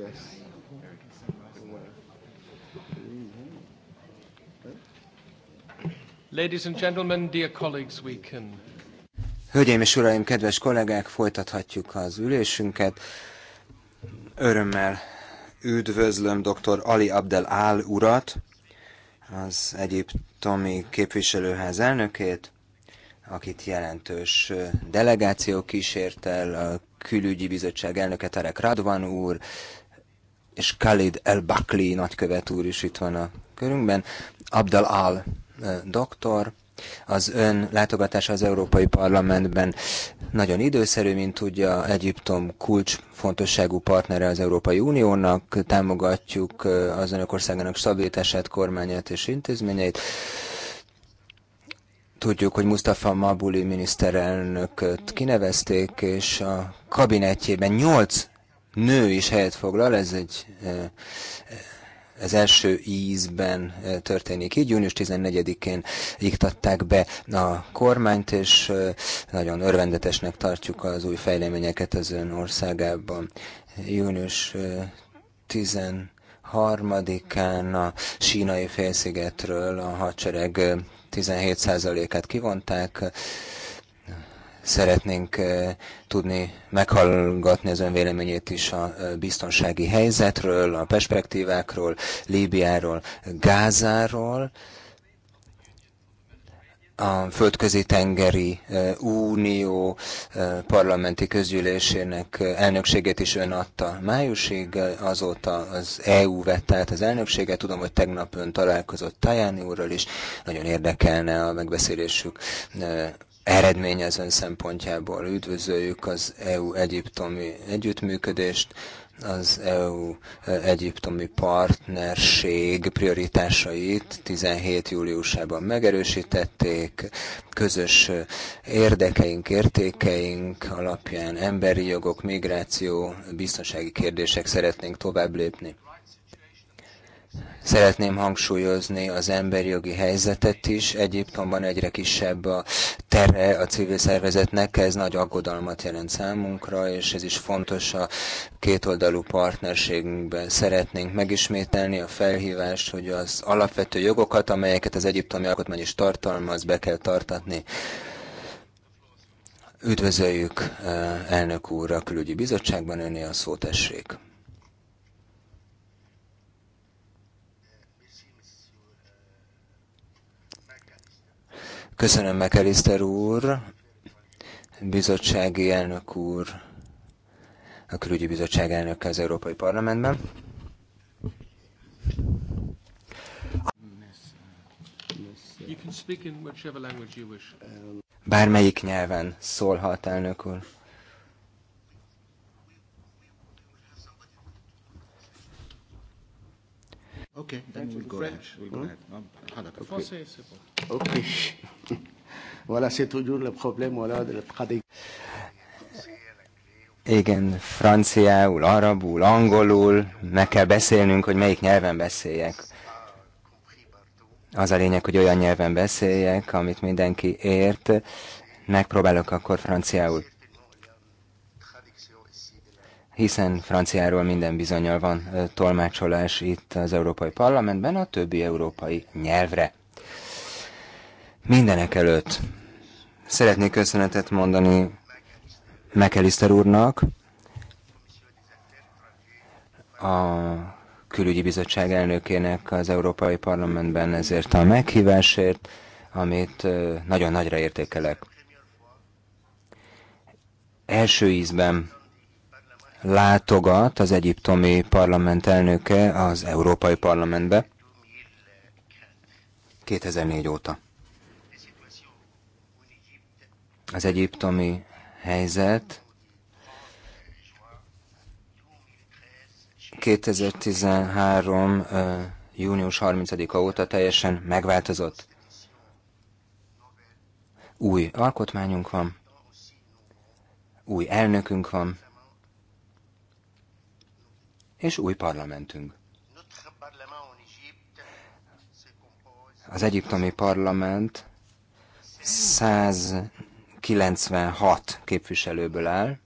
Yes. Ladies and gentlemen, dear colleagues, we can... Hölgyeim és uraim, kedves kollégák, folytathatjuk az ülésünket. Örömmel üdvözlöm dr. Ali Abdel Al urat, az egyiptomi képviselőház elnökét, akit jelentős delegáció kísért el, a külügyi bizottság elnöke Tarek Radvan úr, és Khalid El Bakli nagykövet úr is itt van a körünkben, Abdel Al eh, doktor, az ön látogatása az Európai Parlamentben nagyon időszerű, mint tudja, Egyiptom kulcs fontosságú partnere az Európai Uniónak, támogatjuk eh, az önök országának stabilitását, kormányát és intézményeit. Tudjuk, hogy Mustafa Mabuli miniszterelnököt kinevezték, és a kabinetjében nyolc nő is helyet foglal, ez egy ez első ízben történik így. Június 14-én iktatták be a kormányt, és nagyon örvendetesnek tartjuk az új fejleményeket az ön országában. Június 13-án a sínai félszigetről a hadsereg 17%-át kivonták, szeretnénk eh, tudni meghallgatni az ön véleményét is a eh, biztonsági helyzetről, a perspektívákról, Líbiáról, Gázáról, a Földközi Tengeri eh, Unió parlamenti közgyűlésének elnökségét is ön adta májusig, azóta az EU vett át az elnökséget. Tudom, hogy tegnap ön találkozott Tajáni úrral is, nagyon érdekelne a megbeszélésük eredményezőn szempontjából. Üdvözöljük az EU-egyiptomi együttműködést, az EU-egyiptomi e, partnerség prioritásait 17 júliusában megerősítették, közös e, érdekeink, értékeink alapján emberi jogok, migráció, biztonsági kérdések szeretnénk tovább lépni. Szeretném hangsúlyozni az emberi jogi helyzetet is. Egyiptomban egyre kisebb a tere a civil szervezetnek, ez nagy aggodalmat jelent számunkra, és ez is fontos a kétoldalú partnerségünkben. Szeretnénk megismételni a felhívást, hogy az alapvető jogokat, amelyeket az egyiptomi alkotmány is tartalmaz, be kell tartatni. Üdvözöljük eh, elnök úr a külügyi bizottságban, önné a szótessék. Köszönöm McAllister úr, bizottsági elnök úr, a külügyi bizottság elnöke az Európai Parlamentben. Bármelyik nyelven szólhat, elnök úr. Okay, then we'll go ahead. We'll go hmm? ahead. Okay. okay. voilà, c'est toujours le problème, voilà, de la traduction. Igen, franciául, arabul, angolul, meg kell beszélnünk, hogy melyik nyelven beszéljek. Az a lényeg, hogy olyan nyelven beszéljek, amit mindenki ért. Megpróbálok akkor franciául hiszen franciáról minden bizonyal van tolmácsolás itt az Európai Parlamentben a többi európai nyelvre. Mindenek előtt szeretnék köszönetet mondani McAllister úrnak, a külügyi bizottság elnökének az Európai Parlamentben ezért a meghívásért, amit nagyon nagyra értékelek. Első ízben látogat az egyiptomi parlament elnöke az Európai Parlamentbe 2004 óta. Az egyiptomi helyzet 2013. június 30-a óta teljesen megváltozott. Új alkotmányunk van, új elnökünk van, és új parlamentünk. Az egyiptomi parlament 196 képviselőből áll,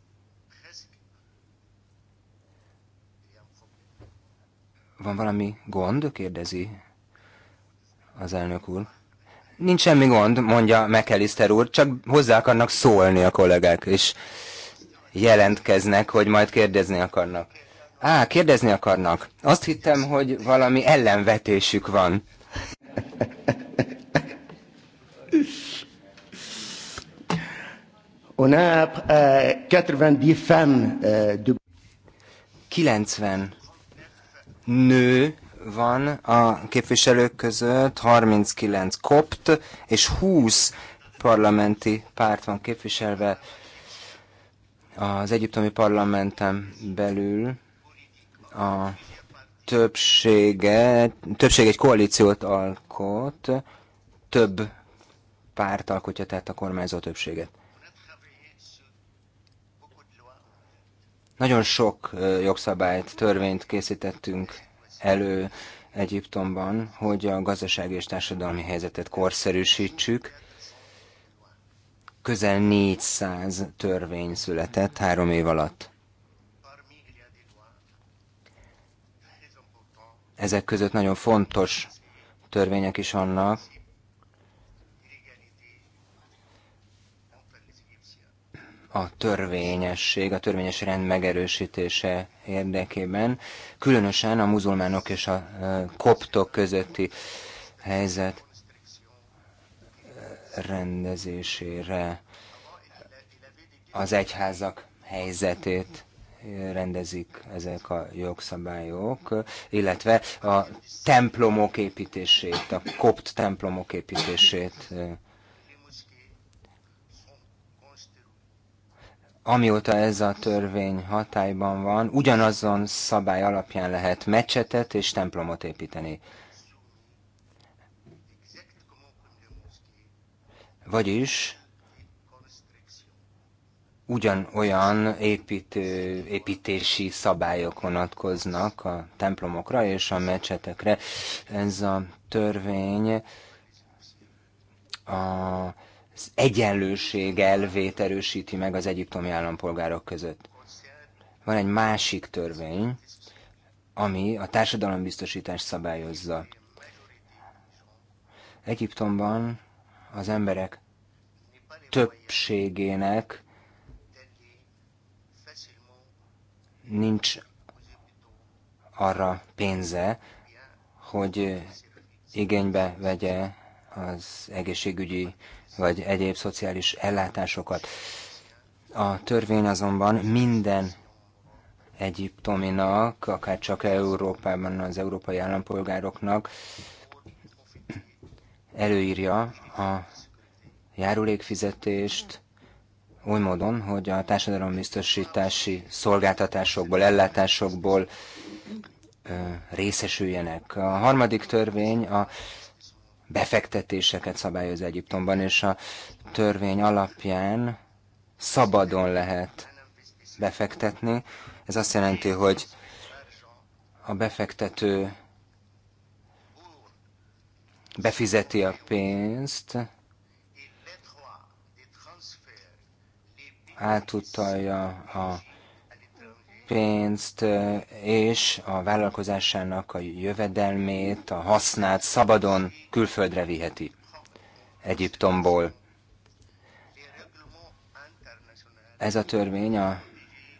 Van valami gond? kérdezi az elnök úr. Nincs semmi gond, mondja McAllister úr, csak hozzá akarnak szólni a kollégák, és jelentkeznek, hogy majd kérdezni akarnak. Á, kérdezni akarnak. Azt hittem, hogy valami ellenvetésük van. On a 90 90 nő van a képviselők között, 39 kopt, és 20 parlamenti párt van képviselve az egyiptomi parlamenten belül a többsége, többség egy koalíciót alkot, több párt alkotja tehát a kormányzó többséget. Nagyon sok jogszabályt, törvényt készítettünk elő Egyiptomban, hogy a gazdasági és társadalmi helyzetet korszerűsítsük. Közel 400 törvény született három év alatt. Ezek között nagyon fontos törvények is vannak, a törvényesség, a törvényes rend megerősítése érdekében, különösen a muzulmánok és a koptok közötti helyzet rendezésére, az egyházak helyzetét rendezik ezek a jogszabályok, illetve a templomok építését, a kopt templomok építését. Amióta ez a törvény hatályban van, ugyanazon szabály alapján lehet mecsetet és templomot építeni. Vagyis ugyanolyan építő, építési szabályok vonatkoznak a templomokra és a mecsetekre. Ez a törvény az egyenlőség elvét erősíti meg az egyiptomi állampolgárok között. Van egy másik törvény, ami a társadalombiztosítás szabályozza. Egyiptomban az emberek többségének nincs arra pénze, hogy igénybe vegye az egészségügyi vagy egyéb szociális ellátásokat. A törvény azonban minden egyiptominak, akár csak Európában az európai állampolgároknak előírja a járulékfizetést, oly módon, hogy a társadalombiztosítási szolgáltatásokból, ellátásokból részesüljenek. A harmadik törvény a befektetéseket szabályoz Egyiptomban, és a törvény alapján szabadon lehet befektetni. Ez azt jelenti, hogy a befektető befizeti a pénzt, átutalja a pénzt és a vállalkozásának a jövedelmét, a hasznát szabadon külföldre viheti Egyiptomból. Ez a törvény a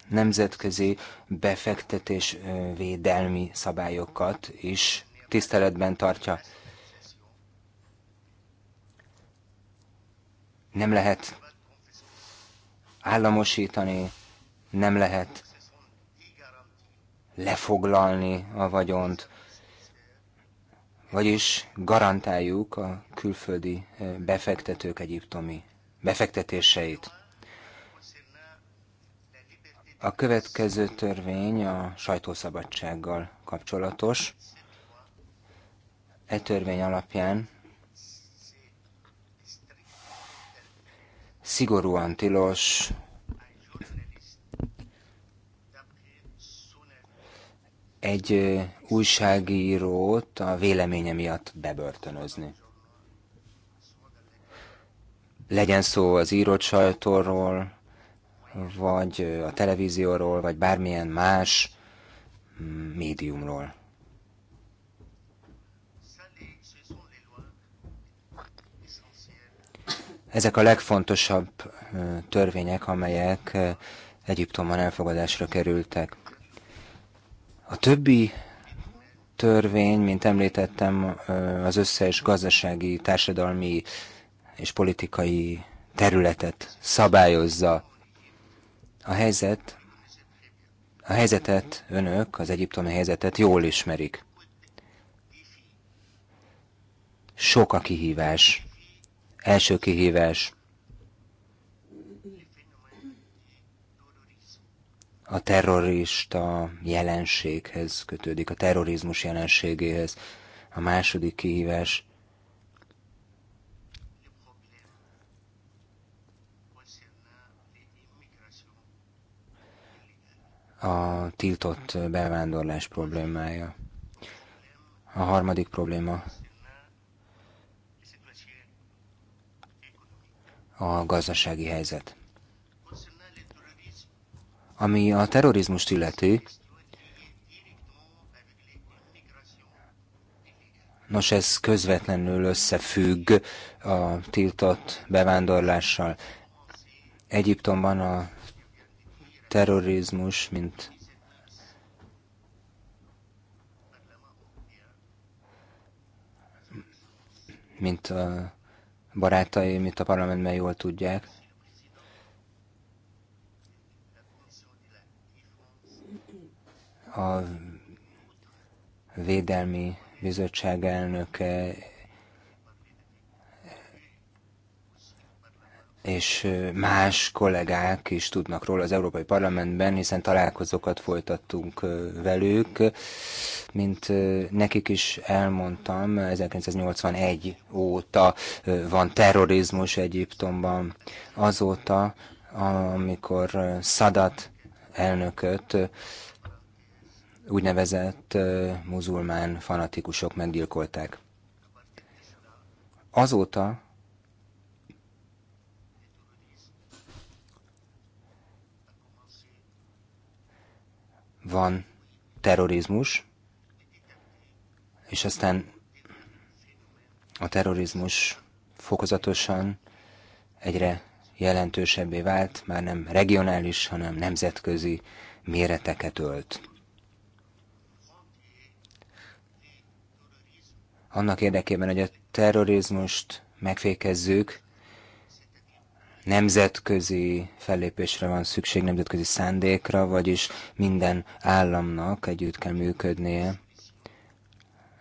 nemzetközi befektetés védelmi szabályokat is tiszteletben tartja. Nem lehet államosítani, nem lehet lefoglalni a vagyont. Vagyis garantáljuk a külföldi eh, befektetők egyiptomi befektetéseit. A következő törvény a sajtószabadsággal kapcsolatos. E törvény alapján szigorúan tilos egy újságírót a véleménye miatt bebörtönözni. Legyen szó az írott sajtóról, vagy a televízióról, vagy bármilyen más mm, médiumról. Ezek a legfontosabb törvények, amelyek Egyiptomban elfogadásra kerültek. A többi törvény, mint említettem, az összes gazdasági, társadalmi és politikai területet szabályozza. A helyzet, a helyzetet önök, az egyiptomi helyzetet jól ismerik. Sok a kihívás. Első kihívás a terrorista jelenséghez kötődik, a terrorizmus jelenségéhez. A második kihívás a tiltott bevándorlás problémája. A harmadik probléma a gazdasági helyzet. Ami a terrorizmust illeti, Nos, ez közvetlenül összefügg a tiltott bevándorlással. Egyiptomban a terrorizmus, mint mint a barátaim itt a parlamentben jól tudják. A védelmi bizottság elnöke és más kollégák is tudnak róla az Európai Parlamentben, hiszen találkozókat folytattunk velük. Mint nekik is elmondtam, 1981 óta van terrorizmus Egyiptomban. Azóta, amikor Szadat elnököt úgynevezett muzulmán fanatikusok meggyilkolták. Azóta van terrorizmus, és aztán a terrorizmus fokozatosan egyre jelentősebbé vált, már nem regionális, hanem nemzetközi méreteket ölt. Annak érdekében, hogy a terrorizmust megfékezzük, nemzetközi fellépésre van szükség, nemzetközi szándékra, vagyis minden államnak együtt kell működnie,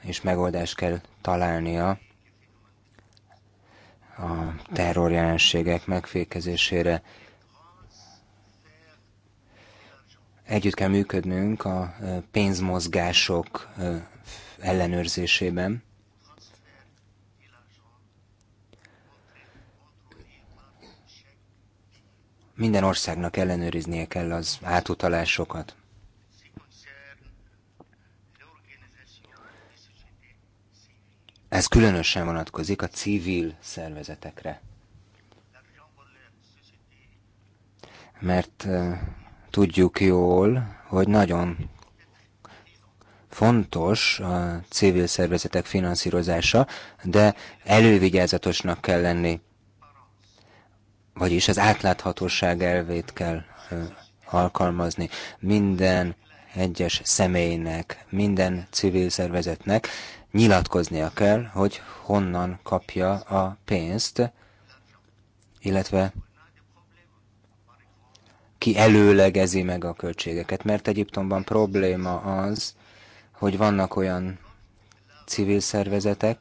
és megoldást kell találnia a terrorjelenségek megfékezésére. Együtt kell működnünk a pénzmozgások ellenőrzésében. Minden országnak ellenőriznie kell az átutalásokat. Ez különösen vonatkozik a civil szervezetekre. Mert tudjuk jól, hogy nagyon fontos a civil szervezetek finanszírozása, de elővigyázatosnak kell lenni vagyis az átláthatóság elvét kell alkalmazni. Minden egyes személynek, minden civil szervezetnek nyilatkoznia kell, hogy honnan kapja a pénzt, illetve ki előlegezi meg a költségeket. Mert Egyiptomban probléma az, hogy vannak olyan civil szervezetek,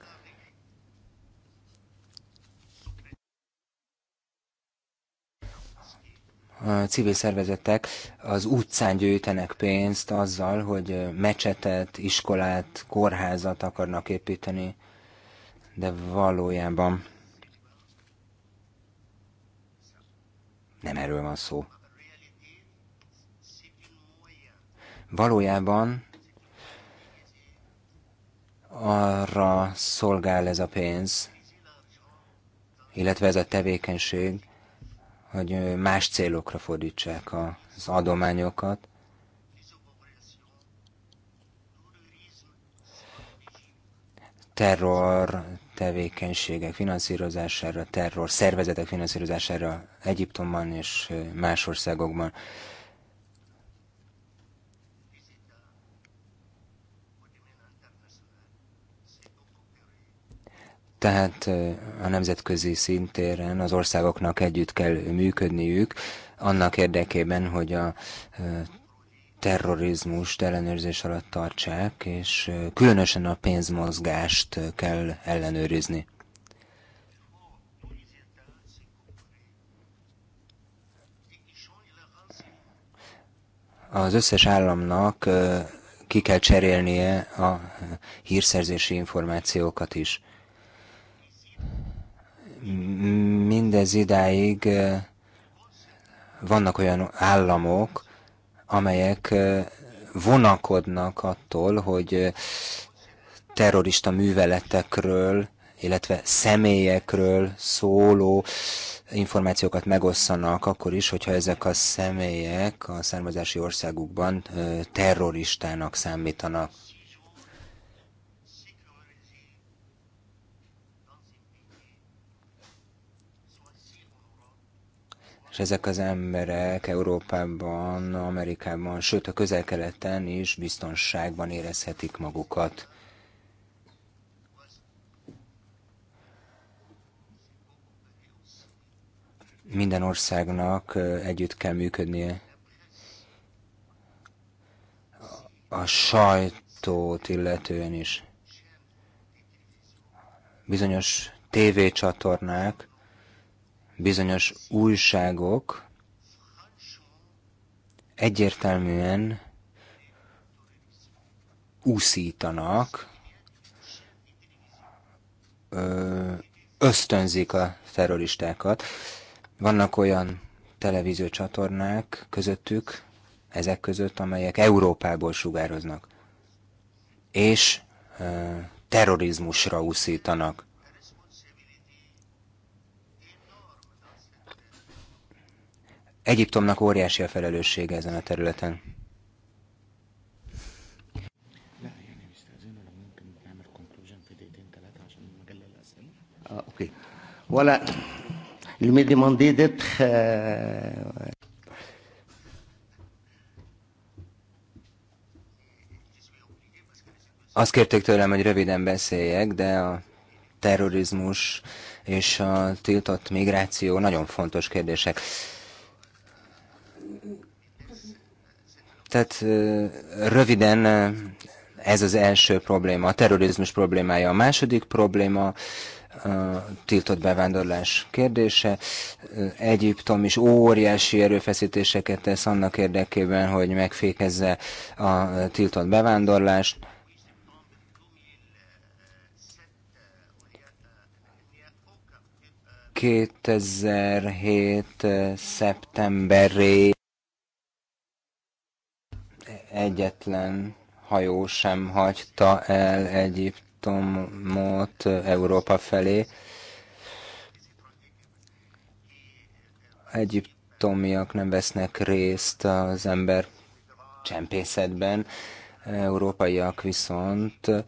civil szervezetek az utcán gyűjtenek pénzt azzal, hogy mecsetet, iskolát, kórházat akarnak építeni, de valójában nem erről van szó. Valójában arra szolgál ez a pénz, illetve ez a tevékenység, hogy más célokra fordítsák az adományokat. Terror tevékenységek finanszírozására, terror szervezetek finanszírozására Egyiptomban és más országokban. Tehát a nemzetközi szintéren az országoknak együtt kell működniük, annak érdekében, hogy a terrorizmust ellenőrzés alatt tartsák, és különösen a pénzmozgást kell ellenőrizni. Az összes államnak ki kell cserélnie a hírszerzési információkat is mindez idáig vannak olyan államok, amelyek vonakodnak attól, hogy terrorista műveletekről, illetve személyekről szóló információkat megosszanak, akkor is, hogyha ezek a személyek a származási országukban terroristának számítanak. és ezek az emberek Európában, Amerikában, sőt a közel-keleten is biztonságban érezhetik magukat. Minden országnak együtt kell működnie. A sajtót illetően is. Bizonyos tévécsatornák, bizonyos újságok egyértelműen úszítanak, ösztönzik a terroristákat. Vannak olyan televíziócsatornák közöttük, ezek között, amelyek Európából sugároznak, és ö, terrorizmusra úszítanak. Egyiptomnak óriási a felelőssége ezen a területen. اوكي ولا المي ديموندي ديتر Azt kérték tőlem, hogy röviden beszéljek, de a terrorizmus és a tiltott migráció nagyon fontos kérdések. Tehát röviden ez az első probléma, a terrorizmus problémája. A második probléma a tiltott bevándorlás kérdése. Egyiptom is óriási erőfeszítéseket tesz annak érdekében, hogy megfékezze a tiltott bevándorlást. ...2007. szeptemberé egyetlen hajó sem hagyta el Egyiptomot Európa felé. Egyiptomiak nem vesznek részt az ember csempészetben, európaiak viszont eh,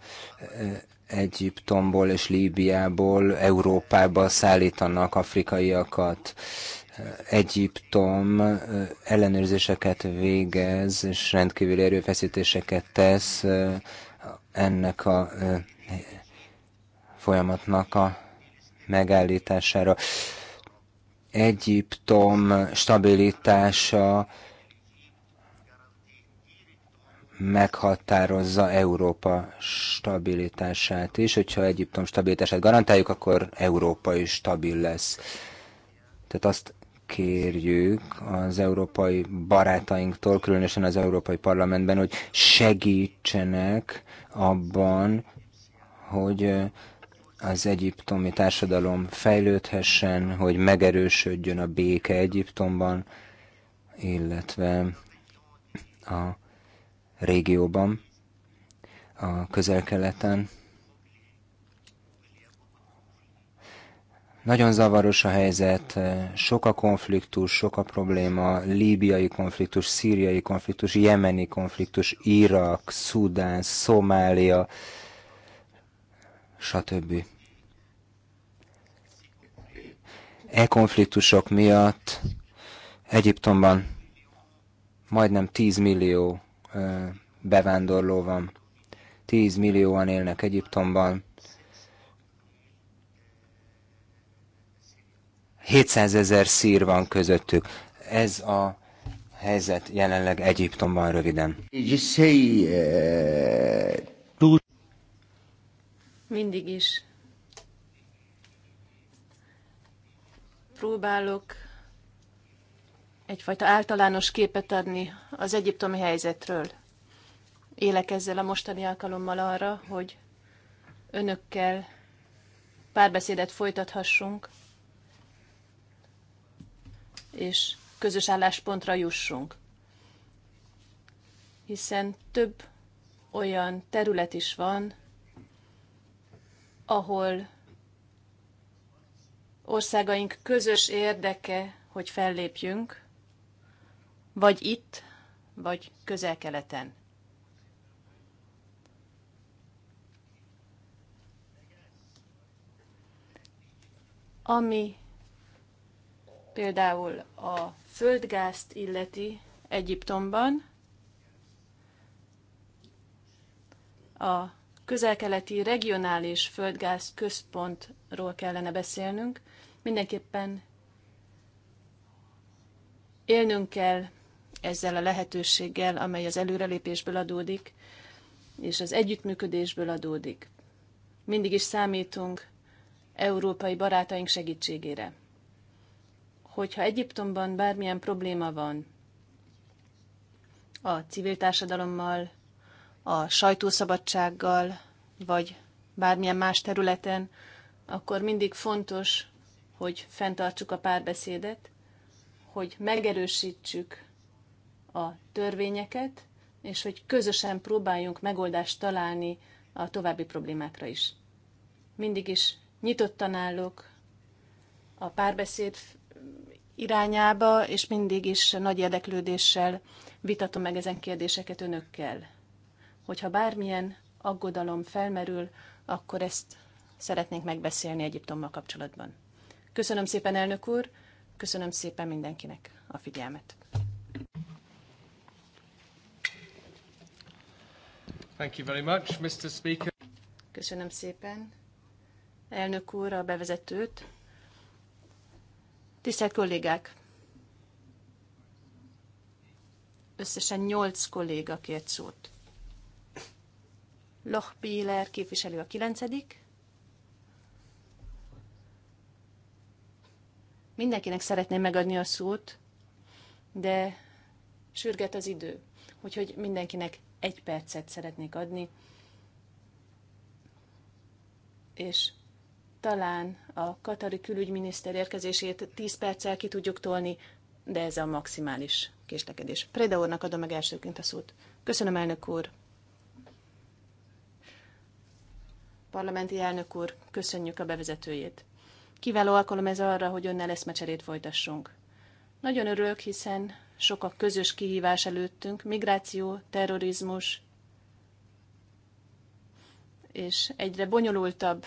Egyiptomból és Líbiából Európába szállítanak afrikaiakat. Egyiptom ellenőrzéseket végez, és rendkívüli erőfeszítéseket tesz ennek a folyamatnak a megállítására. Egyiptom stabilitása meghatározza Európa stabilitását is. Hogyha Egyiptom stabilitását garantáljuk, akkor Európa is stabil lesz. Tehát azt kérjük az európai barátainktól, különösen az Európai Parlamentben, hogy segítsenek abban, hogy az egyiptomi társadalom fejlődhessen, hogy megerősödjön a béke Egyiptomban, illetve a régióban, a közel-keleten. Nagyon zavaros a helyzet, sok a konfliktus, sok a probléma, líbiai konfliktus, szíriai konfliktus, jemeni konfliktus, Irak, Szudán, Szomália, stb. E konfliktusok miatt Egyiptomban majdnem 10 millió bevándorló van. 10 millióan élnek Egyiptomban, 700 ezer szír van közöttük. Ez a helyzet jelenleg Egyiptomban röviden. Uh, Mindig is próbálok egyfajta általános képet adni az egyiptomi helyzetről. Élek ezzel a mostani alkalommal arra, hogy önökkel párbeszédet folytathassunk és közös álláspontra jussunk. Hiszen több olyan terület is van, ahol országaink közös érdeke, hogy fellépjünk, vagy itt, vagy közel-keleten. Ami például a földgázt illeti Egyiptomban, a közelkeleti regionális földgáz központról kellene beszélnünk. Mindenképpen élnünk kell ezzel a lehetőséggel, amely az előrelépésből adódik, és az együttműködésből adódik. Mindig is számítunk európai barátaink segítségére hogyha Egyiptomban bármilyen probléma van a civil társadalommal, a sajtószabadsággal, vagy bármilyen más területen, akkor mindig fontos, hogy fenntartsuk a párbeszédet, hogy megerősítsük a törvényeket, és hogy közösen próbáljunk megoldást találni a további problémákra is. Mindig is nyitottan állok a párbeszéd irányába, és mindig is nagy érdeklődéssel vitatom meg ezen kérdéseket önökkel. Hogyha bármilyen aggodalom felmerül, akkor ezt szeretnénk megbeszélni Egyiptommal kapcsolatban. Köszönöm szépen, elnök úr, köszönöm szépen mindenkinek a figyelmet. Thank you very much, Mr. Speaker. Köszönöm szépen, elnök úr, a bevezetőt. Tisztelt kollégák! Összesen nyolc kolléga kért szót. Loch Bieler képviselő a kilencedik. Mindenkinek szeretném megadni a szót, de sürget az idő, úgyhogy mindenkinek egy percet szeretnék adni, és talán a katari külügyminiszter érkezését 10 perccel ki tudjuk tolni, de ez a maximális késlekedés. Preda úrnak adom meg elsőként a szót. Köszönöm, elnök úr! Parlamenti elnök úr, köszönjük a bevezetőjét. Kiváló alkalom ez arra, hogy önnel eszmecserét folytassunk. Nagyon örülök, hiszen sok a közös kihívás előttünk, migráció, terrorizmus, és egyre bonyolultabb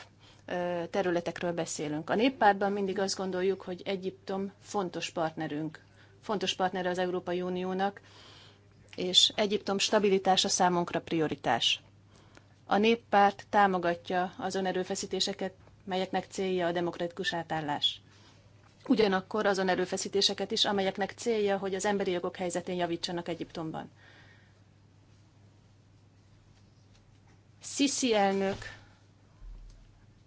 területekről beszélünk. A néppártban mindig azt gondoljuk, hogy Egyiptom fontos partnerünk, fontos partnere az Európai Uniónak, és Egyiptom stabilitása számunkra prioritás. A néppárt támogatja azon erőfeszítéseket, melyeknek célja a demokratikus átállás. Ugyanakkor azon erőfeszítéseket is, amelyeknek célja, hogy az emberi jogok helyzetén javítsanak Egyiptomban. Sisi elnök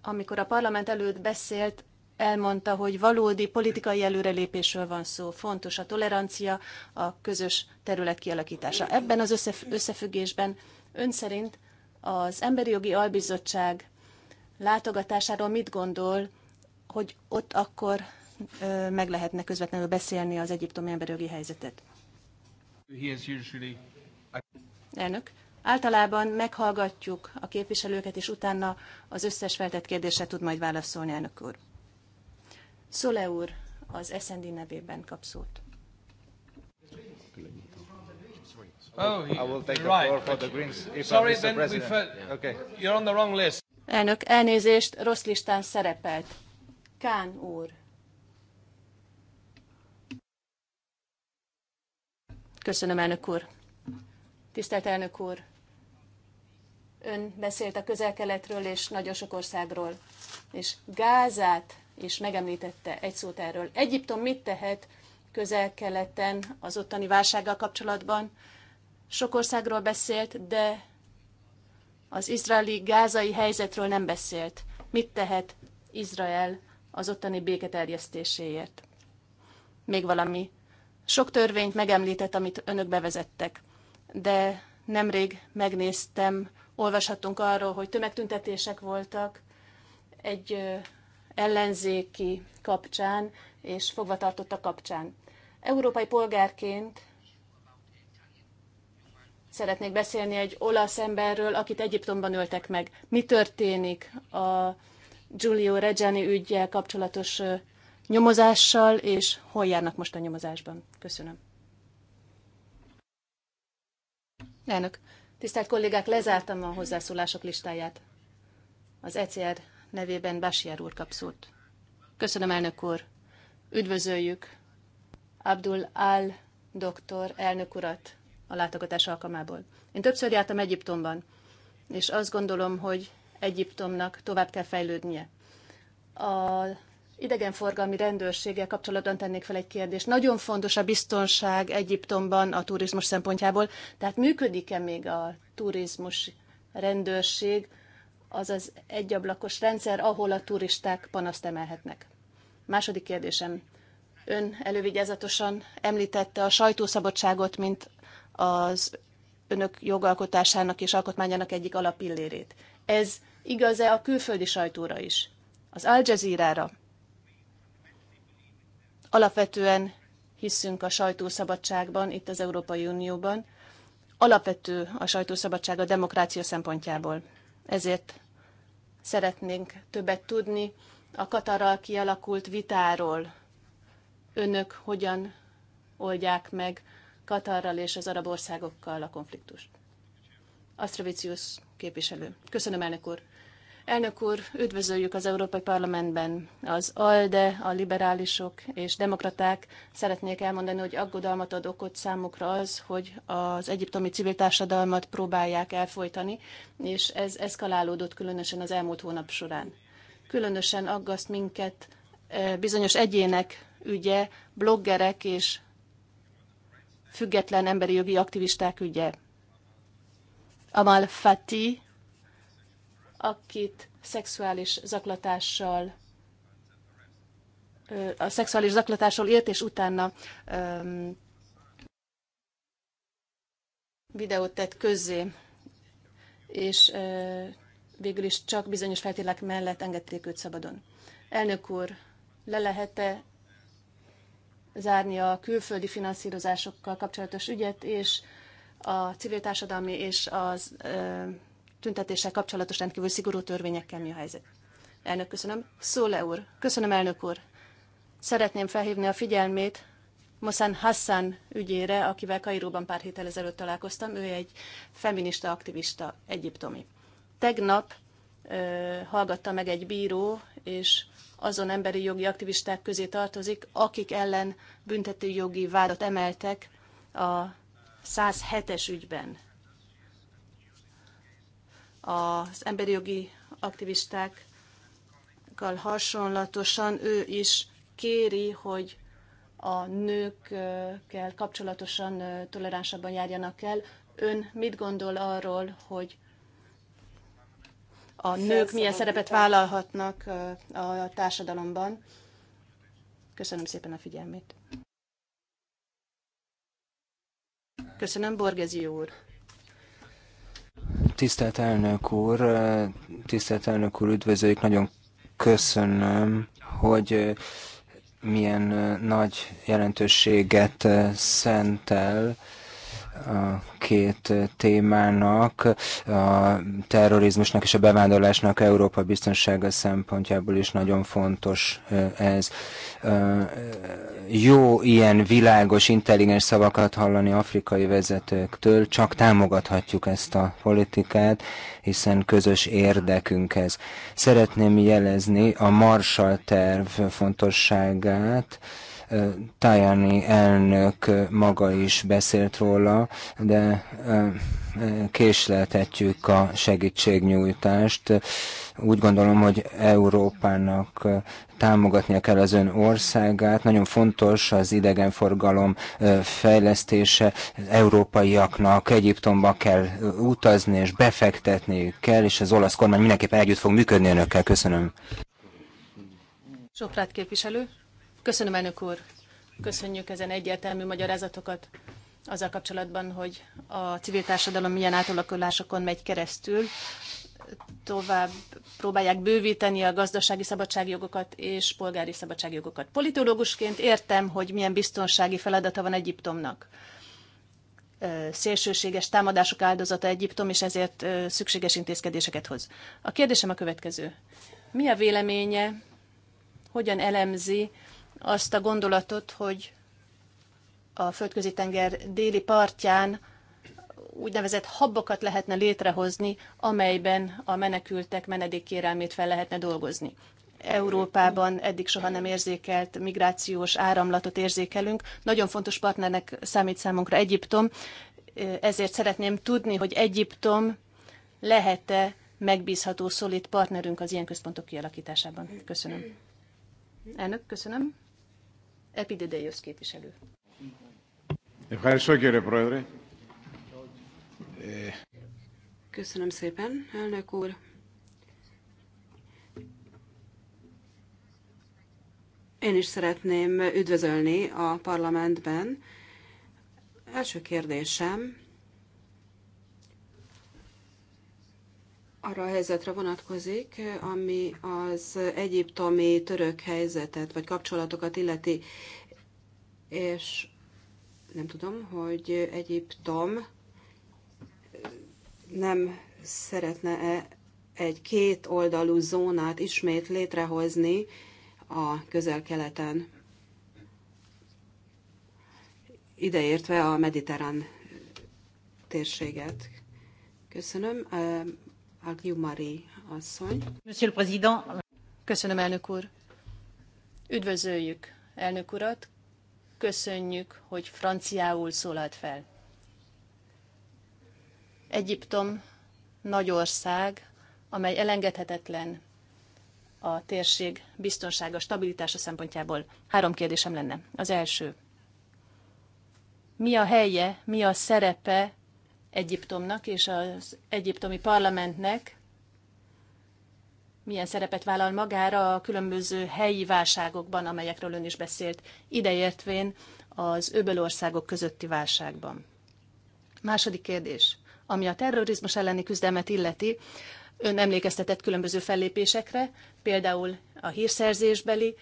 amikor a parlament előtt beszélt, elmondta, hogy valódi politikai előrelépésről van szó, fontos a tolerancia, a közös terület kialakítása. Ebben az összefüggésben ön szerint az Emberi Jogi Albizottság látogatásáról mit gondol, hogy ott akkor meg lehetne közvetlenül beszélni az egyiptomi emberi jogi helyzetet? Elnök, Általában meghallgatjuk a képviselőket, és utána az összes feltett kérdésre tud majd válaszolni elnök úr. Szóle úr, az SND nevében kap szót. Oh, elnök, elnézést, rossz listán szerepelt. Kán úr. Köszönöm, elnök úr. Tisztelt elnök úr, Ön beszélt a közel-keletről és nagyon sok országról, és Gázát is megemlítette egy szót erről. Egyiptom mit tehet közel-keleten az ottani válsággal kapcsolatban? Sok országról beszélt, de az izraeli gázai helyzetről nem beszélt. Mit tehet Izrael az ottani béketerjesztéséért? Még valami. Sok törvényt megemlített, amit önök bevezettek, de nemrég megnéztem olvashattunk arról, hogy tömegtüntetések voltak egy ellenzéki kapcsán és a kapcsán. Európai polgárként szeretnék beszélni egy olasz emberről, akit Egyiptomban öltek meg. Mi történik a Giulio Reggiani ügyjel kapcsolatos nyomozással, és hol járnak most a nyomozásban? Köszönöm. Elnök, Tisztelt kollégák, lezártam a hozzászólások listáját. Az ECR nevében Basiar úr kap szót. Köszönöm, elnök úr. Üdvözöljük Abdul Al doktor elnök urat a látogatás alkalmából. Én többször jártam Egyiptomban, és azt gondolom, hogy Egyiptomnak tovább kell fejlődnie. A idegenforgalmi rendőrséggel kapcsolatban tennék fel egy kérdést. Nagyon fontos a biztonság Egyiptomban a turizmus szempontjából, tehát működik-e még a turizmus rendőrség, azaz egyablakos rendszer, ahol a turisták panaszt emelhetnek? Második kérdésem. Ön elővigyázatosan említette a sajtószabadságot, mint az önök jogalkotásának és alkotmányának egyik alapillérét. Ez igaz-e a külföldi sajtóra is? Az Al Jazeera-ra, Alapvetően hiszünk a sajtószabadságban itt az Európai Unióban. Alapvető a sajtószabadság a demokrácia szempontjából. Ezért szeretnénk többet tudni a Katarral kialakult vitáról. Önök hogyan oldják meg Katarral és az arab országokkal a konfliktust? Astravicius képviselő. Köszönöm, elnök úr. Elnök úr, üdvözöljük az Európai Parlamentben. Az ALDE, a liberálisok és demokraták szeretnék elmondani, hogy aggodalmat ad okot számukra az, hogy az egyiptomi civil társadalmat próbálják elfolytani, és ez eszkalálódott különösen az elmúlt hónap során. Különösen aggaszt minket e, bizonyos egyének ügye, bloggerek és független emberi jogi aktivisták ügye. Amal Fati, akit szexuális zaklatással a szexuális zaklatásról élt, és utána um, videót tett közzé, és uh, végül is csak bizonyos feltételek mellett engedték őt szabadon. Elnök úr, le lehet-e zárni a külföldi finanszírozásokkal kapcsolatos ügyet, és a civil társadalmi és az uh, tüntetéssel kapcsolatos rendkívül szigorú törvényekkel mi a helyzet. Elnök, köszönöm. Szóle úr, köszönöm, elnök úr. Szeretném felhívni a figyelmét Mossan Hassan ügyére, akivel Kairóban pár héttel ezelőtt találkoztam. Ő egy feminista aktivista, egyiptomi. Tegnap ö, hallgatta meg egy bíró, és azon emberi jogi aktivisták közé tartozik, akik ellen büntetőjogi vádat emeltek a 107-es ügyben az emberi jogi aktivistákkal hasonlatosan ő is kéri, hogy a nőkkel kapcsolatosan toleránsabban járjanak el. Ön mit gondol arról, hogy a nők milyen szerepet vállalhatnak a társadalomban? Köszönöm szépen a figyelmét. Köszönöm, Borgezi úr. Tisztelt elnök úr, eh, tisztelt elnök úr, üdvözöljük, nagyon köszönöm, hogy eh, milyen eh, nagy jelentőséget szentel a két témának, a terrorizmusnak és a bevándorlásnak Európa biztonsága szempontjából is nagyon fontos ez. Jó ilyen világos, intelligens szavakat hallani afrikai vezetőktől, csak támogathatjuk ezt a politikát, hiszen közös érdekünk ez. Szeretném jelezni a Marshall terv fontosságát, Tajani elnök maga is beszélt róla, de késleltetjük a segítségnyújtást. Úgy gondolom, hogy Európának támogatnia kell az ön országát. Nagyon fontos az idegenforgalom fejlesztése. Az európaiaknak Egyiptomba kell utazni és befektetni kell, és az olasz kormány mindenképpen együtt fog működni önökkel. Köszönöm. Soprát képviselő. Köszönöm, elnök úr. Köszönjük ezen egyértelmű magyarázatokat azzal kapcsolatban, hogy a civil társadalom milyen átalakulásokon megy keresztül. Tovább próbálják bővíteni a gazdasági szabadságjogokat és polgári szabadságjogokat. Politológusként értem, hogy milyen biztonsági feladata van Egyiptomnak szélsőséges támadások áldozata Egyiptom, és ezért szükséges intézkedéseket hoz. A kérdésem a következő. Mi a véleménye, hogyan elemzi azt a gondolatot, hogy a földközi tenger déli partján úgynevezett habokat lehetne létrehozni, amelyben a menekültek menedékkérelmét fel lehetne dolgozni. Európában eddig soha nem érzékelt migrációs áramlatot érzékelünk. Nagyon fontos partnernek számít számunkra Egyiptom, ezért szeretném tudni, hogy Egyiptom lehet-e megbízható, szolid partnerünk az ilyen központok kialakításában. Köszönöm. Elnök, köszönöm. Epidedeios képviselő. Köszönöm szépen, elnök úr. Én is szeretném üdvözölni a parlamentben. Első kérdésem arra a helyzetre vonatkozik, ami az egyiptomi török helyzetet vagy kapcsolatokat illeti, és nem tudom, hogy Egyiptom nem szeretne-e egy két oldalú zónát ismét létrehozni a közel-keleten, ideértve a mediterrán térséget. Köszönöm. Agliu asszony. Monsieur le Président. Köszönöm, elnök úr. Üdvözöljük, elnök urat. Köszönjük, hogy franciául szólalt fel. Egyiptom nagy ország, amely elengedhetetlen a térség biztonsága, stabilitása szempontjából. Három kérdésem lenne. Az első. Mi a helye, mi a szerepe Egyiptomnak és az egyiptomi parlamentnek milyen szerepet vállal magára a különböző helyi válságokban, amelyekről ön is beszélt, ideértvén az öbölországok közötti válságban. Második kérdés. Ami a terrorizmus elleni küzdelmet illeti, ön emlékeztetett különböző fellépésekre, például a hírszerzésbeli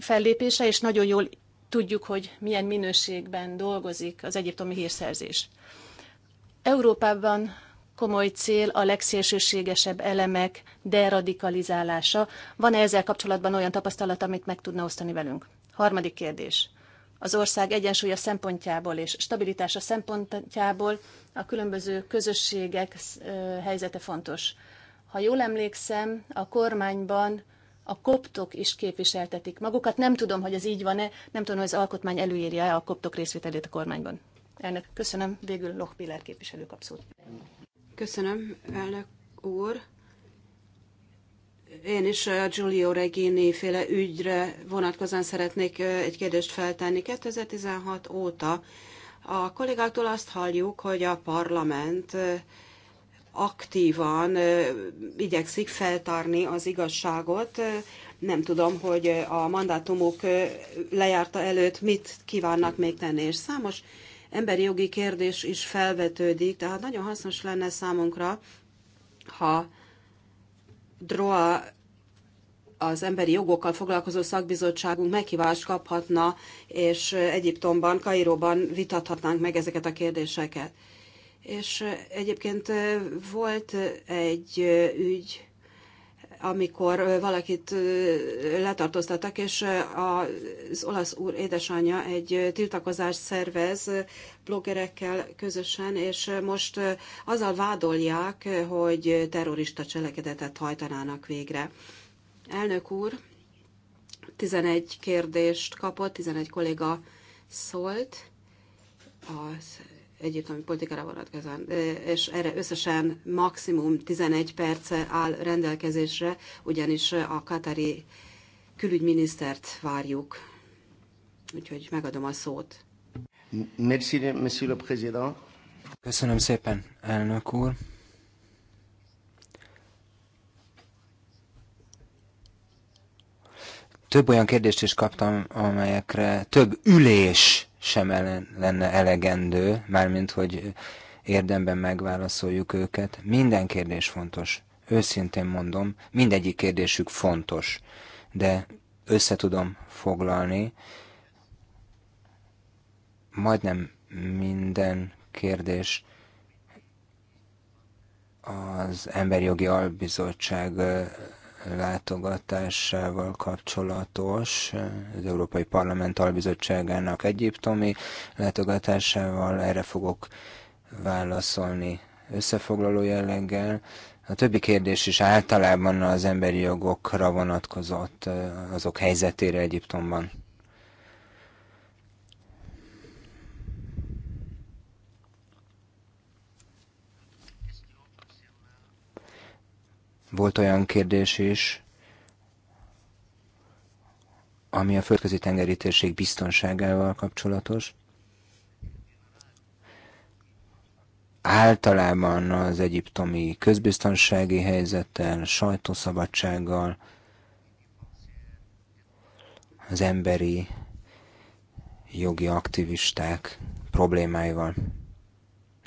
fellépése, és nagyon jól tudjuk, hogy milyen minőségben dolgozik az egyiptomi hírszerzés. Európában komoly cél a legszélsőségesebb elemek deradikalizálása. Van-e ezzel kapcsolatban olyan tapasztalat, amit meg tudna osztani velünk? Harmadik kérdés. Az ország egyensúlya szempontjából és stabilitása szempontjából a különböző közösségek helyzete fontos. Ha jól emlékszem, a kormányban a koptok is képviseltetik magukat. Nem tudom, hogy ez így van-e, nem tudom, hogy az alkotmány előírja-e a koptok részvételét a kormányban. Elnök, köszönöm. Végül Loch Piller képviselő kap szót. Köszönöm, elnök úr. Én is a Giulio Regini féle ügyre vonatkozóan szeretnék egy kérdést feltenni. 2016 óta a kollégáktól azt halljuk, hogy a parlament aktívan igyekszik feltárni az igazságot. Nem tudom, hogy a mandátumuk lejárta előtt mit kívánnak még tenni, és számos emberi jogi kérdés is felvetődik, tehát nagyon hasznos lenne számunkra, ha DROA az emberi jogokkal foglalkozó szakbizottságunk meghívást kaphatna, és Egyiptomban, Kairóban vitathatnánk meg ezeket a kérdéseket. És egyébként volt egy ügy, amikor valakit letartóztattak, és az olasz úr édesanyja egy tiltakozást szervez bloggerekkel közösen, és most azzal vádolják, hogy terrorista cselekedetet hajtanának végre. Elnök úr, 11 kérdést kapott, 11 kolléga szólt az egyiptomi politikára vonatkozóan, és erre összesen maximum 11 perce áll rendelkezésre, ugyanis a katari külügyminisztert várjuk. Úgyhogy megadom a szót. Merci, monsieur le président. Köszönöm szépen, elnök úr. Több olyan kérdést is kaptam, amelyekre több ülés sem lenne elegendő, mármint hogy érdemben megválaszoljuk őket. Minden kérdés fontos. Őszintén mondom, mindegyik kérdésük fontos, de összetudom foglalni, majdnem minden kérdés az Emberjogi Albizottság látogatásával kapcsolatos, az Európai Parlament Albizottságának egyiptomi látogatásával, erre fogok válaszolni összefoglaló jelleggel. A többi kérdés is általában az emberi jogokra vonatkozott, eh, azok helyzetére Egyiptomban. Volt olyan kérdés is, ami a földközi tengeri térség biztonságával kapcsolatos. Általában az egyiptomi közbiztonsági helyzettel, sajtószabadsággal, az emberi jogi aktivisták problémáival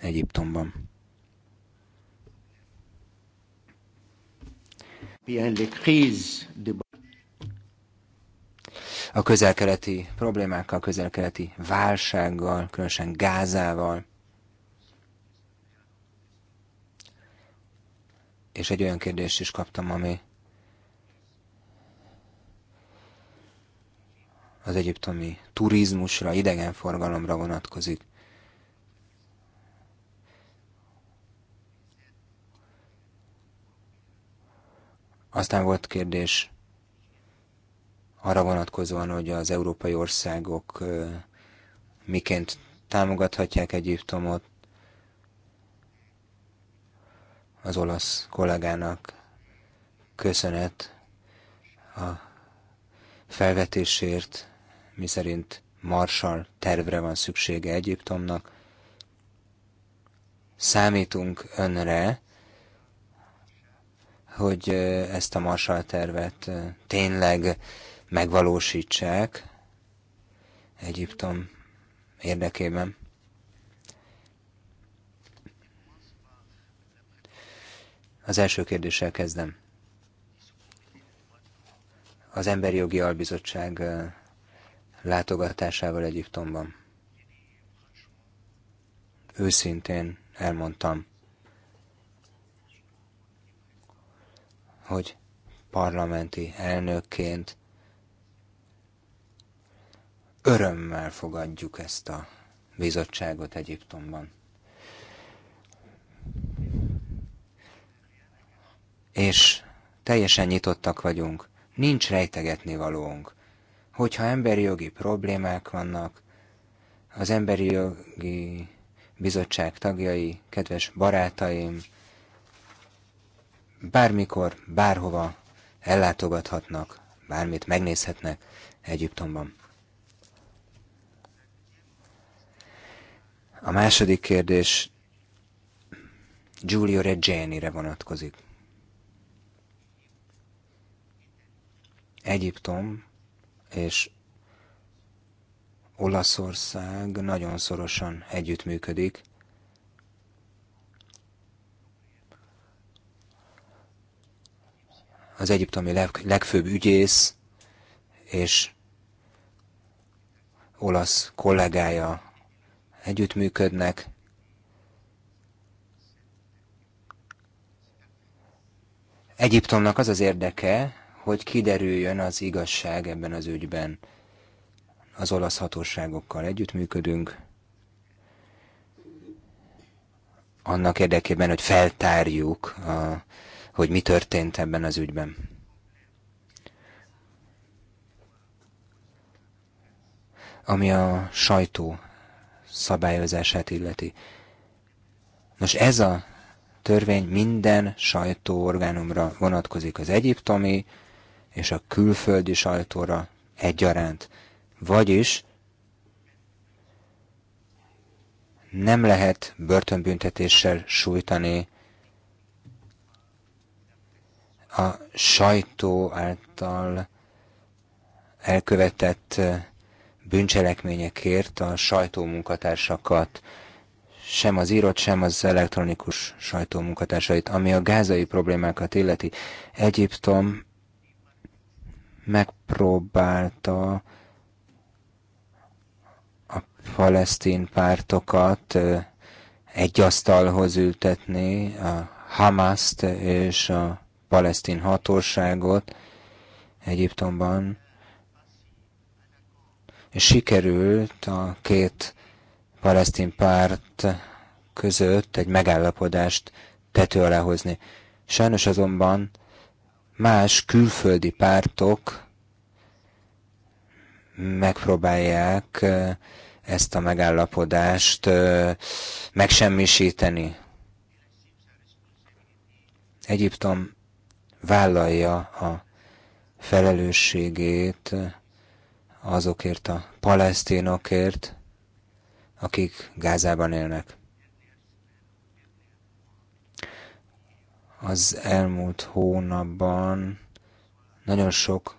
Egyiptomban. A közelkeleti problémákkal, közelkeleti válsággal, különösen Gázával, és egy olyan kérdést is kaptam, ami az egyiptomi turizmusra, idegenforgalomra vonatkozik. Aztán volt kérdés arra vonatkozóan, hogy az európai országok miként támogathatják Egyiptomot. Az olasz kollégának köszönet a felvetésért, miszerint Marshall tervre van szüksége Egyiptomnak. Számítunk önre, hogy ezt a Marshall tervet tényleg megvalósítsák Egyiptom érdekében. Az első kérdéssel kezdem. Az Emberi Jogi Albizottság látogatásával Egyiptomban. Őszintén elmondtam, hogy parlamenti elnökként örömmel fogadjuk ezt a bizottságot Egyiptomban. És teljesen nyitottak vagyunk, nincs rejtegetni valónk. Hogyha emberi jogi problémák vannak, az emberi jogi bizottság tagjai, kedves barátaim, bármikor, bárhova ellátogathatnak, bármit megnézhetnek Egyiptomban. A második kérdés Giulio Reggiani-re vonatkozik. Egyiptom és Olaszország nagyon szorosan együttműködik az egyiptomi legfőbb ügyész és olasz kollégája együttműködnek. Egyiptomnak az az érdeke, hogy kiderüljön az igazság ebben az ügyben. Az olasz hatóságokkal együttműködünk, annak érdekében, hogy feltárjuk a hogy mi történt ebben az ügyben. Ami a sajtó szabályozását illeti. Nos, ez a törvény minden sajtóorgánumra vonatkozik, az egyiptomi és a külföldi sajtóra egyaránt. Vagyis nem lehet börtönbüntetéssel sújtani a sajtó által elkövetett bűncselekményekért a sajtómunkatársakat, sem az írott, sem az elektronikus sajtómunkatársait, ami a gázai problémákat illeti. Egyiptom megpróbálta a palesztin pártokat egy asztalhoz ültetni, a Hamaszt és a palesztin hatóságot Egyiptomban, és sikerült a két palesztin párt között egy megállapodást tető alá hozni. Sajnos azonban más külföldi pártok megpróbálják ezt a megállapodást megsemmisíteni. Egyiptom vállalja a felelősségét azokért a palesztinokért, akik Gázában élnek. Az elmúlt hónapban nagyon sok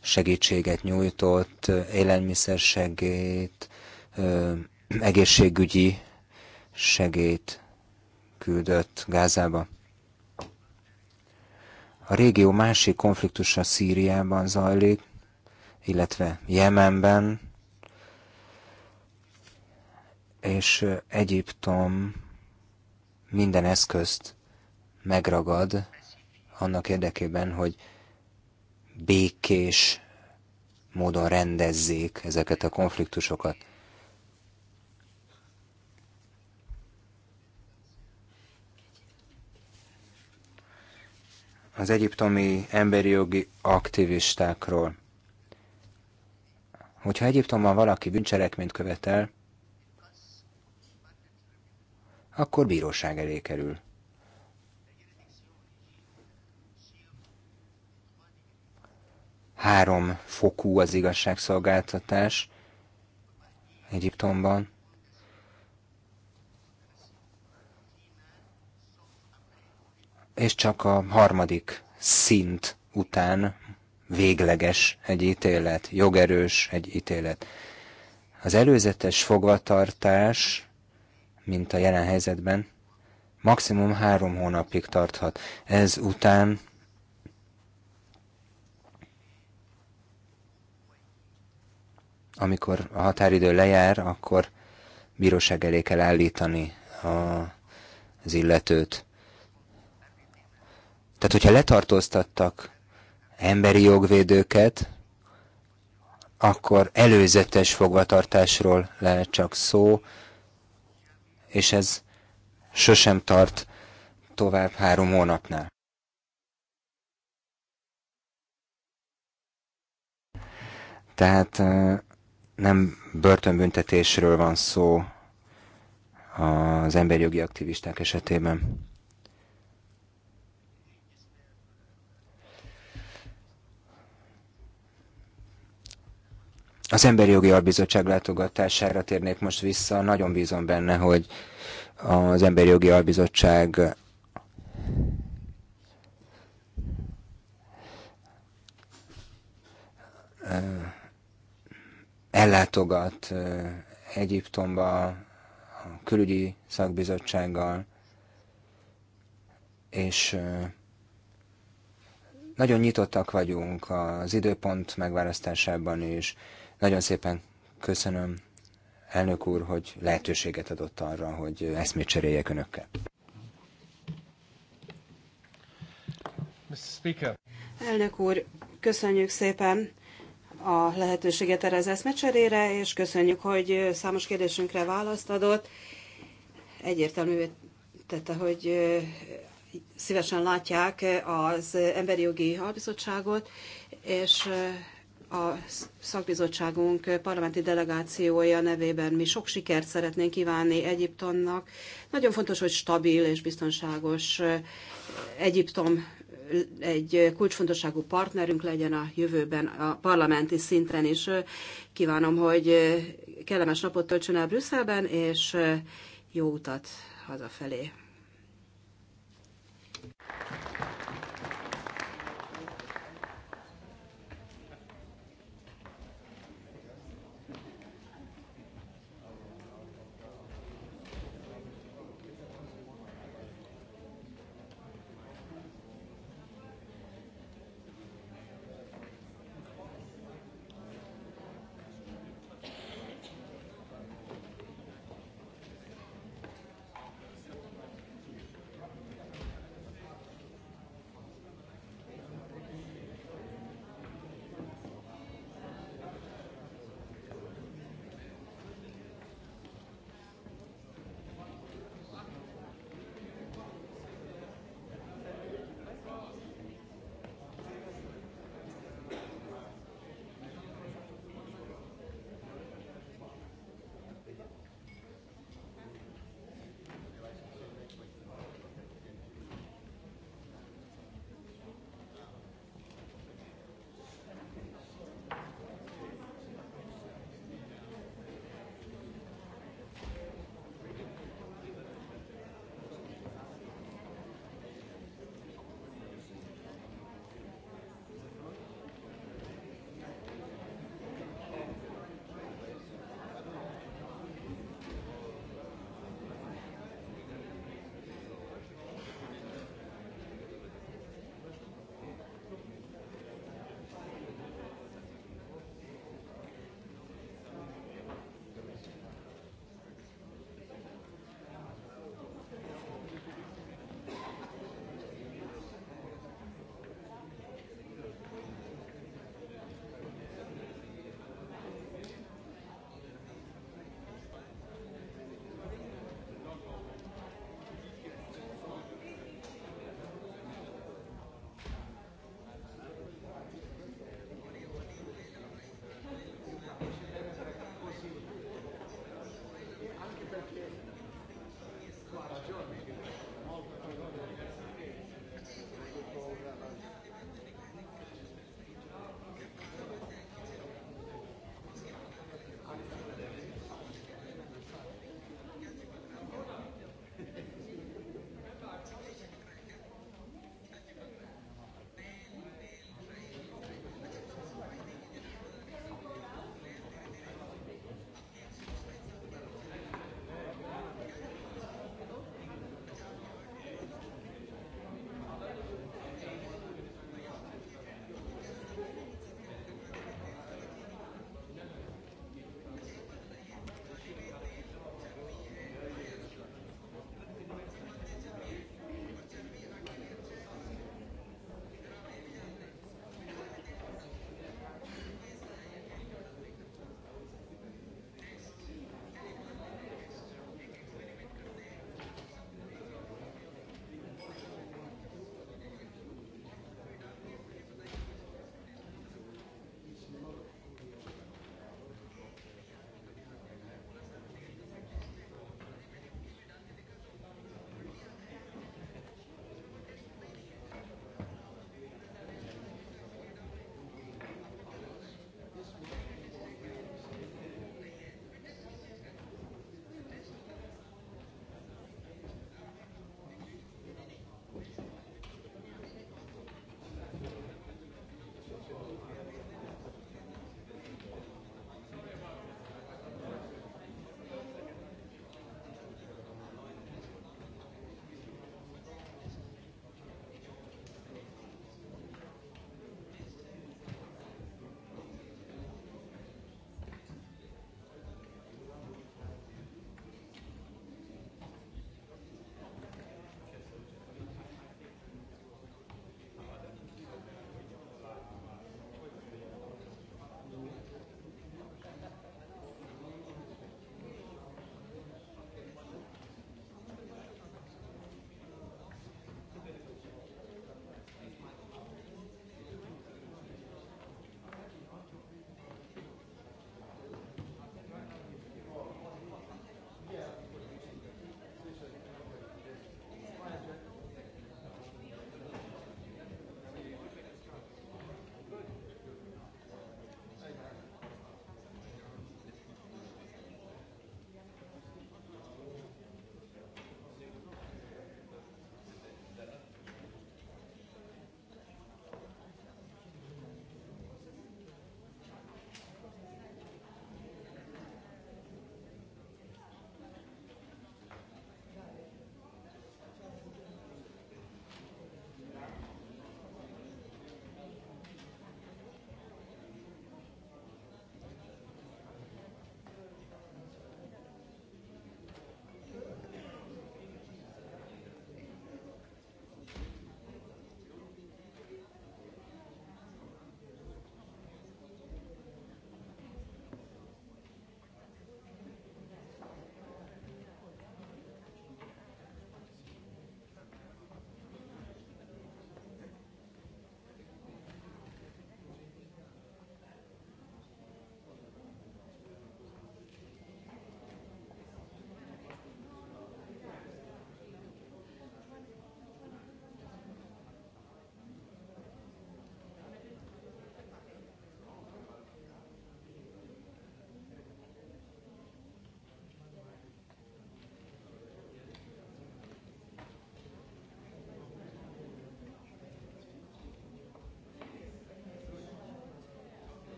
segítséget nyújtott, élelmiszersegét, egészségügyi segét küldött Gázába. A régió másik konfliktusa Szíriában zajlik, illetve Jemenben, és Egyiptom minden eszközt megragad annak érdekében, hogy békés módon rendezzék ezeket a konfliktusokat. az egyiptomi emberi jogi aktivistákról. Hogyha Egyiptomban valaki bűncselekményt követel, akkor bíróság elé kerül. Három fokú az igazságszolgáltatás Egyiptomban. és csak a harmadik szint után végleges egy ítélet, jogerős egy ítélet. Az előzetes fogvatartás, mint a jelen helyzetben, maximum három hónapig tarthat. Ez után amikor a határidő lejár, akkor bíróság elé kell állítani a, az illetőt. Tehát, hogyha letartóztattak emberi jogvédőket, akkor előzetes fogvatartásról lehet csak szó, és ez sosem tart tovább három hónapnál. Tehát nem börtönbüntetésről van szó az emberjogi aktivisták esetében. Az Emberi Jogi Albizottság látogatására térnék most vissza. Nagyon bízom benne, hogy az Emberi Jogi Albizottság eh, ellátogat eh, Egyiptomba a külügyi szakbizottsággal, és eh, nagyon nyitottak vagyunk az időpont megválasztásában is, nagyon szépen köszönöm, elnök úr, hogy lehetőséget adott arra, hogy eszmét cseréljek önökkel. Elnök úr, köszönjük szépen a lehetőséget erre az eszmecserére, és köszönjük, hogy számos kérdésünkre választ adott. Egyértelművé tette, hogy szívesen látják az Emberi Jogi Albizottságot, és a szakbizottságunk parlamenti delegációja nevében mi sok sikert szeretnénk kívánni Egyiptomnak. Nagyon fontos, hogy stabil és biztonságos Egyiptom egy kulcsfontosságú partnerünk legyen a jövőben a parlamenti szinten is. Kívánom, hogy kellemes napot töltsön el Brüsszelben, és jó utat hazafelé.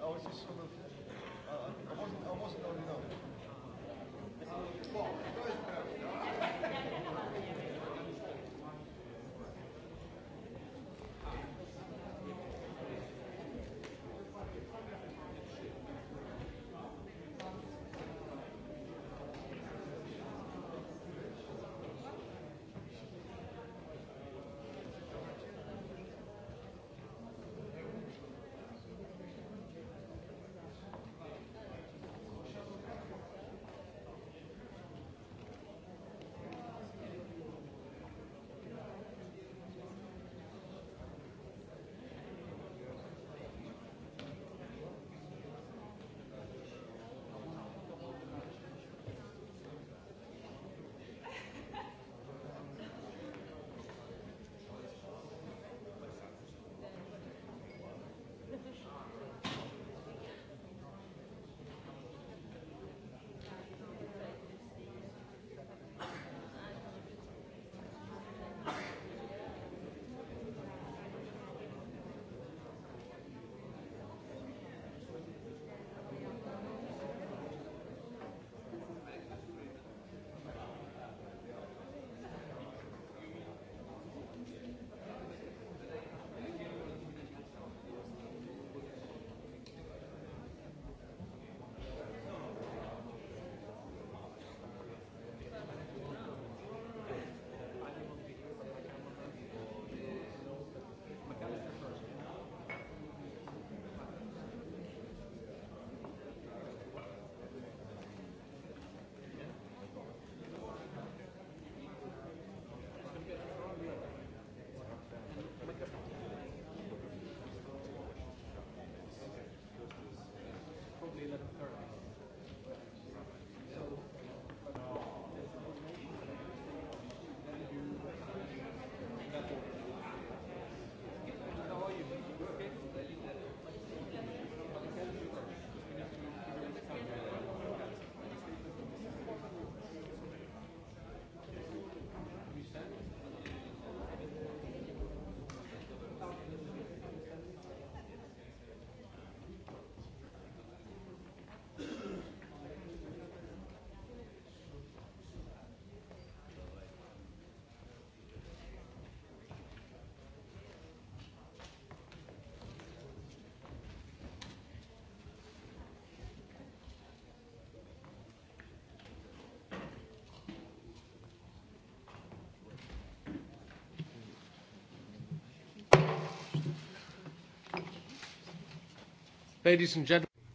Ahogy is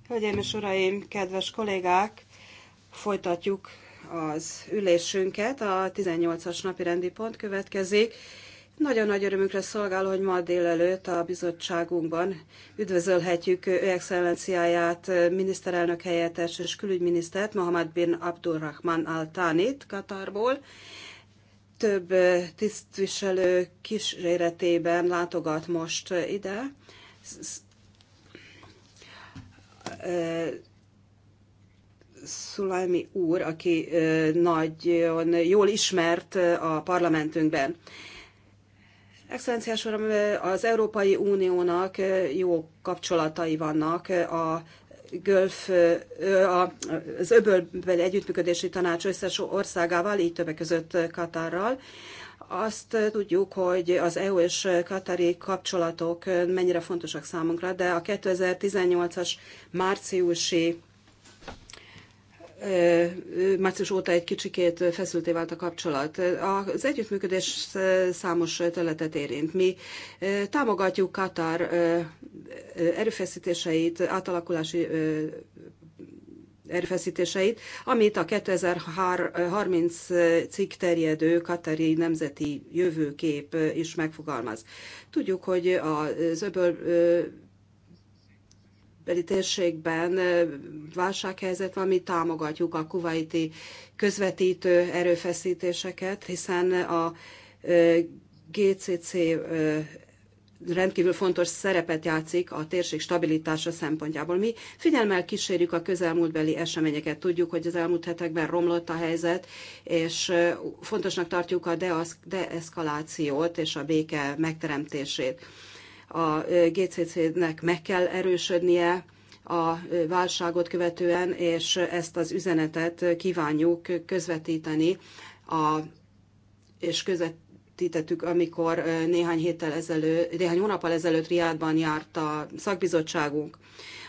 Hölgyeim és uraim, kedves kollégák, folytatjuk az ülésünket. A 18-as napi rendi pont következik. Nagyon nagy örömünkre szolgál, hogy ma délelőtt a bizottságunkban üdvözölhetjük ő excellenciáját, miniszterelnök helyettes és külügyminisztert, Mohamed bin Abdurrahman Al-Tanit Katarból. Több tisztviselő kíséretében látogat most ide. Szulajmi úr, aki nagyon jól ismert a parlamentünkben. Excellenciás Uram, az Európai Uniónak jó kapcsolatai vannak a Gölf, az öbölbeli együttműködési tanács összes országával, így többek között Katarral, azt tudjuk, hogy az EU és Katari kapcsolatok mennyire fontosak számunkra, de a 2018-as márciusi március óta egy kicsikét feszülté vált a kapcsolat. Az együttműködés számos területet érint. Mi támogatjuk Katar erőfeszítéseit, átalakulási erőfeszítéseit, amit a 2030 cikk terjedő Katari nemzeti jövőkép is megfogalmaz. Tudjuk, hogy az öböl beli térségben válsághelyzet van, mi támogatjuk a kuwaiti közvetítő erőfeszítéseket, hiszen a GCC rendkívül fontos szerepet játszik a térség stabilitása szempontjából. Mi figyelmel kísérjük a közelmúltbeli eseményeket. Tudjuk, hogy az elmúlt hetekben romlott a helyzet, és fontosnak tartjuk a deeszkalációt és a béke megteremtését. A GCC-nek meg kell erősödnie, a válságot követően, és ezt az üzenetet kívánjuk közvetíteni a, és közvet, rögzítettük, amikor néhány héttel ezelőtt, néhány hónappal ezelőtt Riádban járt a szakbizottságunk.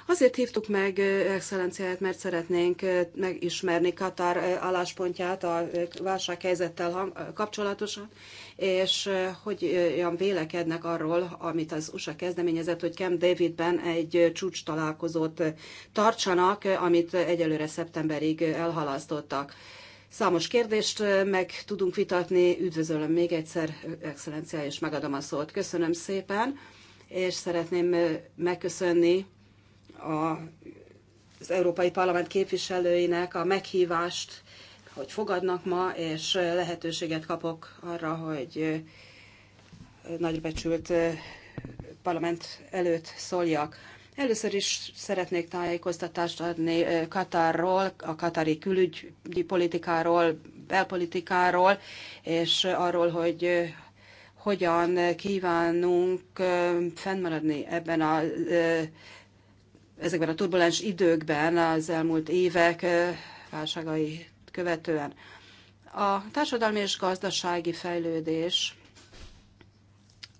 Azért hívtuk meg excellenciáját, mert szeretnénk megismerni Katar álláspontját a válsághelyzettel kapcsolatosan, és hogy olyan vélekednek arról, amit az USA kezdeményezett, hogy Camp Davidben egy csúcs találkozót tartsanak, amit egyelőre szeptemberig elhalasztottak. Számos kérdést meg tudunk vitatni. Üdvözölöm még egyszer, Excellencia, és megadom a szót. Köszönöm szépen, és szeretném megköszönni a, az Európai Parlament képviselőinek a meghívást, hogy fogadnak ma, és lehetőséget kapok arra, hogy nagybecsült parlament előtt szóljak. Először is szeretnék tájékoztatást adni Katarról, a katari külügyi politikáról, belpolitikáról, és arról, hogy hogyan kívánunk fennmaradni ebben a ezekben a turbulens időkben az elmúlt évek válságai követően. A társadalmi és gazdasági fejlődés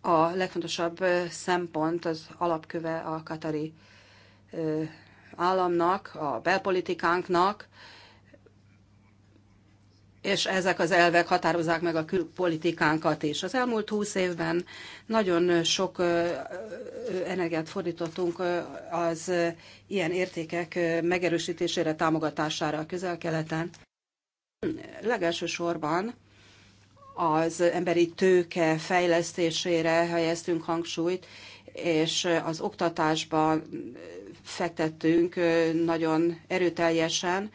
a legfontosabb szempont, az alapköve a katari államnak, a belpolitikánknak, és ezek az elvek határozzák meg a külpolitikánkat is. Az elmúlt húsz évben nagyon sok energiát fordítottunk az ilyen értékek megerősítésére, támogatására a közel-keleten. Legelső sorban az emberi tőke fejlesztésére helyeztünk hangsúlyt, és az oktatásban fektettünk nagyon erőteljesen.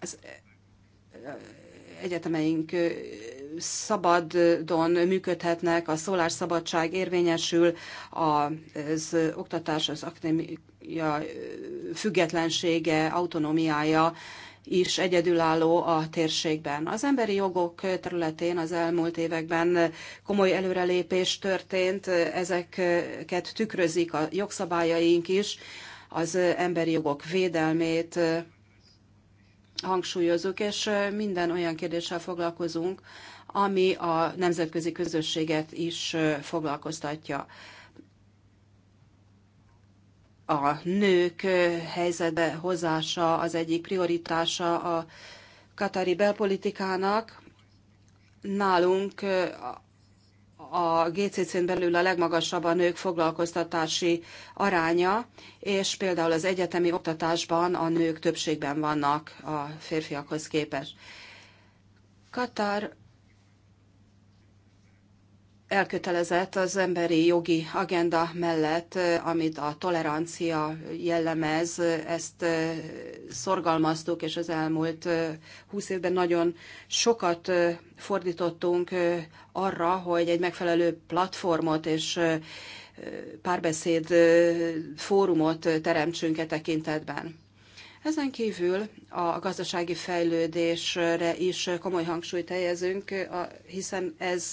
Az egyetemeink szabadon működhetnek, a szólásszabadság érvényesül, az oktatás, az akadémia függetlensége, autonómiája is egyedülálló a térségben. Az emberi jogok területén az elmúlt években komoly előrelépés történt, ezeket tükrözik a jogszabályaink is, az emberi jogok védelmét hangsúlyozunk, és minden olyan kérdéssel foglalkozunk, ami a nemzetközi közösséget is foglalkoztatja a nők helyzetbe hozása az egyik prioritása a katari belpolitikának. Nálunk a GCC-n belül a legmagasabb a nők foglalkoztatási aránya, és például az egyetemi oktatásban a nők többségben vannak a férfiakhoz képest. Katar elkötelezett az emberi jogi agenda mellett, amit a tolerancia jellemez, ezt szorgalmaztuk, és az elmúlt húsz évben nagyon sokat fordítottunk arra, hogy egy megfelelő platformot és párbeszéd fórumot teremtsünk e tekintetben. Ezen kívül a gazdasági fejlődésre is komoly hangsúlyt helyezünk, hiszen ez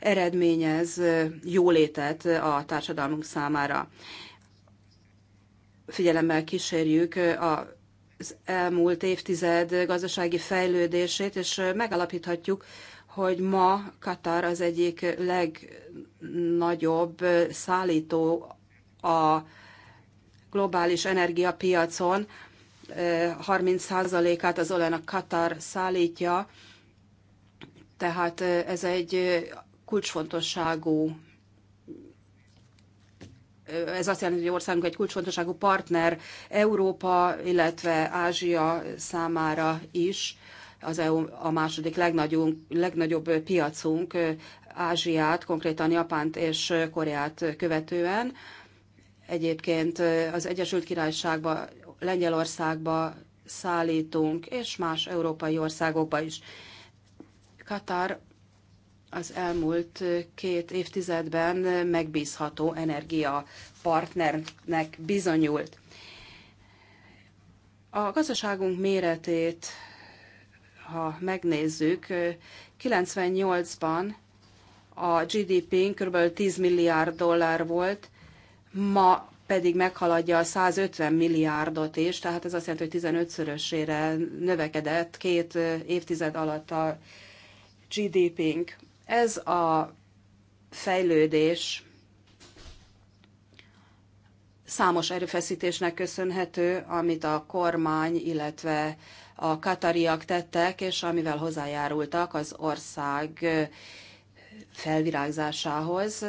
eredményez jólétet a társadalmunk számára. Figyelemmel kísérjük a az elmúlt évtized gazdasági fejlődését, és megalapíthatjuk, hogy ma Katar az egyik legnagyobb szállító a globális energiapiacon, 30%-át az olajnak Katar szállítja, tehát ez egy kulcsfontosságú ez azt jelenti, hogy országunk egy kulcsfontosságú partner Európa, illetve Ázsia számára is. Az EU a második legnagyobb, legnagyobb piacunk Ázsiát, konkrétan Japánt és Koreát követően. Egyébként az Egyesült Királyságban Lengyelországba szállítunk, és más európai országokba is. Katar az elmúlt két évtizedben megbízható energiapartnernek bizonyult. A gazdaságunk méretét, ha megnézzük, 98-ban a GDP-nk kb. 10 milliárd dollár volt, ma pedig meghaladja a 150 milliárdot is, tehát ez azt jelenti, hogy 15-szörösére növekedett két évtized alatt a GDP-nk. Ez a fejlődés számos erőfeszítésnek köszönhető, amit a kormány, illetve a katariak tettek, és amivel hozzájárultak az ország felvirágzásához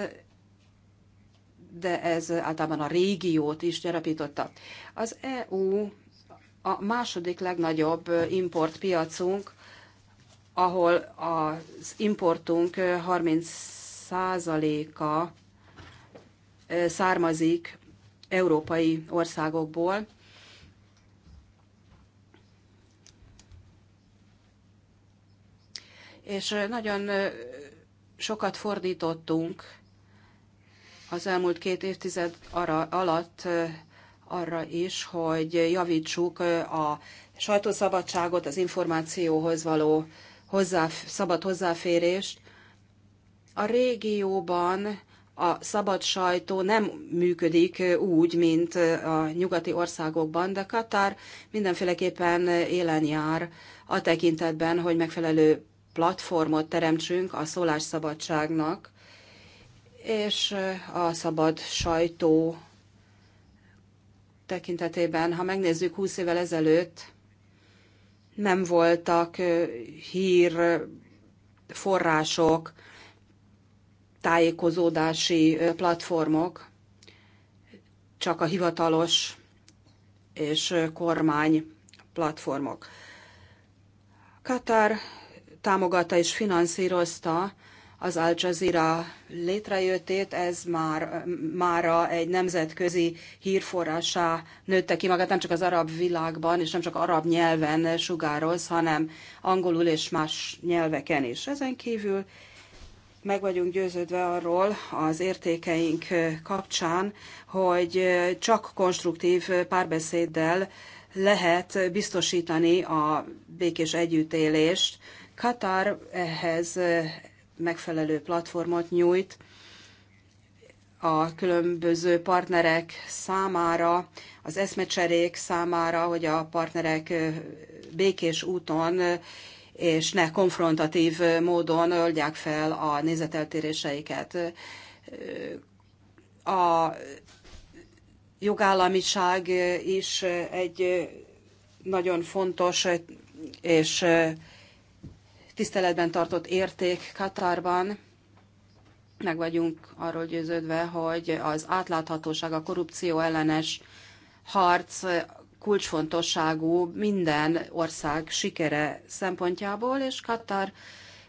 de ez általában a régiót is gyarapította. Az EU a második legnagyobb importpiacunk, ahol az importunk 30%-a származik európai országokból. És nagyon sokat fordítottunk az elmúlt két évtized arra, alatt arra is, hogy javítsuk a sajtószabadságot, az információhoz való hozzá, szabad hozzáférést. A régióban a szabad sajtó nem működik úgy, mint a nyugati országokban, de Katar mindenféleképpen élen jár a tekintetben, hogy megfelelő platformot teremtsünk a szólásszabadságnak, és eh, a szabad sajtó tekintetében, ha megnézzük 20 évvel ezelőtt, nem voltak eh, hír eh, források, tájékozódási platformok, csak a hivatalos és kormány platformok. Katar támogatta és finanszírozta az Al Jazeera létrejöttét, ez már mára egy nemzetközi hírforrásá nőtte ki magát, nem csak az arab világban, és nem csak arab nyelven sugároz, hanem angolul és más nyelveken is. Ezen kívül meg vagyunk győződve arról az értékeink kapcsán, hogy csak konstruktív párbeszéddel lehet biztosítani a békés együttélést. Katar ehhez megfelelő platformot nyújt a különböző partnerek számára, az eszmecserék számára, hogy a partnerek békés úton és ne konfrontatív módon oldják fel a nézeteltéréseiket. A jogállamiság is egy nagyon fontos és tiszteletben tartott érték Katarban. Meg vagyunk arról győződve, hogy az átláthatóság, a korrupció ellenes harc kulcsfontosságú minden ország sikere szempontjából, és Katar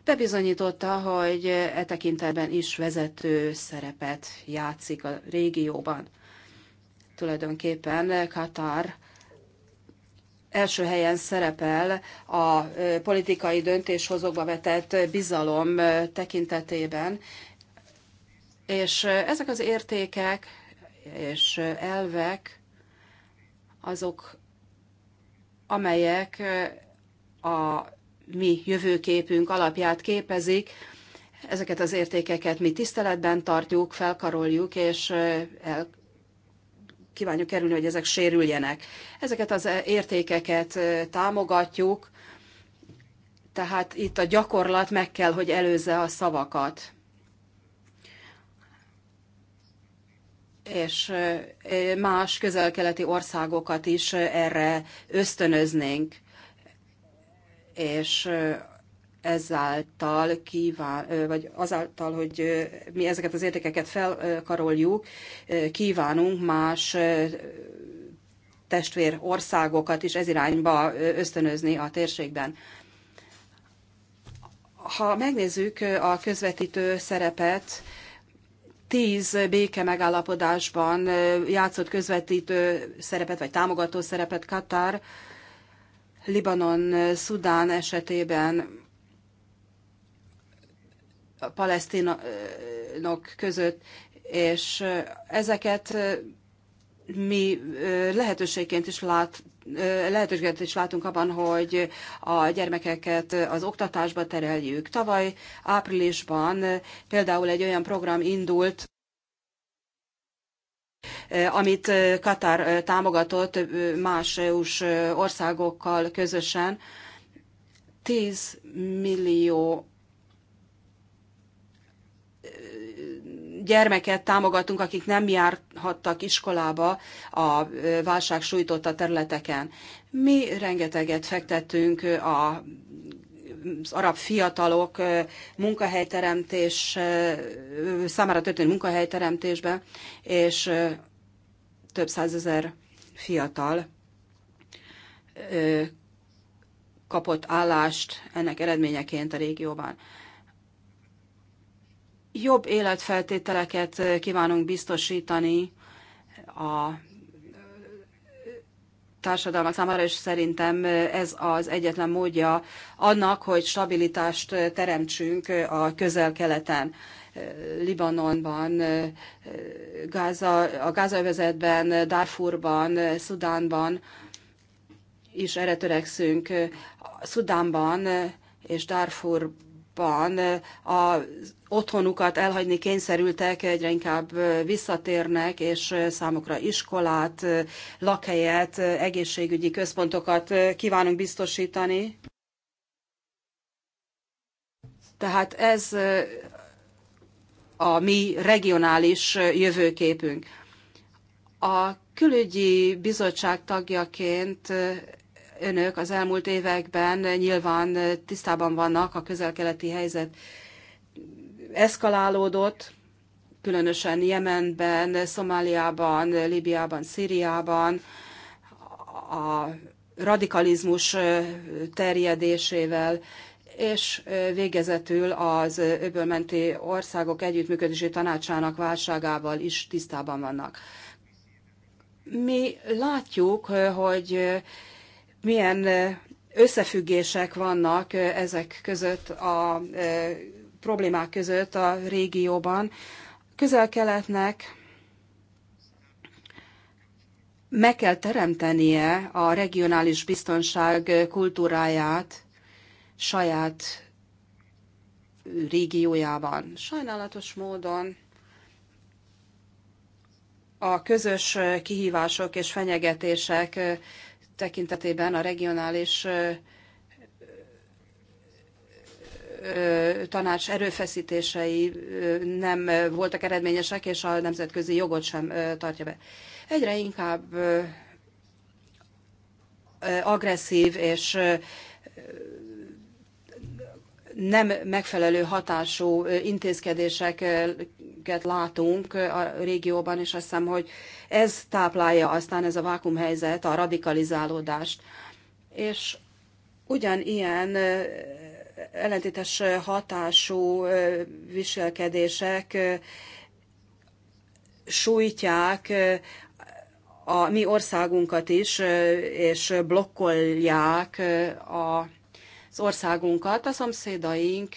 bebizonyította, hogy e tekintetben is vezető szerepet játszik a régióban. Tulajdonképpen Katar első helyen szerepel a politikai döntéshozókba vetett bizalom tekintetében, és ezek az értékek és elvek azok, amelyek a mi jövőképünk alapját képezik, ezeket az értékeket mi tiszteletben tartjuk, felkaroljuk és el kívánjuk kerülni, hogy ezek sérüljenek. Ezeket az eh, értékeket eh, támogatjuk, tehát itt a gyakorlat meg kell, hogy előzze a szavakat. és eh, más közelkeleti országokat is erre ösztönöznénk, és ezáltal kíván, vagy azáltal, hogy mi ezeket az értékeket felkaroljuk, kívánunk más testvér országokat is ez irányba ösztönözni a térségben. Ha megnézzük a közvetítő szerepet, tíz béke megállapodásban játszott közvetítő szerepet, vagy támogató szerepet Katar, Libanon, Szudán esetében palesztinok között, és ezeket mi lehetőségként is lát, lehetőséget is látunk abban, hogy a gyermekeket az oktatásba tereljük. Tavaly áprilisban például egy olyan program indult, amit Katar támogatott más eu országokkal közösen. 10 millió gyermeket támogatunk, akik nem járhattak iskolába a válság sújtotta területeken. Mi rengeteget fektettünk a az arab fiatalok munkahelyteremtés, számára történő munkahelyteremtésbe, és több százezer fiatal kapott állást ennek eredményeként a régióban jobb életfeltételeket kívánunk biztosítani a társadalmak számára, és szerintem ez az egyetlen módja annak, hogy stabilitást teremtsünk a közel-keleten, Libanonban, Gáza, a Gázaövezetben, Darfurban, Szudánban is erre törekszünk. Szudánban és Darfurban Európában eh, a otthonukat elhagyni kényszerültek, egyre inkább eh, visszatérnek, és eh, számukra iskolát, lakhelyet, egészségügyi központokat kívánunk biztosítani. Tehát ez a mi regionális jövőképünk. A külügyi bizottság tagjaként önök az elmúlt években nyilván tisztában vannak a közel-keleti helyzet eszkalálódott, különösen Jemenben, Szomáliában, Líbiában, Szíriában, a radikalizmus terjedésével, és végezetül az öbölmenti országok együttműködési tanácsának válságával is tisztában vannak. Mi látjuk, hogy milyen összefüggések vannak ezek között a problémák között a régióban. Közel-keletnek meg kell teremtenie a regionális biztonság kultúráját saját régiójában. Sajnálatos módon a közös kihívások és fenyegetések tekintetében a regionális tanács erőfeszítései nem voltak eredményesek, és a nemzetközi jogot sem tartja be. Egyre inkább agresszív és nem megfelelő hatású intézkedéseket látunk a régióban, és azt hiszem, hogy ez táplálja aztán ez a vákumhelyzet, a radikalizálódást. És ugyanilyen ellentétes hatású viselkedések sújtják a mi országunkat is, és blokkolják az országunkat. A szomszédaink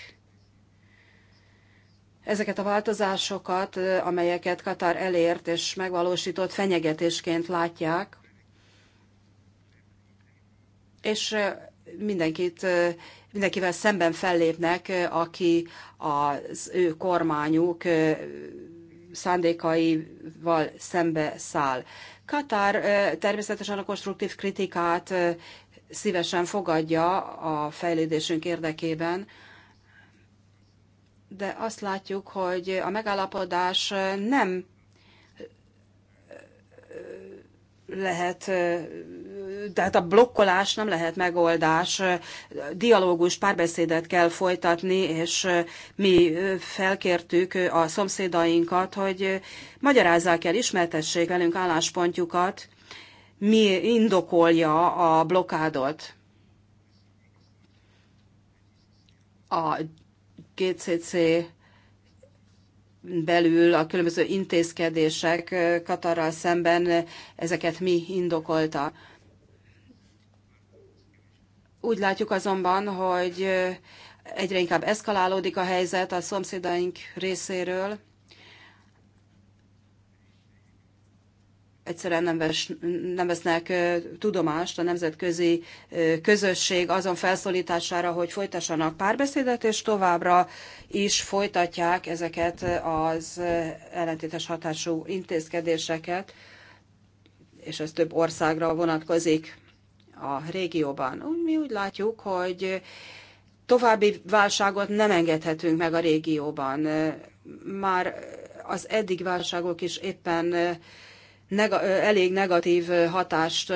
ezeket a változásokat, amelyeket Katar elért és megvalósított fenyegetésként látják, és mindenkit, mindenkivel szemben fellépnek, aki az ő kormányuk szándékaival szembe száll. Katár természetesen a konstruktív kritikát szívesen fogadja a fejlődésünk érdekében, de azt látjuk, hogy a megállapodás nem lehet, tehát a blokkolás nem lehet megoldás, dialógus, párbeszédet kell folytatni, és mi felkértük a szomszédainkat, hogy magyarázzák el, ismertessék velünk álláspontjukat, mi indokolja a blokádot. A GCC belül a különböző intézkedések Katarral szemben ezeket mi indokolta. Úgy látjuk azonban, hogy egyre inkább eszkalálódik a helyzet a szomszédaink részéről, egyszerűen nem, ves, nem vesznek tudomást a nemzetközi közösség azon felszólítására, hogy folytassanak párbeszédet, és továbbra is folytatják ezeket az ellentétes hatású intézkedéseket, és ez több országra vonatkozik a régióban. Mi úgy látjuk, hogy további válságot nem engedhetünk meg a régióban. Már az eddig válságok is éppen elég negatív hatást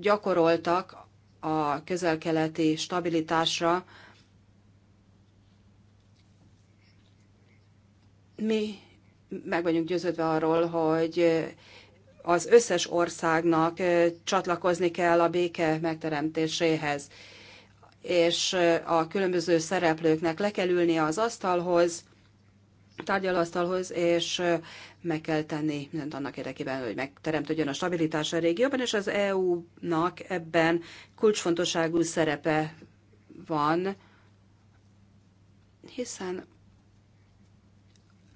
gyakoroltak a közelkeleti stabilitásra. Mi meg vagyunk győződve arról, hogy az összes országnak csatlakozni kell a béke megteremtéséhez, és a különböző szereplőknek le kell ülni az asztalhoz, tárgyalóasztalhoz, és meg kell tenni mindent annak érdekében, hogy megteremtődjön a stabilitás a régióban, és az EU-nak ebben kulcsfontosságú szerepe van, hiszen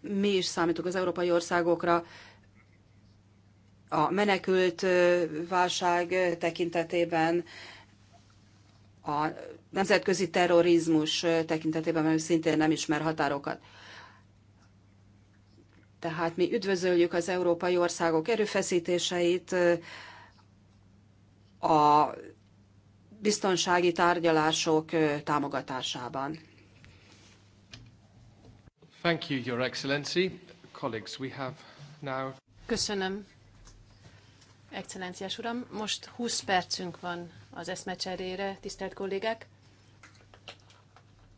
mi is számítunk az európai országokra, a menekült válság tekintetében, a nemzetközi terrorizmus tekintetében, mert szintén nem ismer határokat. Tehát mi üdvözöljük az európai országok erőfeszítéseit a biztonsági tárgyalások támogatásában. Thank you, Your Excellency. Colleagues, we have now... Köszönöm, Excellenciás Uram. Most 20 percünk van az eszmecserére, tisztelt kollégák.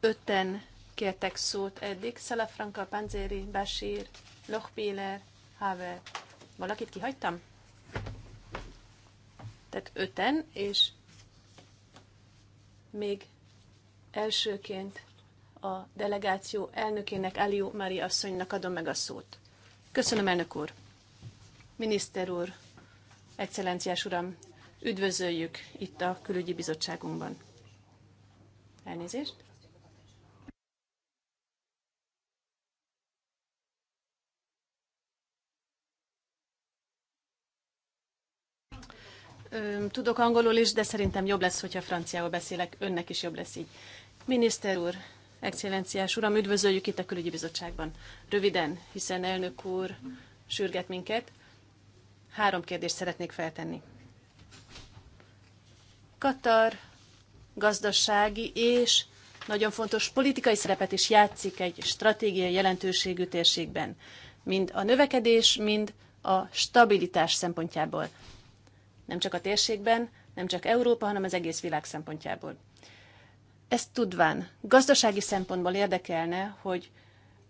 Ötten kértek szót eddig, Szelefranka, Panzéri, Basír, Lochbiller, Havel. Valakit kihagytam? Tehát öten, és még elsőként a delegáció elnökének, Alió Mária asszonynak adom meg a szót. Köszönöm, elnök úr! Miniszter úr, excellenciás uram, üdvözöljük itt a külügyi bizottságunkban. Elnézést! Tudok angolul is, de szerintem jobb lesz, hogyha franciául beszélek. Önnek is jobb lesz így. Miniszter úr, excellenciás uram, üdvözöljük itt a külügyi bizottságban. Röviden, hiszen elnök úr sürget minket. Három kérdést szeretnék feltenni. Katar gazdasági és nagyon fontos politikai szerepet is játszik egy stratégiai jelentőségű térségben, mind a növekedés, mind a stabilitás szempontjából nem csak a térségben, nem csak Európa, hanem az egész világ szempontjából. Ezt tudván, gazdasági szempontból érdekelne, hogy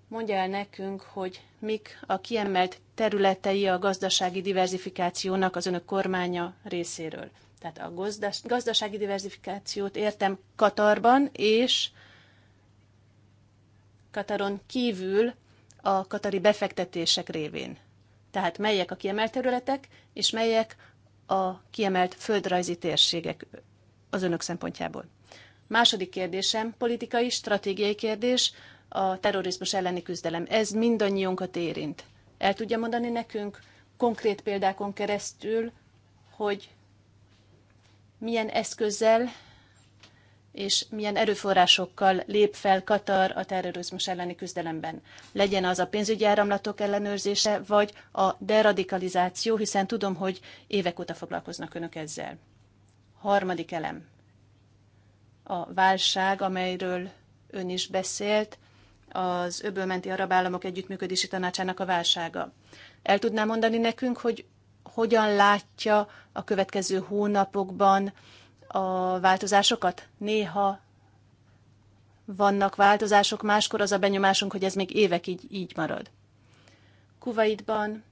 mondja el nekünk, hogy mik a kiemelt területei a gazdasági diversifikációnak az önök kormánya részéről. Tehát a gazdasági diversifikációt értem Katarban és Kataron kívül a katari befektetések révén. Tehát melyek a kiemelt területek, és melyek a kiemelt földrajzi térségek az önök szempontjából? Második kérdésem, politikai, stratégiai kérdés, a terrorizmus elleni küzdelem. Ez mindannyiunkat érint. El tudja mondani nekünk konkrét példákon keresztül, hogy milyen eszközzel és milyen erőforrásokkal lép fel Katar a terrorizmus elleni küzdelemben. Legyen az a pénzügyi áramlatok ellenőrzése, vagy a deradikalizáció, hiszen tudom, hogy évek óta foglalkoznak önök ezzel. Harmadik elem. A válság, amelyről ön is beszélt, az öbölmenti arab államok együttműködési tanácsának a válsága. El tudná mondani nekünk, hogy hogyan látja a következő hónapokban a változásokat? Néha vannak változások, máskor az a benyomásunk, hogy ez még évekig így marad. Kuwaitban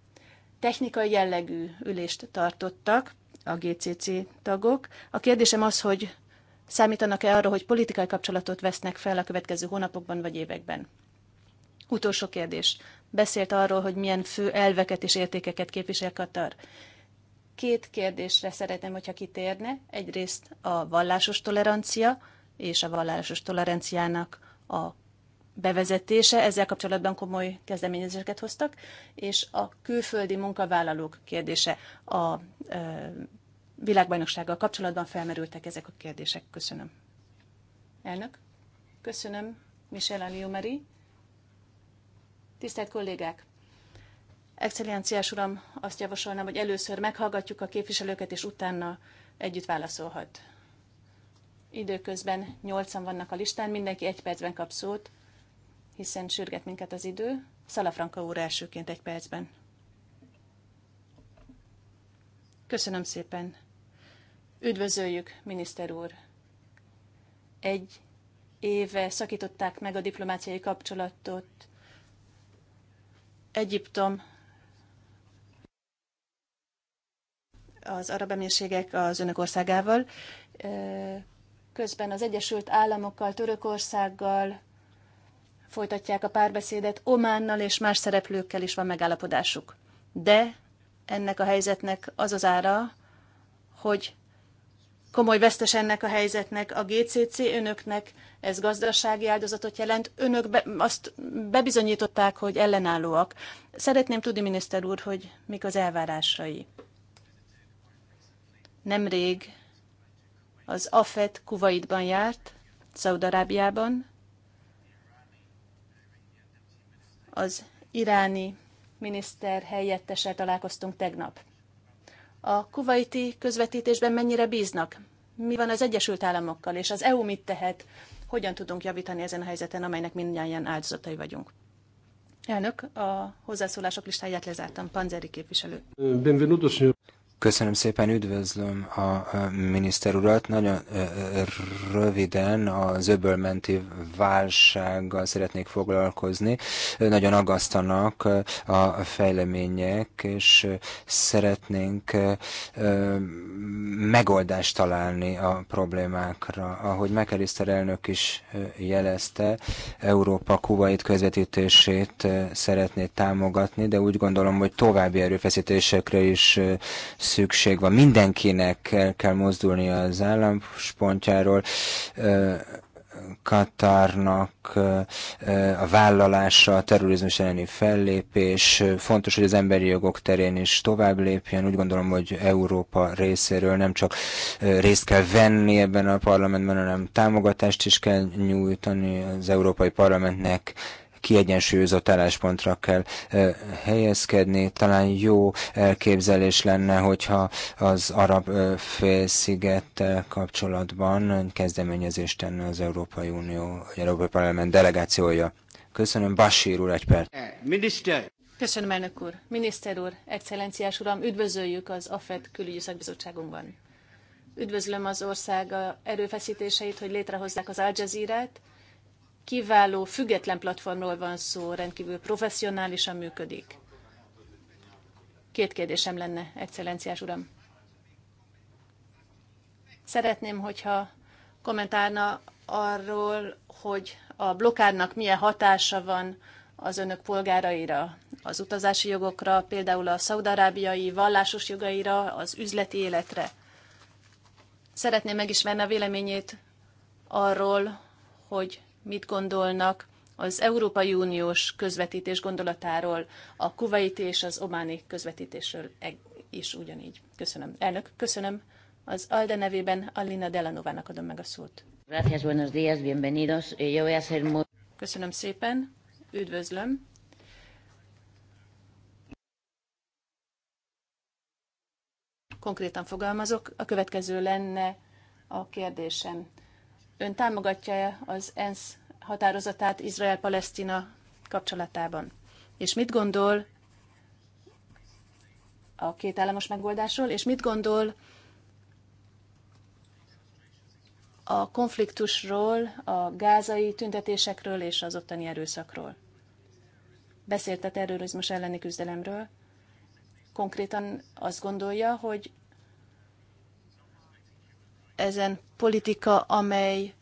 technikai jellegű ülést tartottak a GCC tagok. A kérdésem az, hogy számítanak-e arra, hogy politikai kapcsolatot vesznek fel a következő hónapokban vagy években? Utolsó kérdés. Beszélt arról, hogy milyen fő elveket és értékeket képvisel Katar. Két kérdésre szeretném, hogyha kitérne. Egyrészt a vallásos tolerancia és a vallásos toleranciának a bevezetése, ezzel kapcsolatban komoly kezdeményezéseket hoztak, és a külföldi munkavállalók kérdése a ö, világbajnoksággal kapcsolatban felmerültek ezek a kérdések. Köszönöm. Elnök, köszönöm, Michel Aliomari. Tisztelt kollégák, Excellenciás uram, azt javasolnám, hogy először meghallgatjuk a képviselőket, és utána együtt válaszolhat. Időközben nyolcan vannak a listán, mindenki egy percben kap szót, hiszen sürget minket az idő. Szalafranka úr elsőként egy percben. Köszönöm szépen. Üdvözöljük, miniszter úr. Egy éve szakították meg a diplomáciai kapcsolatot Egyiptom az arab emírségek az önök országával. Közben az Egyesült Államokkal, Törökországgal folytatják a párbeszédet, Ománnal és más szereplőkkel is van megállapodásuk. De ennek a helyzetnek az az ára, hogy komoly vesztes ennek a helyzetnek a GCC önöknek, ez gazdasági áldozatot jelent. Önök be, azt bebizonyították, hogy ellenállóak. Szeretném tudni, miniszter úr, hogy mik az elvárásai nemrég az AFET Kuwaitban járt, Szaudarábiában, az iráni miniszter helyettesel találkoztunk tegnap. A kuwaiti közvetítésben mennyire bíznak? Mi van az Egyesült Államokkal, és az EU mit tehet? Hogyan tudunk javítani ezen a helyzeten, amelynek mindannyian áldozatai vagyunk? Elnök, a hozzászólások listáját lezártam. Panzeri képviselő. Benvenuto, Köszönöm szépen, üdvözlöm a miniszter urat. Nagyon röviden az öbölmenti válsággal szeretnék foglalkozni. Nagyon agasztanak a fejlemények, és szeretnénk megoldást találni a problémákra. Ahogy Mekeliszter elnök is jelezte, Európa kuvait közvetítését szeretné támogatni, de úgy gondolom, hogy további erőfeszítésekre is szükség van. Mindenkinek el kell mozdulni az álláspontjáról. Katarnak a vállalása, a terrorizmus elleni fellépés. Fontos, hogy az emberi jogok terén is tovább lépjen. Úgy gondolom, hogy Európa részéről nem csak részt kell venni ebben a parlamentben, hanem támogatást is kell nyújtani az Európai Parlamentnek kiegyensúlyozott álláspontra kell helyezkedni. Talán jó elképzelés lenne, hogyha az arab félszigettel kapcsolatban kezdeményezést tenne az Európai Unió, vagy Európai Parlament delegációja. Köszönöm, Basír úr, egy perc. Eh, minister. Köszönöm, elnök úr. Miniszter úr, excellenciás uram, üdvözöljük az AFET külügyi szakbizottságunkban. Üdvözlöm az ország erőfeszítéseit, hogy létrehozzák az Al jazeera kiváló, független platformról van szó, rendkívül professzionálisan működik. Két kérdésem lenne, excellenciás uram. Szeretném, hogyha kommentálna arról, hogy a blokádnak milyen hatása van az önök polgáraira, az utazási jogokra, például a szaudarábiai vallásos jogaira, az üzleti életre. Szeretném megismerni a véleményét arról, hogy mit gondolnak az Európai Uniós közvetítés gondolatáról, a kuvaiti és az ománi közvetítésről e- is ugyanígy. Köszönöm. Elnök, köszönöm. Az ALDE nevében Alina Delanovának adom meg a szót. Eh, köszönöm szépen, üdvözlöm. Konkrétan fogalmazok, a következő lenne a kérdésem. Ön támogatja-e az ENSZ határozatát Izrael-Palesztina kapcsolatában? És mit gondol a két államos megoldásról, és mit gondol a konfliktusról, a gázai tüntetésekről és az ottani erőszakról? Beszélt a terrorizmus elleni küzdelemről. Konkrétan azt gondolja, hogy ezen politika, amely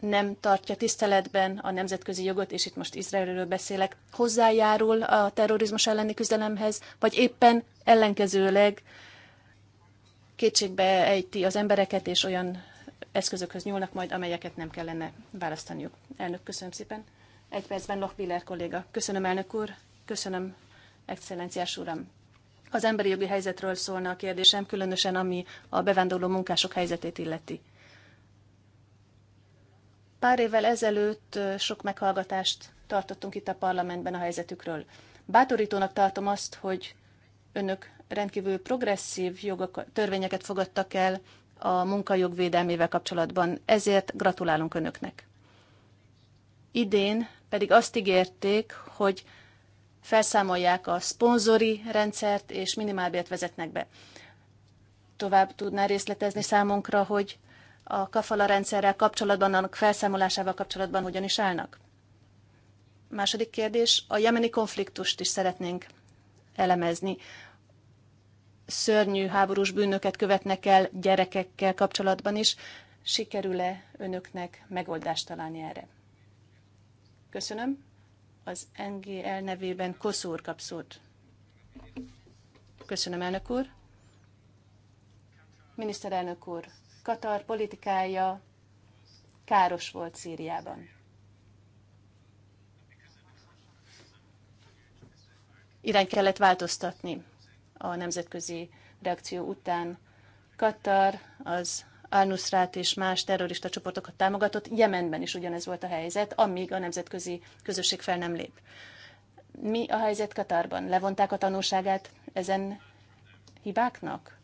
nem tartja tiszteletben a nemzetközi jogot, és itt most Izraelről beszélek, hozzájárul a terrorizmus elleni küzdelemhez, vagy éppen ellenkezőleg kétségbe ejti az embereket, és olyan eszközökhöz nyúlnak majd, amelyeket nem kellene választaniuk. Elnök, köszönöm szépen. Egy percben Loch Biller kolléga. Köszönöm, elnök úr. Köszönöm, excellenciás uram. Az emberi jogi helyzetről szólna a kérdésem, különösen ami a bevándorló munkások helyzetét illeti. Pár évvel ezelőtt sok meghallgatást tartottunk itt a parlamentben a helyzetükről. Bátorítónak tartom azt, hogy önök rendkívül progresszív jogok, törvényeket fogadtak el a munkajog védelmével kapcsolatban, ezért gratulálunk önöknek. Idén pedig azt ígérték, hogy felszámolják a szponzori rendszert, és minimálbért vezetnek be. Tovább tudná részletezni számunkra, hogy a kafala rendszerrel kapcsolatban, annak felszámolásával kapcsolatban hogyan is állnak? Második kérdés, a jemeni konfliktust is szeretnénk elemezni. Szörnyű háborús bűnöket követnek el gyerekekkel kapcsolatban is. Sikerül-e önöknek megoldást találni erre? Köszönöm az NGL nevében Koszúr kap szót. Köszönöm, elnök úr. Miniszterelnök úr, Katar politikája káros volt Szíriában. Irány kellett változtatni a nemzetközi reakció után. Katar az Al-Nusrát és más terrorista csoportokat támogatott. Jemenben is ugyanez volt a helyzet, amíg a nemzetközi közösség fel nem lép. Mi a helyzet Katarban? Levonták a tanulságát ezen hibáknak?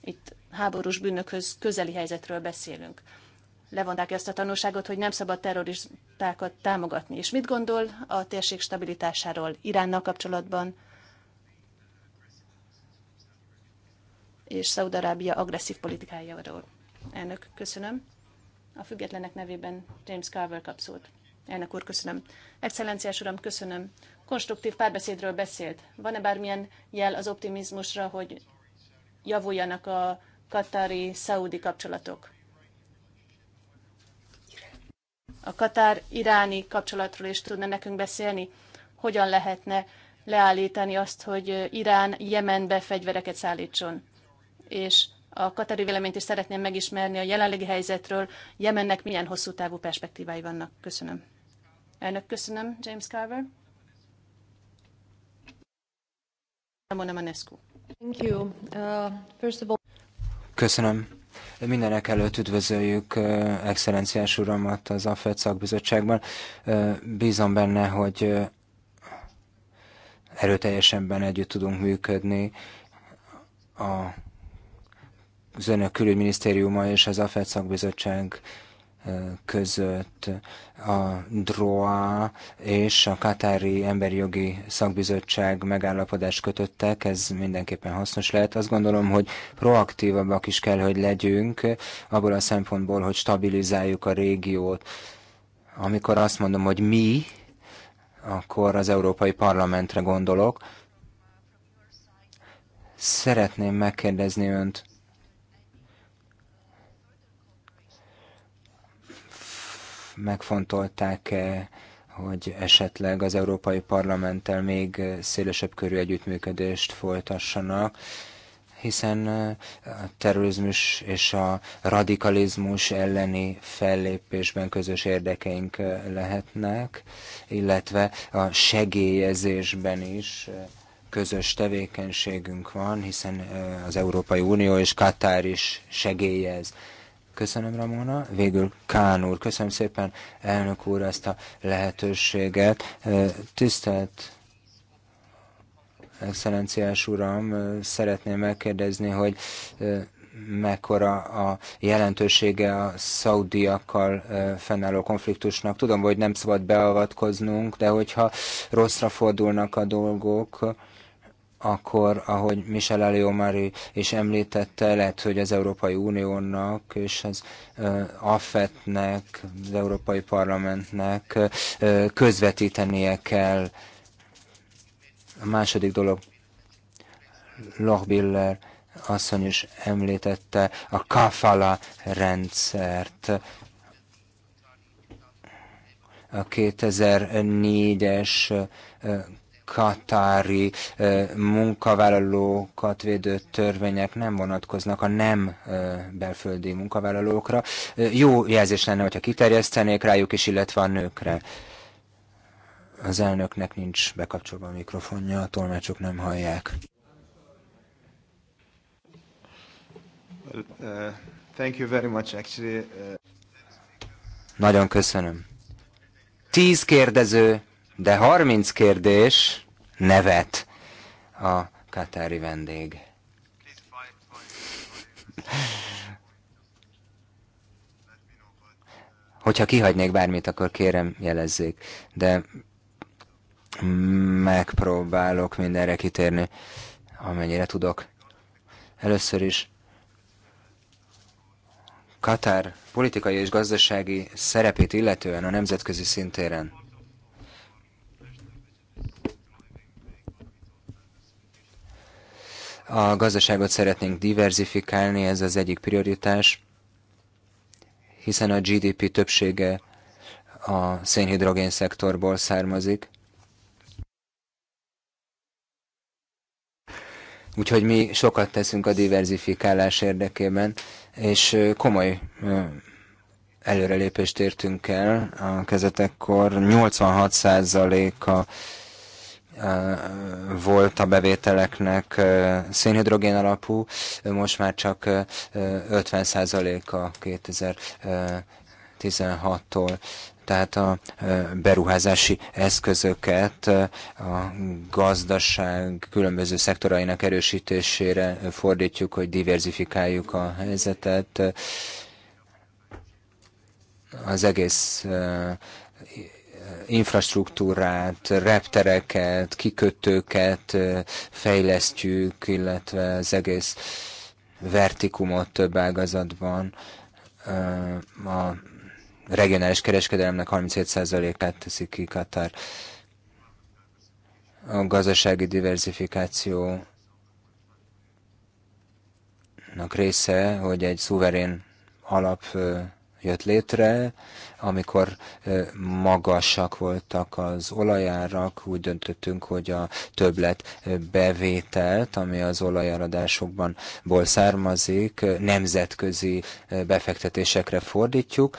Itt háborús bűnökhöz közeli helyzetről beszélünk. Levonták ezt a tanulságot, hogy nem szabad terroristákat támogatni. És mit gondol a térség stabilitásáról Iránnal kapcsolatban? és Szaudarábia agresszív politikájáról. Elnök, köszönöm. A függetlenek nevében James Carver kap szót. Elnök úr, köszönöm. Excellenciás uram, köszönöm. Konstruktív párbeszédről beszélt. Van-e bármilyen jel az optimizmusra, hogy javuljanak a katari-szaudi kapcsolatok? A katár-iráni kapcsolatról is tudna nekünk beszélni? Hogyan lehetne leállítani azt, hogy Irán Jemenbe fegyvereket szállítson? És a katari véleményt is szeretném megismerni a jelenlegi helyzetről, Jemennek milyen hosszú távú perspektívái vannak. Köszönöm. Elnök, köszönöm, James Carver. Ramona Manescu. Thank you. Uh, first of all... Köszönöm. Mindenek előtt üdvözöljük uh, excellenciás uramat az AFED szakbizottságban. Uh, bízom benne, hogy uh, erőteljesebben együtt tudunk működni a az önök külügyminisztériuma és az AFED szakbizottság között a DROA és a Katári Emberi Jogi Szakbizottság megállapodást kötöttek, ez mindenképpen hasznos lehet. Azt gondolom, hogy proaktívabbak is kell, hogy legyünk, abból a szempontból, hogy stabilizáljuk a régiót. Amikor azt mondom, hogy mi, akkor az Európai Parlamentre gondolok. Szeretném megkérdezni önt, megfontolták-e, hogy esetleg az Európai Parlamenttel még szélesebb körű együttműködést folytassanak, hiszen a terrorizmus és a radikalizmus elleni fellépésben közös érdekeink lehetnek, illetve a segélyezésben is közös tevékenységünk van, hiszen az Európai Unió és Katár is segélyez Köszönöm, Ramona. Végül Kán úr. Köszönöm szépen, elnök úr, ezt a lehetőséget. Tisztelt Excellenciás Uram, szeretném megkérdezni, hogy mekkora a jelentősége a szaudiakkal fennálló konfliktusnak. Tudom, hogy nem szabad beavatkoznunk, de hogyha rosszra fordulnak a dolgok, akkor, ahogy Michel Aliomari is említette, lehet, hogy az Európai Uniónak és az AFET-nek, az Európai Parlamentnek közvetítenie kell. A második dolog, Lochbiller asszony is említette a kafala rendszert a 2004-es katári munkavállalókat védő törvények nem vonatkoznak a nem belföldi munkavállalókra. Jó jelzés lenne, hogyha kiterjesztenék rájuk is, illetve a nőkre. Az elnöknek nincs bekapcsolva a mikrofonja, a tolmácsok nem hallják. Uh, thank you very much, actually. Uh, Nagyon köszönöm. Tíz kérdező de 30 kérdés nevet a katári vendég. Hogyha kihagynék bármit, akkor kérem jelezzék, de megpróbálok mindenre kitérni, amennyire tudok. Először is Katár politikai és gazdasági szerepét illetően a nemzetközi szintéren. A gazdaságot szeretnénk diversifikálni, ez az egyik prioritás, hiszen a GDP többsége a szénhidrogén szektorból származik. Úgyhogy mi sokat teszünk a diversifikálás érdekében, és komoly előrelépést értünk el a kezetekkor. 86% a volt a bevételeknek szénhidrogén alapú, most már csak 50%-a 2016-tól tehát a beruházási eszközöket a gazdaság különböző szektorainak erősítésére fordítjuk, hogy diversifikáljuk a helyzetet. Az egész infrastruktúrát, reptereket, kikötőket fejlesztjük, illetve az egész vertikumot több ágazatban. A regionális kereskedelemnek 37%-át teszik ki Katar. A gazdasági diversifikáció része, hogy egy szuverén alap jött létre, amikor magasak voltak az olajárak, úgy döntöttünk, hogy a többlet bevételt, ami az olajáradásokból származik, nemzetközi befektetésekre fordítjuk,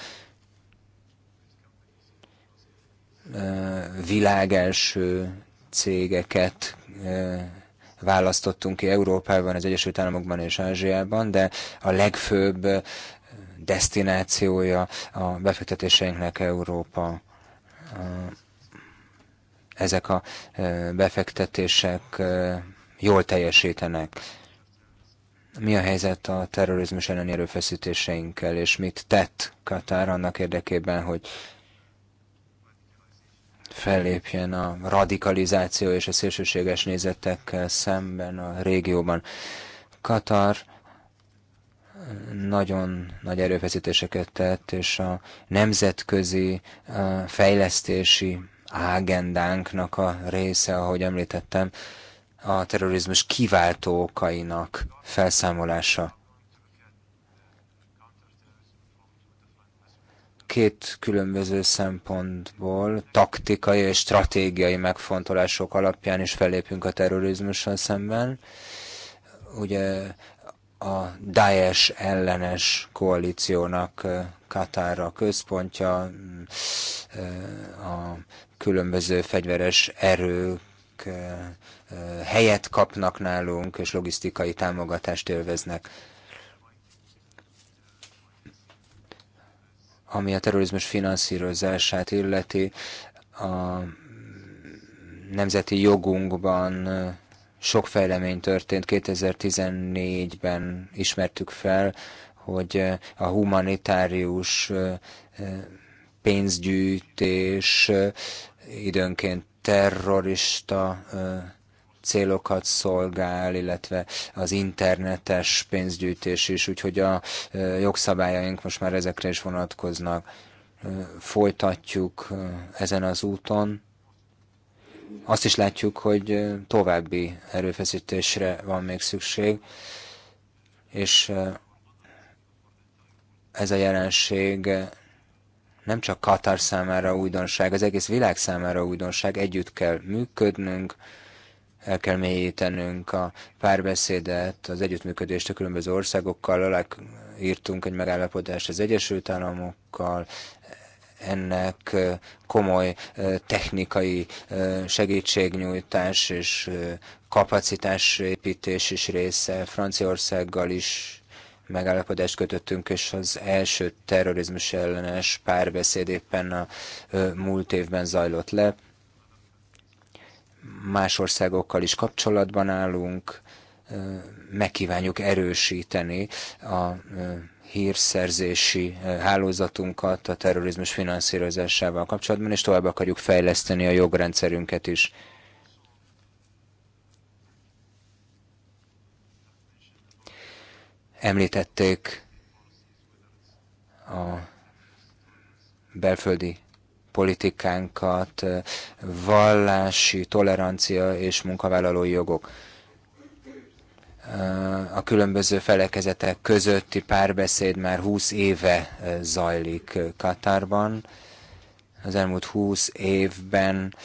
világelső cégeket választottunk ki Európában, az Egyesült Államokban és Ázsiában, de a legfőbb destinációja a befektetéseinknek Európa. Ezek a e, befektetések e, jól teljesítenek. Mi a helyzet a terrorizmus elleni erőfeszítéseinkkel, és mit tett Katár annak érdekében, hogy fellépjen a radikalizáció és a szélsőséges nézetekkel szemben a régióban. Katar nagyon nagy erőfeszítéseket tett, és a nemzetközi fejlesztési ágendánknak a része, ahogy említettem, a terrorizmus kiváltó okainak felszámolása. Két különböző szempontból, taktikai és stratégiai megfontolások alapján is fellépünk a terrorizmussal szemben. Ugye a Daesh ellenes koalíciónak Katár a központja, a különböző fegyveres erők helyet kapnak nálunk, és logisztikai támogatást élveznek. Ami a terrorizmus finanszírozását illeti, a nemzeti jogunkban sok fejlemény történt. 2014-ben ismertük fel, hogy eh, a humanitárius eh, eh, pénzgyűjtés időnként terrorista célokat szolgál, illetve az internetes pénzgyűjtés is, úgyhogy a jogszabályaink most már ezekre is vonatkoznak. Folytatjuk ezen az úton azt is látjuk, hogy további erőfeszítésre van még szükség, és ez a jelenség nem csak Katar számára újdonság, az egész világ számára újdonság, együtt kell működnünk, el kell mélyítenünk a párbeszédet, az együttműködést a különböző országokkal, alá írtunk egy megállapodást az Egyesült Államokkal, ennek komoly technikai segítségnyújtás és kapacitásépítés is része. Franciaországgal is megállapodást kötöttünk, és az első terrorizmus ellenes párbeszéd éppen a múlt évben zajlott le. Más országokkal is kapcsolatban állunk, megkívánjuk erősíteni a hírszerzési eh, hálózatunkat a terrorizmus finanszírozásával kapcsolatban, és tovább akarjuk fejleszteni a jogrendszerünket is. Említették a belföldi politikánkat, eh, vallási tolerancia és munkavállalói jogok a különböző felekezetek közötti párbeszéd már 20 éve zajlik Katarban. Az elmúlt 20 évben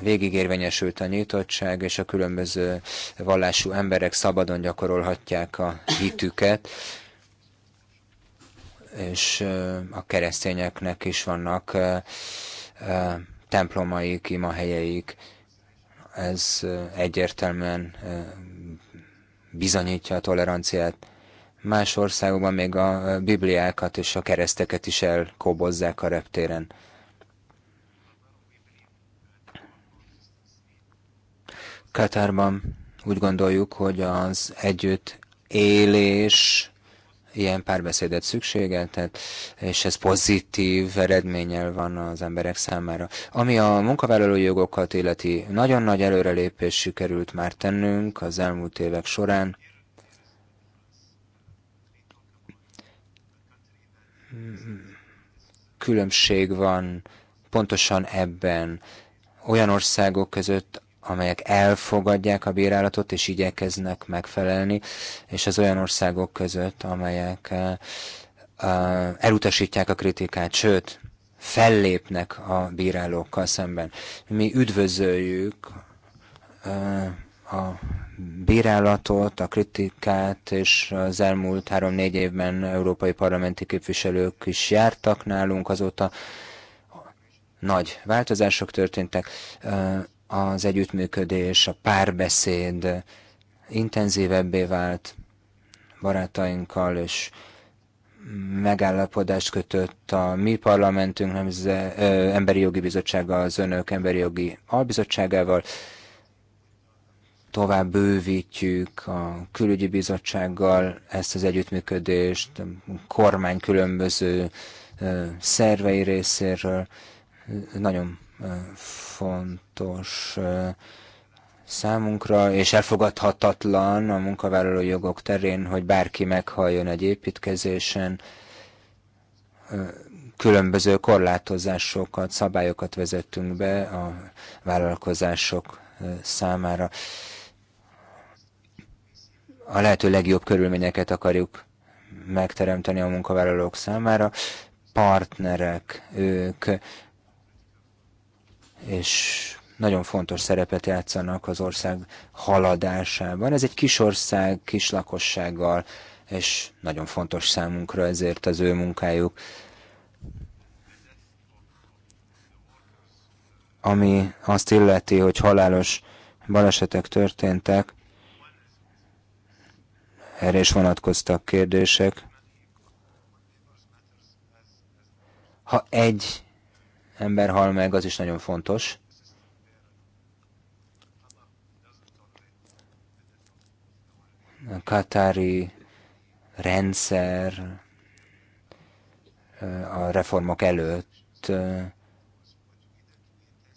végigérvényesült a nyitottság, és a különböző vallású emberek szabadon gyakorolhatják a hitüket, és a keresztényeknek is vannak templomaik, imahelyeik. Ez egyértelműen bizonyítja a toleranciát. Más országokban még a bibliákat és a kereszteket is elkobozzák a reptéren. Katárban úgy gondoljuk, hogy az együtt élés ilyen párbeszédet szükségeltet, és ez pozitív eredménnyel van az emberek számára. Ami a munkavállalói jogokat illeti, nagyon nagy előrelépés sikerült már tennünk az elmúlt évek során. Különbség van pontosan ebben olyan országok között, amelyek elfogadják a bírálatot és igyekeznek megfelelni, és az olyan országok között, amelyek eh, elutasítják a kritikát, sőt, fellépnek a bírálókkal szemben. Mi üdvözöljük eh, a bírálatot, a kritikát, és az elmúlt három-négy évben európai parlamenti képviselők is jártak nálunk, azóta nagy változások történtek. Eh, az együttműködés, a párbeszéd intenzívebbé vált barátainkkal, és megállapodást kötött a mi parlamentünk nem az emberi jogi bizottsága az önök emberi jogi albizottságával. Tovább bővítjük a külügyi bizottsággal ezt az együttműködést, a kormány különböző szervei részéről. Nagyon fontos számunkra, és elfogadhatatlan a munkavállaló jogok terén, hogy bárki meghalljon egy építkezésen, különböző korlátozásokat, szabályokat vezettünk be a vállalkozások számára. A lehető legjobb körülményeket akarjuk megteremteni a munkavállalók számára. Partnerek ők, és nagyon fontos szerepet játszanak az ország haladásában. Ez egy kis ország, kis lakossággal, és nagyon fontos számunkra ezért az ő munkájuk. Ami azt illeti, hogy halálos balesetek történtek, erre is vonatkoztak kérdések. Ha egy ember hal meg, az is nagyon fontos. A katári rendszer a reformok előtt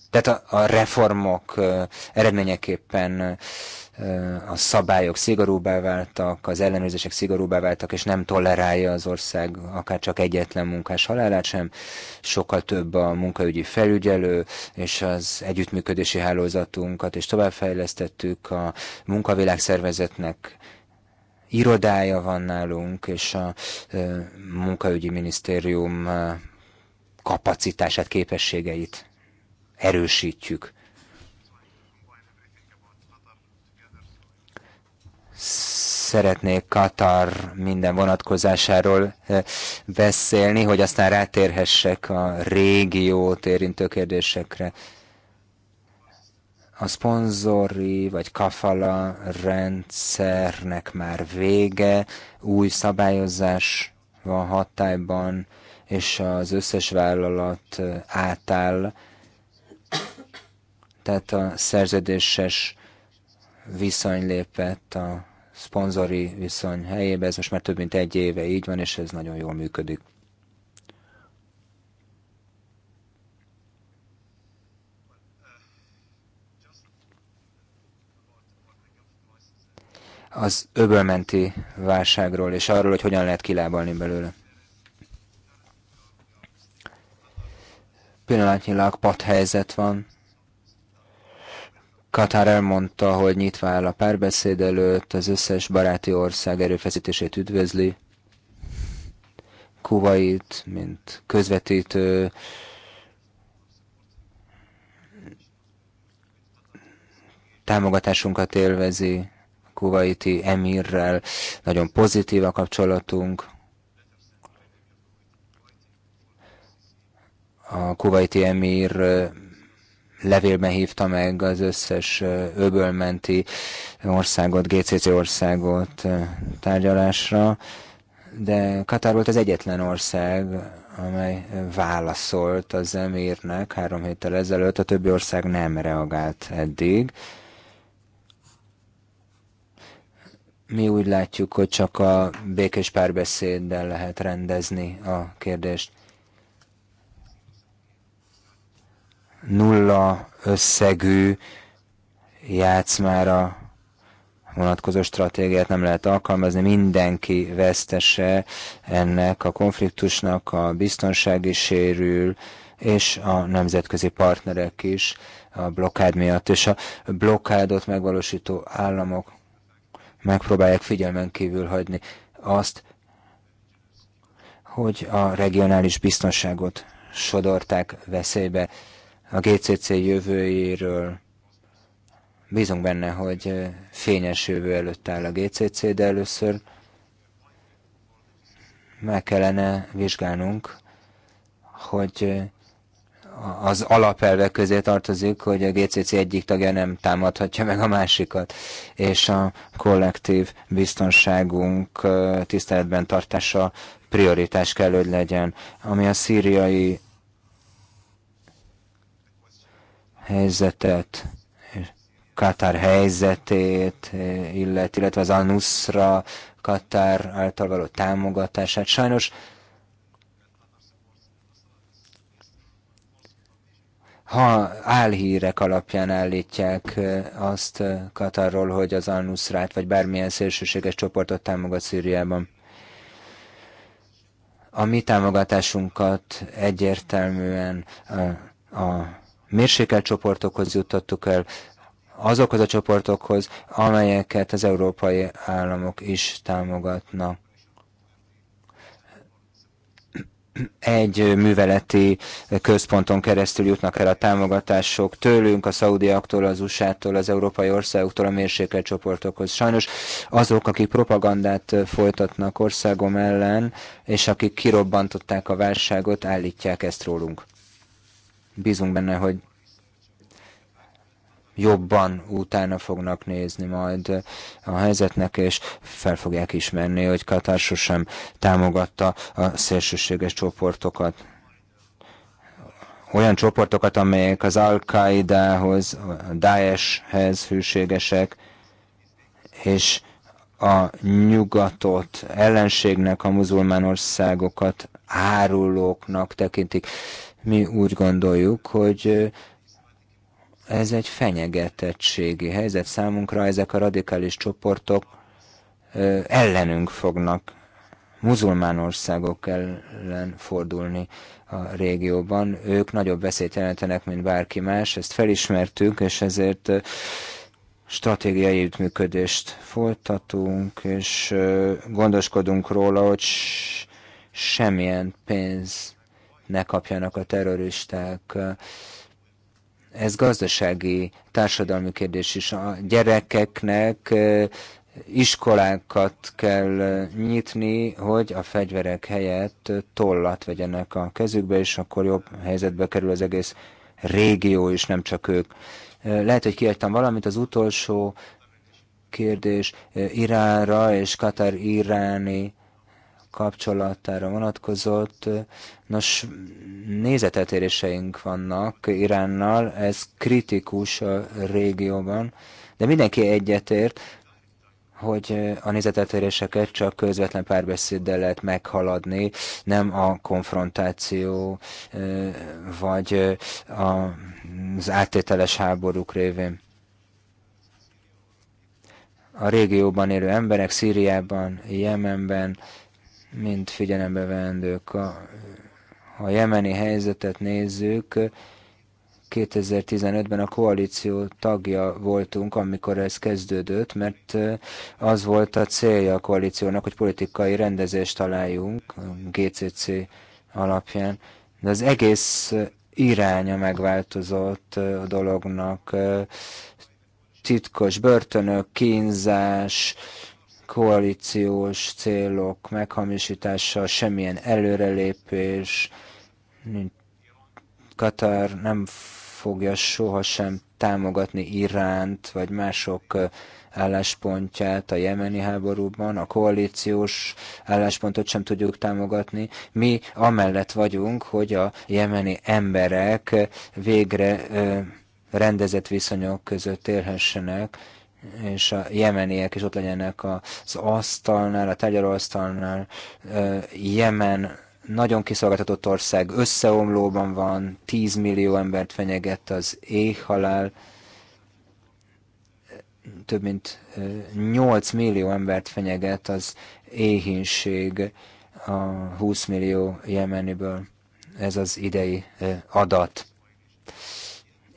tehát a, a reformok eredményeképpen Eh, a szabályok szigorúbbá váltak, az ellenőrzések szigorúbbá váltak, és nem tolerálja az ország akár csak egyetlen munkás halálát sem. Sokkal több a munkaügyi felügyelő, és az együttműködési hálózatunkat, és továbbfejlesztettük a munkavilágszervezetnek irodája van nálunk, és a eh, munkaügyi minisztérium eh, kapacitását, képességeit erősítjük. szeretnék Katar minden vonatkozásáról eh, beszélni, hogy aztán rátérhessek a régiót érintő kérdésekre. A szponzori vagy kafala rendszernek már vége, új szabályozás van hatályban, és az összes vállalat eh, átáll. Tehát a szerződéses viszony lépett a szponzori viszony helyébe. Ez most már több mint egy éve így van, és ez nagyon jól működik. az öbölmenti válságról, és arról, hogy hogyan lehet kilábalni belőle. Pillanatnyilag helyzet van, Katár elmondta, hogy nyitva áll a párbeszéd előtt, az összes baráti ország erőfeszítését üdvözli. Kuwait, mint közvetítő, támogatásunkat élvezi kuwaiti emirrel, nagyon pozitív a kapcsolatunk. A kuwaiti emir levélben hívta meg az összes öbölmenti országot, GCC országot tárgyalásra, de Katár volt az egyetlen ország, amely válaszolt az emírnek három héttel ezelőtt, a többi ország nem reagált eddig. Mi úgy látjuk, hogy csak a békés párbeszéddel lehet rendezni a kérdést. nulla összegű játszmára vonatkozó stratégiát nem lehet alkalmazni, mindenki vesztese ennek a konfliktusnak, a biztonsági sérül, és a nemzetközi partnerek is a blokkád miatt, és a blokkádot megvalósító államok megpróbálják figyelmen kívül hagyni azt, hogy a regionális biztonságot sodorták veszélybe a GCC jövőjéről. Bízunk benne, hogy fényes jövő előtt áll a GCC, de először meg kellene vizsgálnunk, hogy az alapelvek közé tartozik, hogy a GCC egyik tagja nem támadhatja meg a másikat, és a kollektív biztonságunk tiszteletben tartása prioritás kell, hogy legyen. Ami a szíriai helyzetet, Katár helyzetét illet, illetve az Anusra katar Katár által való támogatását. Sajnos ha álhírek alapján állítják azt Katarról, hogy az Anusrát vagy bármilyen szélsőséges csoportot támogat Szíriában. A mi támogatásunkat egyértelműen a, a mérsékelt csoportokhoz juttattuk el, azokhoz a csoportokhoz, amelyeket az európai államok is támogatnak. Egy műveleti központon keresztül jutnak el a támogatások tőlünk, a szaudiaktól, az USA-tól, az európai országoktól, a mérsékelt csoportokhoz. Sajnos azok, akik propagandát folytatnak országom ellen, és akik kirobbantották a válságot, állítják ezt rólunk. Bízunk benne, hogy jobban utána fognak nézni majd a helyzetnek, és fel fogják ismerni, hogy Katar sosem támogatta a szélsőséges csoportokat. Olyan csoportokat, amelyek az Al-Qaidához, a Daeshhez hűségesek, és a nyugatot ellenségnek, a muzulmán országokat árulóknak tekintik. Mi úgy gondoljuk, hogy ez egy fenyegetettségi helyzet számunkra, ezek a radikális csoportok ellenünk fognak muzulmán országok ellen fordulni a régióban. Ők nagyobb veszélyt jelentenek, mint bárki más, ezt felismertük, és ezért stratégiai együttműködést folytatunk, és gondoskodunk róla, hogy semmilyen pénz ne kapjanak a terroristák. Ez gazdasági, társadalmi kérdés is. A gyerekeknek iskolákat kell nyitni, hogy a fegyverek helyett tollat vegyenek a kezükbe, és akkor jobb helyzetbe kerül az egész régió, és nem csak ők. Lehet, hogy kiadtam valamit, az utolsó kérdés Iránra és Katar iráni kapcsolatára vonatkozott. Nos, nézeteltéréseink vannak Iránnal, ez kritikus a régióban, de mindenki egyetért, hogy a nézeteltéréseket csak közvetlen párbeszéddel lehet meghaladni, nem a konfrontáció vagy az áttételes háborúk révén. A régióban élő emberek Szíriában, Jemenben, mind figyelembe vendők. A, a jemeni helyzetet nézzük, 2015-ben a koalíció tagja voltunk, amikor ez kezdődött, mert eh, az volt a célja a koalíciónak, hogy politikai rendezést találjunk GCC alapján. De az egész eh, iránya megváltozott eh, a dolognak. Titkos börtönök, kínzás, koalíciós célok meghamisítása, semmilyen előrelépés, Katar nem fogja sohasem támogatni Iránt vagy mások álláspontját a jemeni háborúban, a koalíciós álláspontot sem tudjuk támogatni. Mi amellett vagyunk, hogy a jemeni emberek végre rendezett viszonyok között élhessenek, és a jemeniek is ott legyenek az asztalnál, a tegyarasztalnál. Jemen nagyon kiszolgáltatott ország, összeomlóban van, 10 millió embert fenyeget az éhhalál, több mint 8 millió embert fenyeget az éhínség a 20 millió jemeniből. Ez az idei adat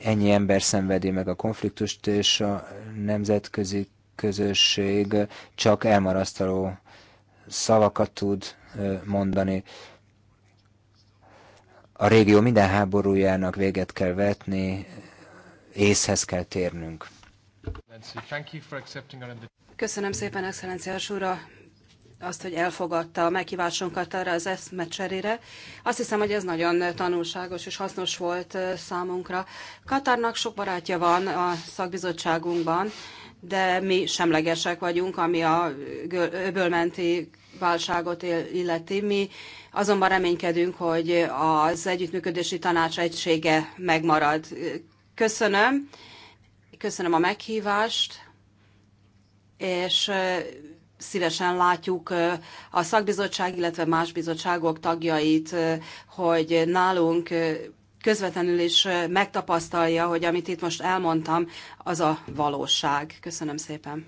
ennyi ember szenvedi meg a konfliktust, és a nemzetközi közösség csak elmarasztaló szavakat tud mondani. A régió minden háborújának véget kell vetni, észhez kell térnünk. Köszönöm szépen, Excellenciás úr, a azt, hogy elfogadta a meghívásunkat erre az eszmecserére. Azt hiszem, hogy ez nagyon tanulságos és hasznos volt számunkra. Katarnak sok barátja van a szakbizottságunkban, de mi semlegesek vagyunk, ami a öbölmenti válságot illeti. Mi azonban reménykedünk, hogy az együttműködési tanács egysége megmarad. Köszönöm, köszönöm a meghívást, és szívesen látjuk a szakbizottság, illetve más bizottságok tagjait, hogy nálunk közvetlenül is megtapasztalja, hogy amit itt most elmondtam, az a valóság. Köszönöm szépen.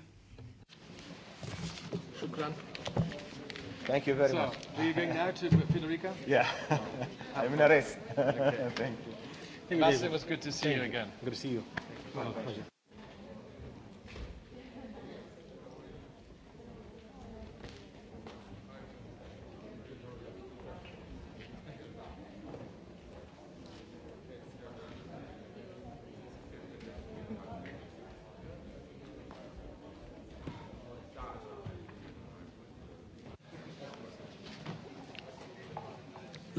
Thank you very so, much. Are you going now to Federica? Yeah. Ah. I'm in a race. Thank you. Lasse, it was good to see you again. Good to see you. Oh,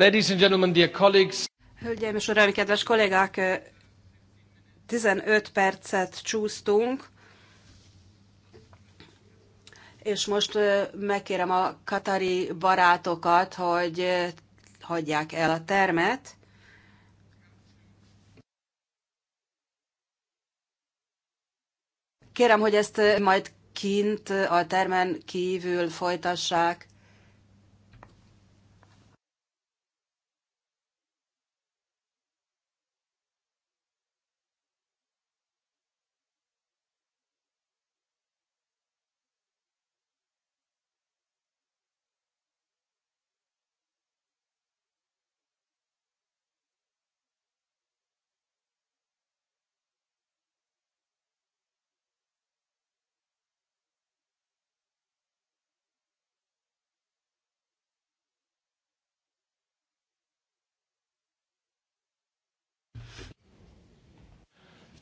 Ladies and gentlemen, dear colleagues. Hölgyeim és uraim, kedves kollégák, 15 percet csúsztunk, és most megkérem a katari barátokat, hogy hagyják el a termet. Kérem, hogy ezt majd kint a termen kívül folytassák.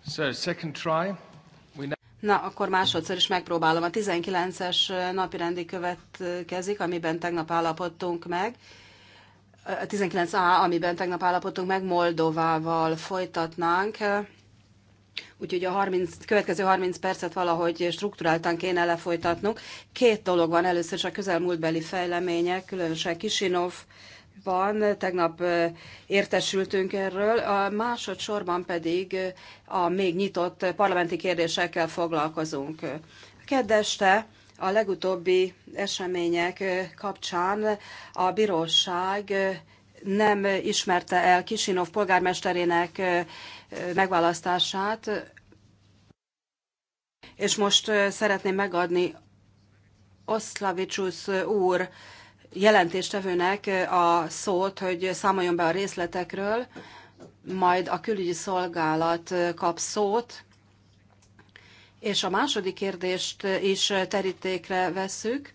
So, second try. Na, akkor másodszor is megpróbálom. A 19-es napirendi következik, amiben tegnap állapodtunk meg. A 19A, amiben tegnap állapodtunk meg, Moldovával folytatnánk. Úgyhogy a 30, következő 30 percet valahogy struktúráltan kéne lefolytatnunk. Két dolog van először csak a közelmúltbeli fejlemények, különösen Kisinov Ban, tegnap értesültünk erről, a másodszorban pedig a még nyitott parlamenti kérdésekkel foglalkozunk. Kedeste a legutóbbi események kapcsán a bíróság nem ismerte el Kisinov polgármesterének megválasztását, és most szeretném megadni Oszlavicsusz úr jelentéstevőnek a szót, hogy számoljon be a részletekről, majd a külügyi szolgálat kap szót, és a második kérdést is terítékre vesszük,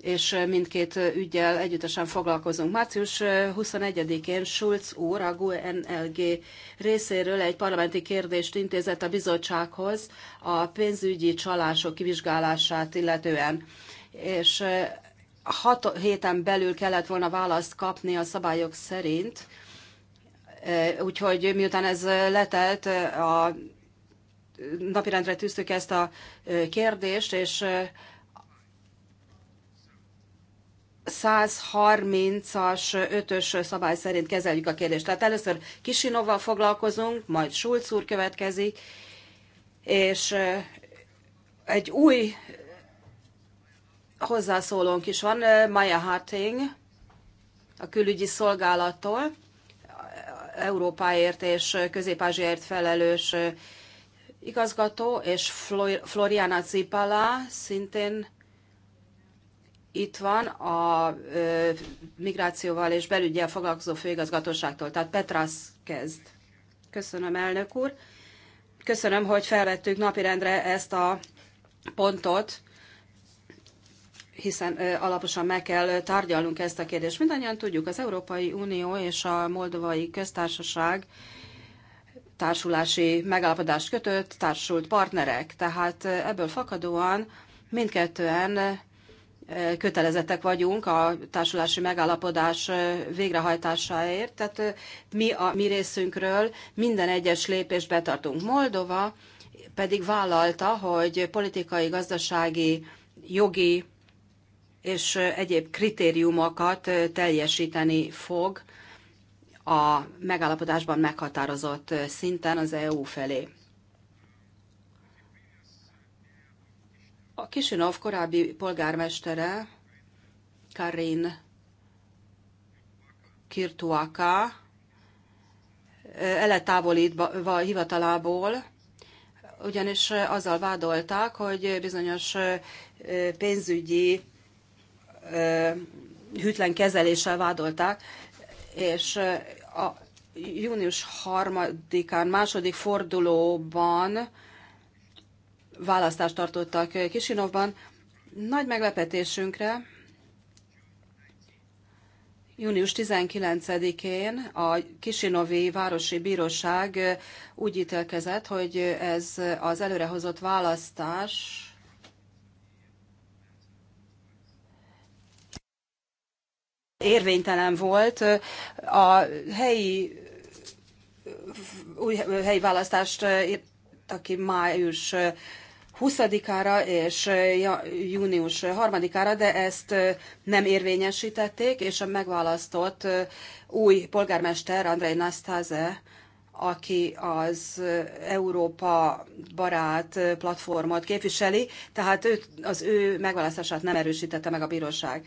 és mindkét ügyel együttesen foglalkozunk. Március 21-én Schulz úr a GUNLG részéről egy parlamenti kérdést intézett a bizottsághoz a pénzügyi csalások kivizsgálását illetően és hat héten belül kellett volna választ kapni a szabályok szerint, úgyhogy miután ez letelt, a napirendre tűztük ezt a kérdést, és 130-as 5-ös szabály szerint kezeljük a kérdést. Tehát először Kisinovval foglalkozunk, majd Schulz úr következik, és egy új hozzászólónk is van, Maya Harting, a külügyi szolgálattól, Európáért és közép felelős igazgató, és Floriana Cipala, szintén itt van a migrációval és belügyel foglalkozó főigazgatóságtól. Tehát Petras kezd. Köszönöm, elnök úr. Köszönöm, hogy felvettük napirendre ezt a pontot hiszen alaposan meg kell tárgyalnunk ezt a kérdést. Mindannyian tudjuk, az Európai Unió és a Moldovai Köztársaság társulási megállapodást kötött, társult partnerek, tehát ebből fakadóan mindkettően kötelezettek vagyunk a társulási megállapodás végrehajtásáért, tehát mi a mi részünkről minden egyes lépést betartunk. Moldova pedig vállalta, hogy politikai, gazdasági, jogi és egyéb kritériumokat teljesíteni fog a megállapodásban meghatározott szinten az EU felé. A Kisinov korábbi polgármestere, Karin Kirtuaka, eltávolítva hivatalából, ugyanis azzal vádolták, hogy bizonyos pénzügyi hűtlen kezeléssel vádolták, és a június harmadikán, második fordulóban választást tartottak Kisinovban. Nagy meglepetésünkre június 19-én a Kisinovi Városi Bíróság úgy ítélkezett, hogy ez az előrehozott választás érvénytelen volt. A helyi új helyi választást írtak ki május 20-ára és június 3-ára, de ezt nem érvényesítették, és a megválasztott új polgármester Andrei Nastase, aki az Európa barát platformot képviseli, tehát őt, az ő megválasztását nem erősítette meg a bíróság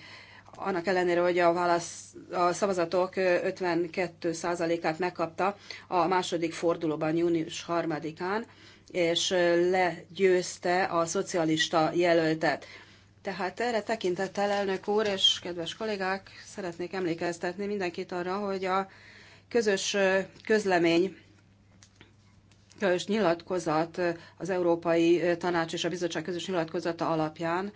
annak ellenére, hogy a, válasz, a szavazatok 52%-át megkapta a második fordulóban június 3-án, és legyőzte a szocialista jelöltet. Tehát erre tekintettel, elnök úr és kedves kollégák, szeretnék emlékeztetni mindenkit arra, hogy a közös közlemény, közös nyilatkozat az Európai Tanács és a Bizottság közös nyilatkozata alapján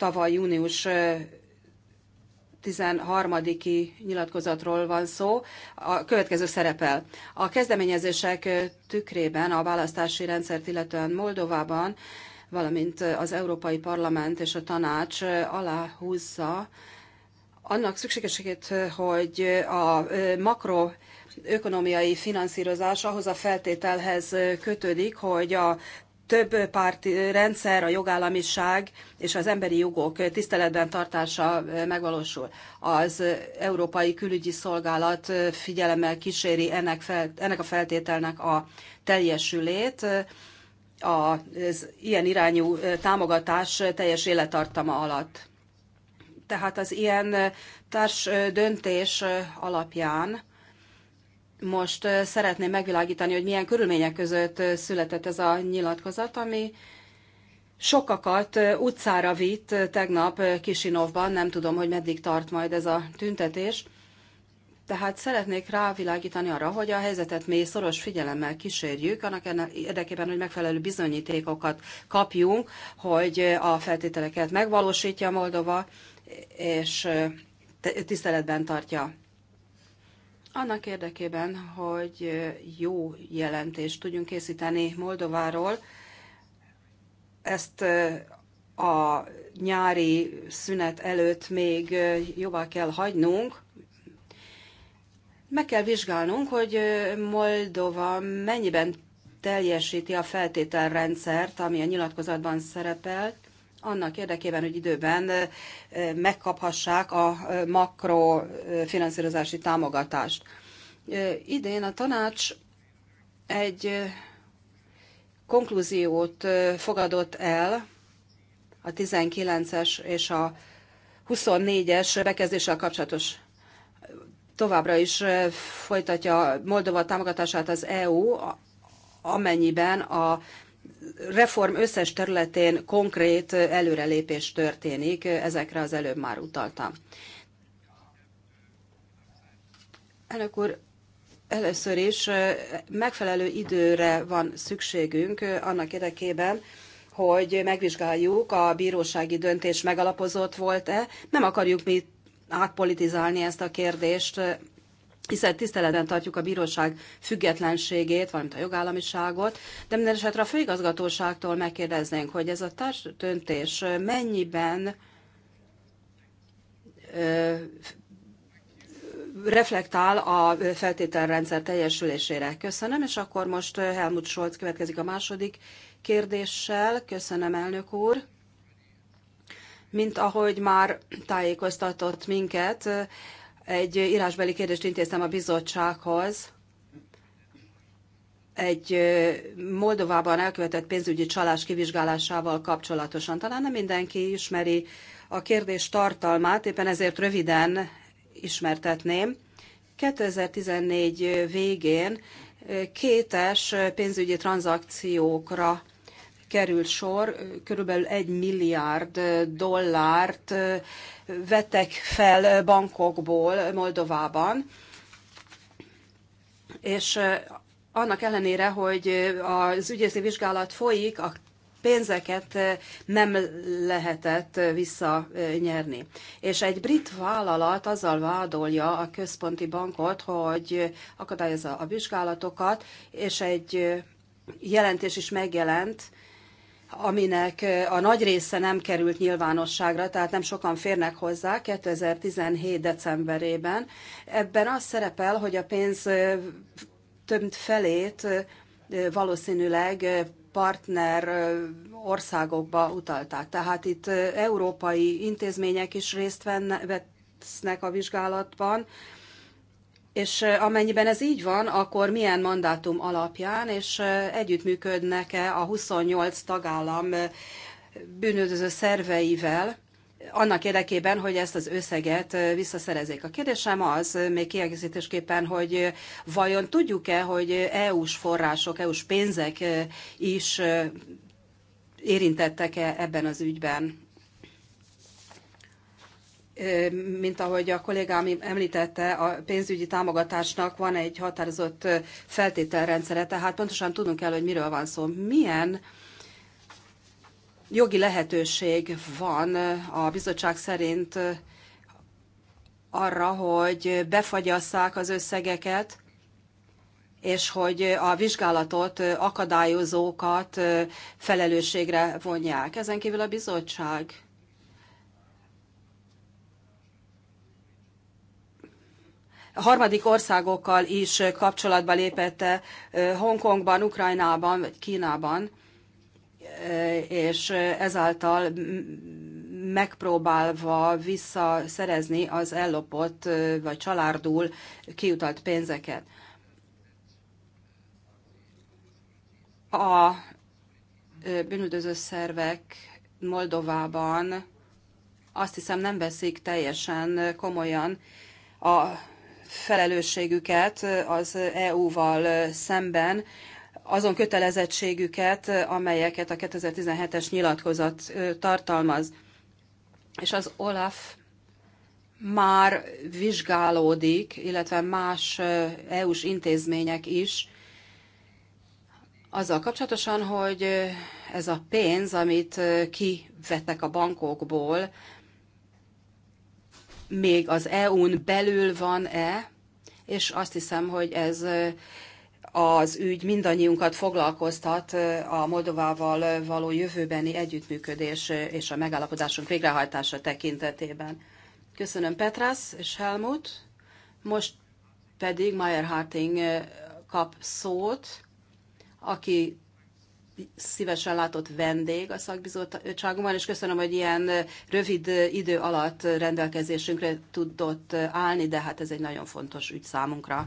tavaly június 13. nyilatkozatról van szó. A következő szerepel. A kezdeményezések tükrében a választási rendszert, illetően Moldovában, valamint az Európai Parlament és a Tanács aláhúzza annak szükségességét, hogy a makro ökonomiai finanszírozás ahhoz a feltételhez kötődik, hogy a több párti rendszer, a jogállamiság és az emberi jogok tiszteletben tartása megvalósul. Az Európai Külügyi Szolgálat figyelemmel kíséri ennek, fel, ennek a feltételnek a teljesülét. Az ilyen irányú támogatás teljes élettartama alatt. Tehát az ilyen társ döntés alapján most szeretném megvilágítani, hogy milyen körülmények között született ez a nyilatkozat, ami sokakat utcára vitt tegnap Kisinovban, nem tudom, hogy meddig tart majd ez a tüntetés. Tehát szeretnék rávilágítani arra, hogy a helyzetet mi szoros figyelemmel kísérjük, annak érdekében, hogy megfelelő bizonyítékokat kapjunk, hogy a feltételeket megvalósítja Moldova, és tiszteletben tartja annak érdekében, hogy jó jelentést tudjunk készíteni Moldováról, ezt eh, a nyári szünet előtt még eh, jobban kell hagynunk. Meg kell vizsgálnunk, hogy eh, Moldova mennyiben teljesíti a feltételrendszert, ami a nyilatkozatban szerepel, annak érdekében, hogy időben megkaphassák a makrofinanszírozási támogatást. Idén a tanács egy konklúziót fogadott el a 19-es és a 24-es bekezdéssel kapcsolatos továbbra is folytatja Moldova támogatását az EU, amennyiben a reform összes területén konkrét előrelépés történik, ezekre az előbb már utaltam. Elnök úr, először is megfelelő időre van szükségünk annak érdekében, hogy megvizsgáljuk, a bírósági döntés megalapozott volt-e. Nem akarjuk mi átpolitizálni ezt a kérdést, hiszen tiszteletben tartjuk a bíróság függetlenségét, valamint a jogállamiságot, de minden esetre a főigazgatóságtól megkérdeznénk, hogy ez a társ döntés mennyiben ö, reflektál a feltételrendszer teljesülésére. Köszönöm, és akkor most Helmut Scholz következik a második kérdéssel. Köszönöm, elnök úr. Mint ahogy már tájékoztatott minket, egy írásbeli kérdést intéztem a bizottsághoz. Egy Moldovában elkövetett pénzügyi csalás kivizsgálásával kapcsolatosan. Talán nem mindenki ismeri a kérdés tartalmát, éppen ezért röviden ismertetném. 2014 végén kétes pénzügyi tranzakciókra kerül sor, körülbelül egy milliárd dollárt vettek fel bankokból Moldovában, és annak ellenére, hogy az ügyészi vizsgálat folyik, a pénzeket nem lehetett visszanyerni. És egy brit vállalat azzal vádolja a központi bankot, hogy akadályozza a vizsgálatokat, és egy jelentés is megjelent, aminek a nagy része nem került nyilvánosságra, tehát nem sokan férnek hozzá 2017. decemberében. Ebben az szerepel, hogy a pénz több felét valószínűleg partner országokba utalták. Tehát itt európai intézmények is részt vesznek a vizsgálatban, és amennyiben ez így van, akkor milyen mandátum alapján, és együttműködnek-e a 28 tagállam bűnöző szerveivel, annak érdekében, hogy ezt az összeget visszaszerezzék. A kérdésem az, még kiegészítésképpen, hogy vajon tudjuk-e, hogy EU-s források, EU-s pénzek is érintettek-e ebben az ügyben? mint ahogy a kollégám említette, a pénzügyi támogatásnak van egy határozott feltételrendszere, tehát pontosan tudnunk kell, hogy miről van szó. Milyen jogi lehetőség van a bizottság szerint arra, hogy befagyasszák az összegeket, és hogy a vizsgálatot akadályozókat felelősségre vonják. Ezen kívül a bizottság a harmadik országokkal is kapcsolatba lépett, eh, Hongkongban, Ukrajnában vagy Kínában, eh, és ezáltal megpróbálva visszaszerezni az ellopott eh, vagy csalárdul kiutalt pénzeket. A bűnüldöző szervek Moldovában azt hiszem nem veszik teljesen komolyan a felelősségüket az EU-val szemben, azon kötelezettségüket, amelyeket a 2017-es nyilatkozat tartalmaz. És az OLAF már vizsgálódik, illetve más EU-s intézmények is azzal kapcsolatosan, hogy ez a pénz, amit kivettek a bankokból, még az EU-n belül van-e, és azt hiszem, hogy ez az ügy mindannyiunkat foglalkoztat a Moldovával való jövőbeni együttműködés és a megállapodásunk végrehajtása tekintetében. Köszönöm Petrász és Helmut. Most pedig Meyer Harting kap szót, aki szívesen látott vendég a szakbizottságunkban, és köszönöm, hogy ilyen rövid idő alatt rendelkezésünkre tudott állni, de hát ez egy nagyon fontos ügy számunkra.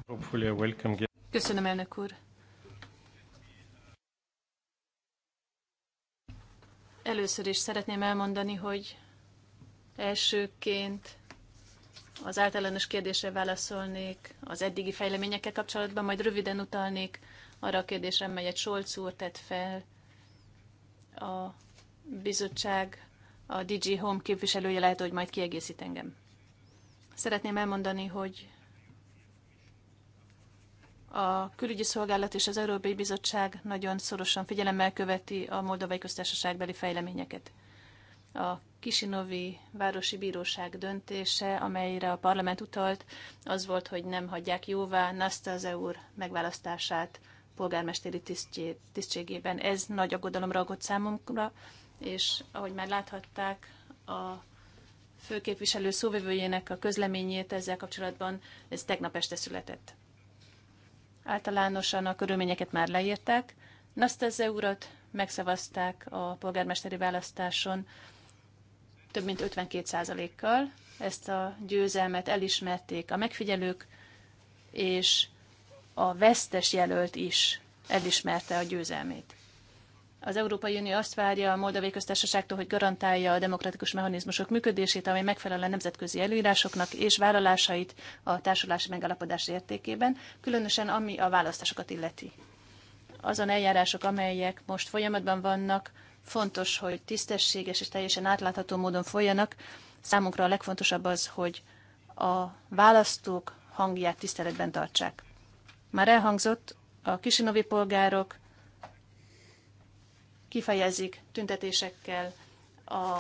Köszönöm, elnök úr. Először is szeretném elmondani, hogy elsőként az általános kérdésre válaszolnék az eddigi fejleményekkel kapcsolatban, majd röviden utalnék arra a kérdésre, melyet Solc úr tett fel a bizottság, a DG Home képviselője lehet, hogy majd kiegészít engem. Szeretném elmondani, hogy a külügyi szolgálat és az Európai Bizottság nagyon szorosan figyelemmel követi a Moldovai Köztársaságbeli fejleményeket. A Kisinovi Városi Bíróság döntése, amelyre a parlament utalt, az volt, hogy nem hagyják jóvá Nastase úr megválasztását polgármesteri tisztjé, tisztségében. Ez nagy aggodalomra okot számunkra és ahogy már láthatták, a főképviselő szóvivőjének a közleményét ezzel kapcsolatban, ez tegnap este született. Általánosan a körülményeket már leírták. Nastase urat megszavazták a polgármesteri választáson több mint 52%-kal. Ezt a győzelmet elismerték a megfigyelők, és a vesztes jelölt is elismerte a győzelmét. Az Európai Unió azt várja a Moldavai Köztársaságtól, hogy garantálja a demokratikus mechanizmusok működését, amely megfelel a nemzetközi előírásoknak és vállalásait a társulási megalapodás értékében, különösen ami a választásokat illeti. Azon eljárások, amelyek most folyamatban vannak, fontos, hogy tisztességes és teljesen átlátható módon folyanak. Számunkra a legfontosabb az, hogy a választók hangját tiszteletben tartsák. Már elhangzott, a kisinovi polgárok kifejezik tüntetésekkel a,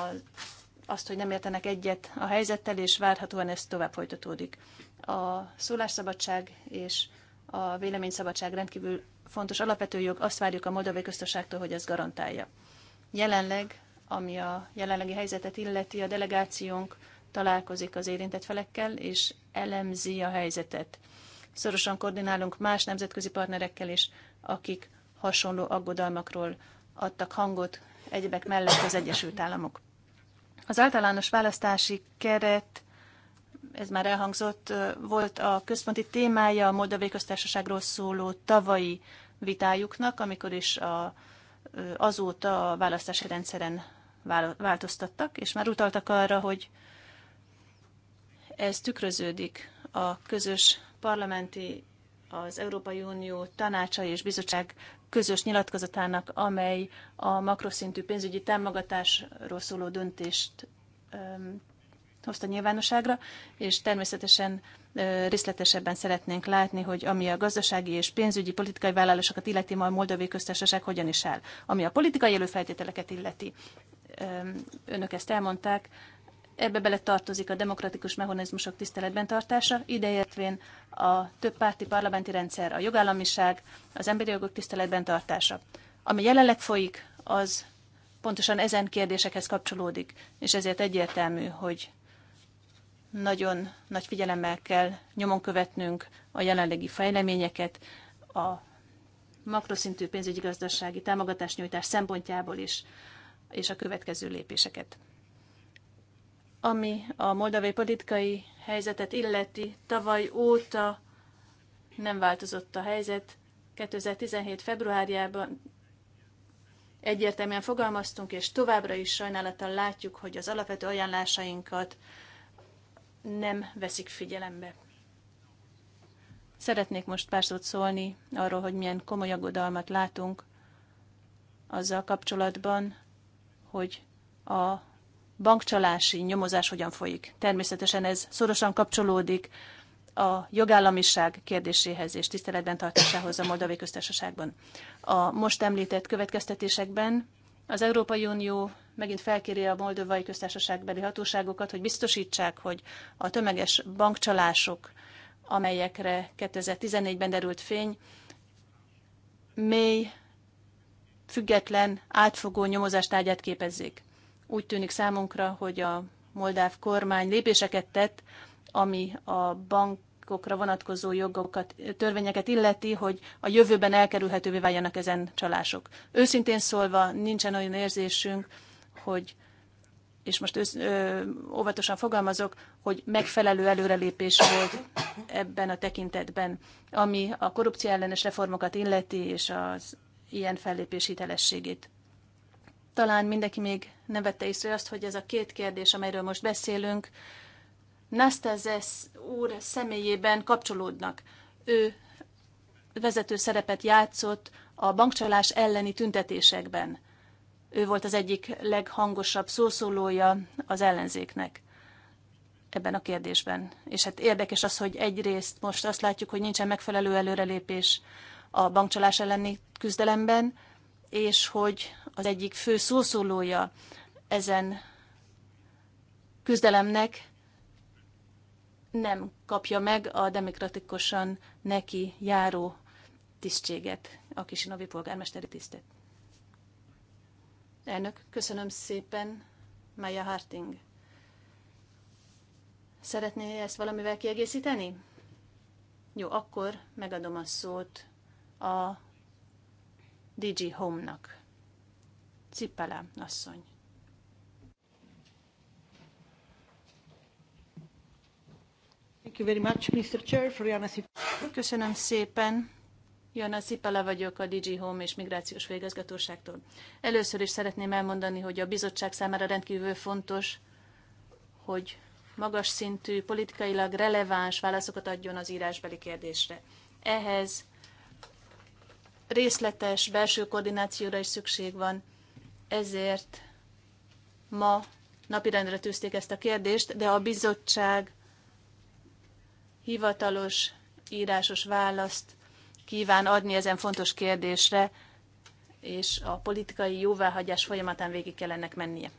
azt, hogy nem értenek egyet a helyzettel, és várhatóan ez tovább folytatódik. A szólásszabadság és a véleményszabadság rendkívül fontos alapvető jog, azt várjuk a Moldovai Köztársaságtól, hogy ez garantálja. Jelenleg, ami a jelenlegi helyzetet illeti, a delegációnk találkozik az érintett felekkel, és elemzi a helyzetet. Szorosan koordinálunk más nemzetközi partnerekkel is, akik hasonló aggodalmakról adtak hangot, egyebek mellett az Egyesült Államok. Az általános választási keret, ez már elhangzott, volt a központi témája a Moldavai Köztársaságról szóló tavalyi vitájuknak, amikor is a, azóta a választási rendszeren változtattak, és már utaltak arra, hogy ez tükröződik a közös parlamenti, az Európai Unió tanácsa és bizottság közös nyilatkozatának, amely a makroszintű pénzügyi támogatásról szóló döntést öm, hozta nyilvánosságra, és természetesen részletesebben szeretnénk látni, hogy ami a gazdasági és pénzügyi politikai vállalásokat illeti, majd Moldovai köztársaság hogyan is áll. Ami a politikai előfeltételeket illeti, önök ezt elmondták, Ebbe bele tartozik a demokratikus mechanizmusok tiszteletben tartása, ideértvén a többpárti parlamenti rendszer, a jogállamiság, az emberi jogok tiszteletben tartása. Ami jelenleg folyik, az pontosan ezen kérdésekhez kapcsolódik, és ezért egyértelmű, hogy nagyon nagy figyelemmel kell nyomon követnünk a jelenlegi fejleményeket, a makroszintű pénzügyi gazdasági támogatásnyújtás szempontjából is, és a következő lépéseket. Ami a moldavai politikai helyzetet illeti, tavaly óta nem változott a helyzet. 2017. februárjában egyértelműen fogalmaztunk, és továbbra is sajnálattal látjuk, hogy az alapvető ajánlásainkat nem veszik figyelembe. Szeretnék most pár szót szólni arról, hogy milyen komoly aggodalmat látunk azzal kapcsolatban, hogy a bankcsalási nyomozás hogyan folyik. Természetesen ez szorosan kapcsolódik a jogállamiság kérdéséhez és tiszteletben tartásához a Moldavai Köztársaságban. A most említett következtetésekben az Európai Unió megint felkéri a Moldovai Köztársaságbeli hatóságokat, hogy biztosítsák, hogy a tömeges bankcsalások, amelyekre 2014-ben derült fény, mély, független, átfogó nyomozástárgyát képezzék. Úgy tűnik számunkra, hogy a moldáv kormány lépéseket tett, ami a bankokra vonatkozó jogokat, törvényeket illeti, hogy a jövőben elkerülhetővé váljanak ezen csalások. Őszintén szólva nincsen olyan érzésünk, hogy és most ősz, ö, óvatosan fogalmazok, hogy megfelelő előrelépés volt ebben a tekintetben, ami a korrupció ellenes reformokat illeti, és az ilyen fellépés hitelességét. Talán mindenki még nem vette észre azt, hogy ez a két kérdés, amelyről most beszélünk, Nastazes úr személyében kapcsolódnak. Ő vezető szerepet játszott a bankcsalás elleni tüntetésekben. Ő volt az egyik leghangosabb szószólója az ellenzéknek ebben a kérdésben. És hát érdekes az, hogy egyrészt most azt látjuk, hogy nincsen megfelelő előrelépés a bankcsalás elleni küzdelemben, és hogy az egyik fő szószólója ezen küzdelemnek, nem kapja meg a demokratikusan neki járó tisztséget, a kisinovi polgármesteri tisztet. Elnök, köszönöm szépen, Maya Harting. Szeretné ezt valamivel kiegészíteni? Jó, akkor megadom a szót a DG Home-nak. Cipele asszony. Thank you very much, Mr. Chair, for Köszönöm szépen. Jana Cipele vagyok a DG Home és Migrációs Végezgatóságtól. Először is szeretném elmondani, hogy a bizottság számára rendkívül fontos, hogy magas szintű, politikailag releváns válaszokat adjon az írásbeli kérdésre. Ehhez részletes belső koordinációra is szükség van, ezért ma napirendre tűzték ezt a kérdést, de a bizottság hivatalos írásos választ kíván adni ezen fontos kérdésre, és a politikai jóváhagyás folyamatán végig kell ennek mennie.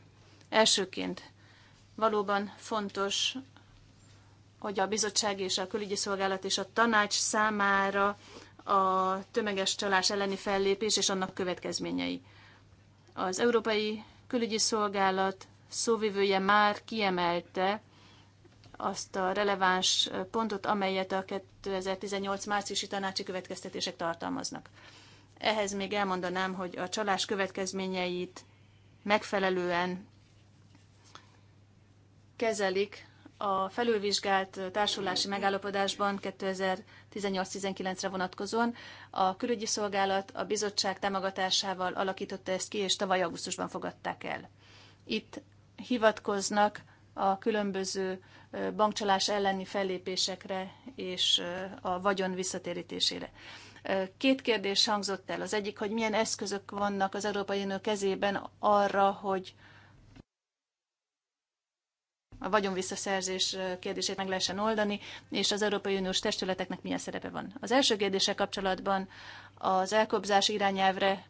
Elsőként valóban fontos, hogy a bizottság és a külügyi szolgálat és a tanács számára a tömeges csalás elleni fellépés és annak következményei. Az Európai Külügyi Szolgálat szóvivője már kiemelte azt a releváns pontot, amelyet a 2018 márciusi tanácsi következtetések tartalmaznak. Ehhez még elmondanám, hogy a csalás következményeit megfelelően kezelik a felülvizsgált társulási megállapodásban 2018-19-re vonatkozóan a külügyi szolgálat a bizottság támogatásával alakította ezt ki, és tavaly augusztusban fogadták el. Itt hivatkoznak a különböző bankcsalás elleni fellépésekre és a vagyon visszatérítésére. Két kérdés hangzott el. Az egyik, hogy milyen eszközök vannak az Európai Unió kezében arra, hogy a vagyonvisszaszerzés kérdését meg lehessen oldani, és az Európai Uniós testületeknek milyen szerepe van. Az első kérdése kapcsolatban az elkobzás irányelvre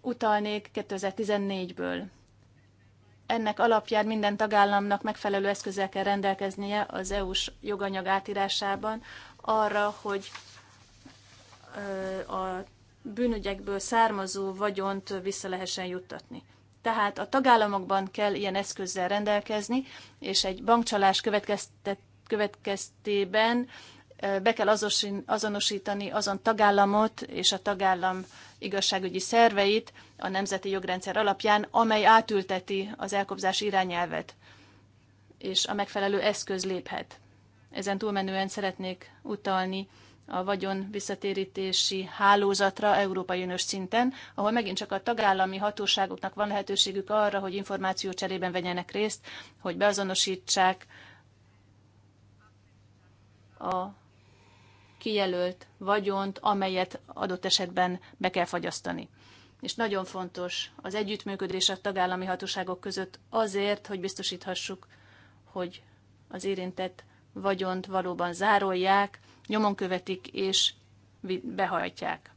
utalnék 2014-ből. Ennek alapján minden tagállamnak megfelelő eszközzel kell rendelkeznie az EU-s joganyag átírásában arra, hogy a bűnügyekből származó vagyont vissza lehessen juttatni. Tehát a tagállamokban kell ilyen eszközzel rendelkezni, és egy bankcsalás következtében be kell azonosítani azon tagállamot és a tagállam igazságügyi szerveit a nemzeti jogrendszer alapján, amely átülteti az elkobzás irányelvet, és a megfelelő eszköz léphet. Ezen túlmenően szeretnék utalni a vagyon visszatérítési hálózatra Európai Uniós szinten, ahol megint csak a tagállami hatóságoknak van lehetőségük arra, hogy információ cserében vegyenek részt, hogy beazonosítsák a kijelölt vagyont, amelyet adott esetben be kell fagyasztani. És nagyon fontos az együttműködés a tagállami hatóságok között azért, hogy biztosíthassuk, hogy az érintett vagyont valóban zárolják, nyomon követik és behajtják.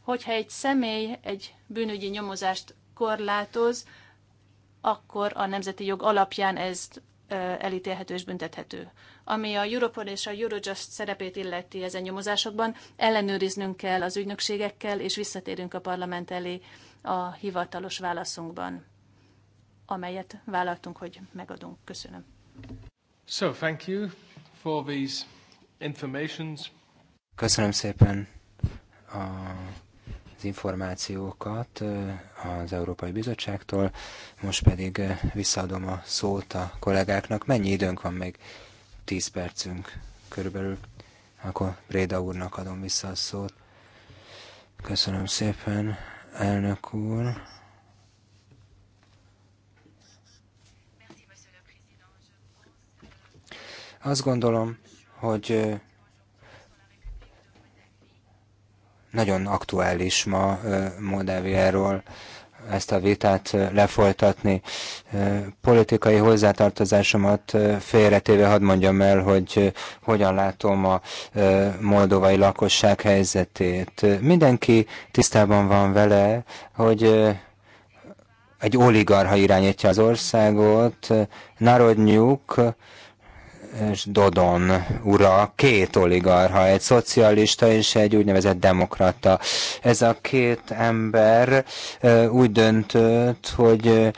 Hogyha egy személy egy bűnügyi nyomozást korlátoz, akkor a nemzeti jog alapján ez elítélhető és büntethető. Ami a Europol és a Eurojust szerepét illeti ezen nyomozásokban, ellenőriznünk kell az ügynökségekkel, és visszatérünk a parlament elé a hivatalos válaszunkban, amelyet vállaltunk, hogy megadunk. Köszönöm. So, thank you for these Köszönöm szépen a, az információkat az Európai Bizottságtól, most pedig visszaadom a szót a kollégáknak. Mennyi időnk van még? 10 percünk körülbelül. Akkor Réda úrnak adom vissza a szót. Köszönöm szépen, elnök úr. Azt gondolom, hogy nagyon aktuális ma Moldáviáról ezt a vitát lefolytatni. Politikai hozzátartozásomat félretéve hadd mondjam el, hogy hogyan látom a moldovai lakosság helyzetét. Mindenki tisztában van vele, hogy egy oligarha irányítja az országot, Narodnyuk és Dodon ura, két oligarha, egy szocialista és egy úgynevezett demokrata. Ez a két ember úgy döntött, hogy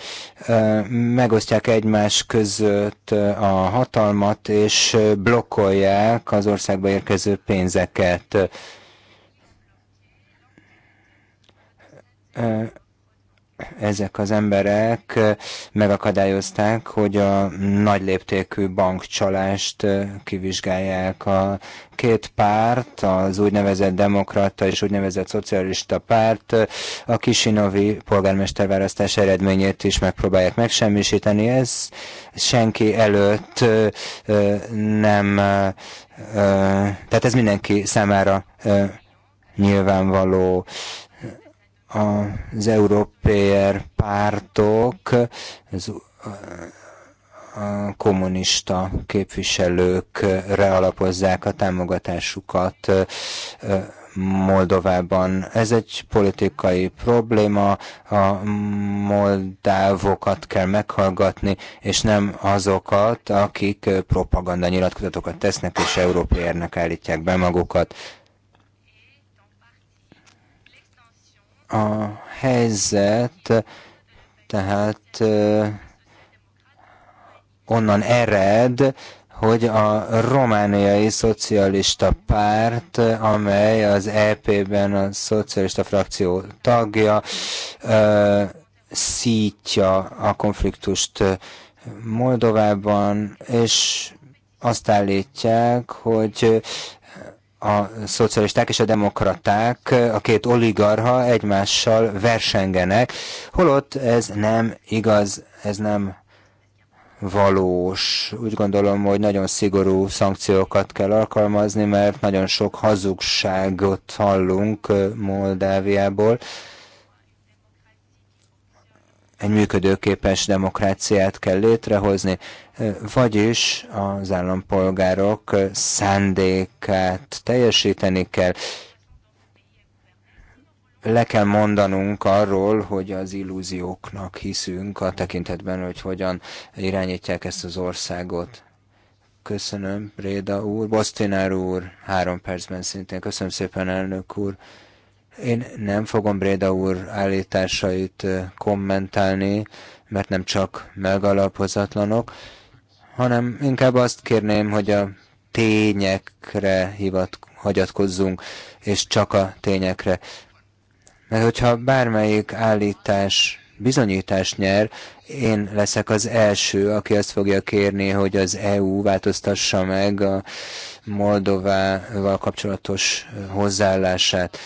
megosztják egymás között a hatalmat, és blokkolják az országba érkező pénzeket ezek az emberek megakadályozták, hogy a nagy léptékű bankcsalást kivizsgálják. A két párt, az úgynevezett demokrata és úgynevezett szocialista párt a Kisinovi polgármesterválasztás eredményét is megpróbálják megsemmisíteni. Ez senki előtt nem, tehát ez mindenki számára nyilvánvaló az európér pártok, az a kommunista képviselőkre alapozzák a támogatásukat Moldovában. Ez egy politikai probléma, a moldávokat kell meghallgatni, és nem azokat, akik propaganda nyilatkozatokat tesznek, és európai állítják be magukat. A helyzet tehát onnan ered, hogy a romániai szocialista párt, amely az EP-ben a szocialista frakció tagja, szítja a konfliktust Moldovában, és azt állítják, hogy a szocialisták és a demokraták, a két oligarha egymással versengenek, holott ez nem igaz, ez nem valós. Úgy gondolom, hogy nagyon szigorú szankciókat kell alkalmazni, mert nagyon sok hazugságot hallunk Moldáviából. Egy működőképes demokráciát kell létrehozni vagyis az állampolgárok szándékát teljesíteni kell. Le kell mondanunk arról, hogy az illúzióknak hiszünk a tekintetben, hogy hogyan irányítják ezt az országot. Köszönöm, Réda úr. Bosztinár úr, három percben szintén. Köszönöm szépen, elnök úr. Én nem fogom Bréda úr állításait kommentálni, mert nem csak megalapozatlanok hanem inkább azt kérném, hogy a tényekre hivat, hagyatkozzunk, és csak a tényekre. Mert hogyha bármelyik állítás bizonyítás nyer, én leszek az első, aki azt fogja kérni, hogy az EU változtassa meg a Moldovával kapcsolatos hozzáállását.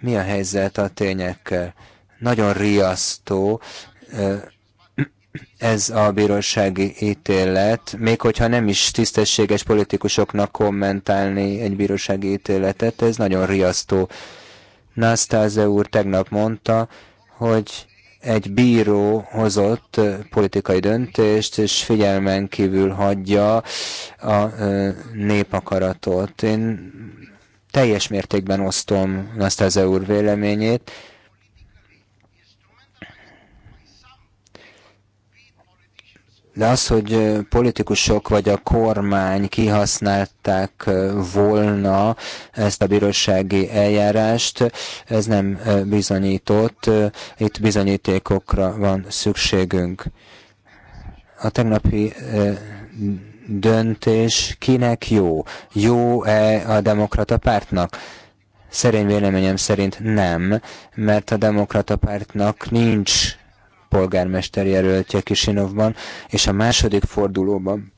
Mi a helyzet a tényekkel? Nagyon riasztó ez a bírósági ítélet, még hogyha nem is tisztességes politikusoknak kommentálni egy bírósági ítéletet, ez nagyon riasztó. Nasztáze úr tegnap mondta, hogy egy bíró hozott politikai döntést, és figyelmen kívül hagyja a népakaratot. Én teljes mértékben osztom Nasztáze úr véleményét, De az, hogy politikusok vagy a kormány kihasználták volna ezt a bírósági eljárást, ez nem bizonyított, itt bizonyítékokra van szükségünk. A tegnapi döntés kinek jó? Jó-e a demokrata pártnak? Szerény véleményem szerint nem, mert a demokrata pártnak nincs polgármester jelöltje Kisinovban, és a második fordulóban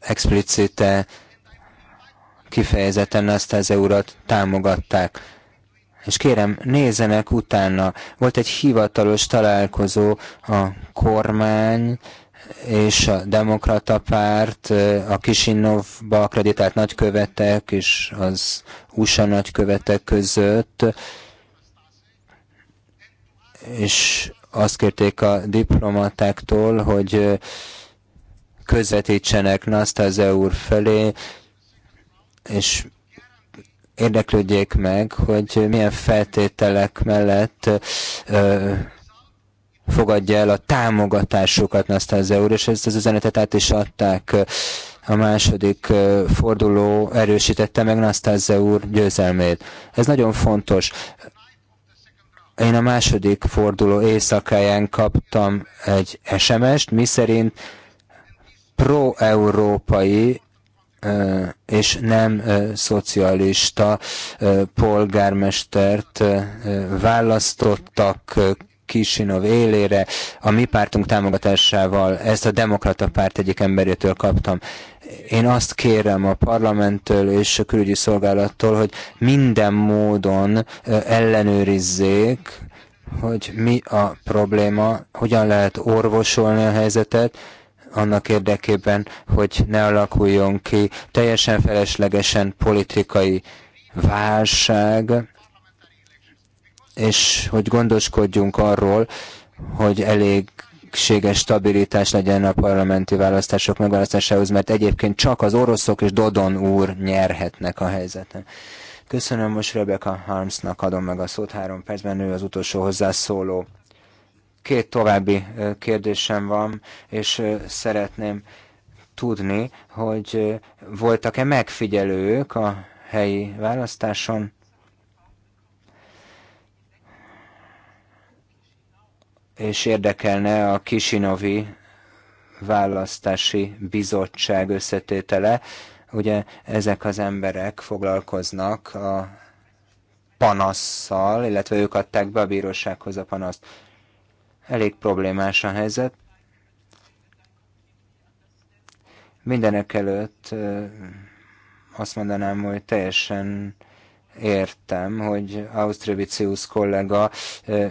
explicite kifejezetten azt az eurat támogatták. És kérem, nézzenek utána. Volt egy hivatalos találkozó a kormány és a demokrata párt, a Kisinovba akreditált nagykövetek és az USA nagykövetek között, és azt kérték a diplomatáktól, hogy közvetítsenek Nastase úr felé, és érdeklődjék meg, hogy milyen feltételek mellett ö, fogadja el a támogatásukat Nastase úr, és ezt az üzenetet át is adták. A második forduló erősítette meg Nastase úr győzelmét. Ez nagyon fontos én a második forduló éjszakáján kaptam egy SMS-t, miszerint pro-európai és nem szocialista polgármestert választottak Kisinov élére a mi pártunk támogatásával. Ezt a demokrata párt egyik emberétől kaptam. Én azt kérem a parlamenttől és a külügyi szolgálattól, hogy minden módon ellenőrizzék, hogy mi a probléma, hogyan lehet orvosolni a helyzetet, annak érdekében, hogy ne alakuljon ki teljesen feleslegesen politikai válság, és hogy gondoskodjunk arról, hogy elég szükséges stabilitás legyen a parlamenti választások megválasztásához, mert egyébként csak az oroszok és Dodon úr nyerhetnek a helyzeten. Köszönöm, most Rebecca Harmsnak adom meg a szót, három percben ő az utolsó hozzászóló. Két további kérdésem van, és szeretném tudni, hogy voltak-e megfigyelők a helyi választáson? és érdekelne a Kisinovi választási bizottság összetétele. Ugye ezek az emberek foglalkoznak a panasszal, illetve ők adták be a bírósághoz a panaszt. Elég problémás a helyzet. Mindenek előtt azt mondanám, hogy teljesen értem, hogy Ausztrivicius kollega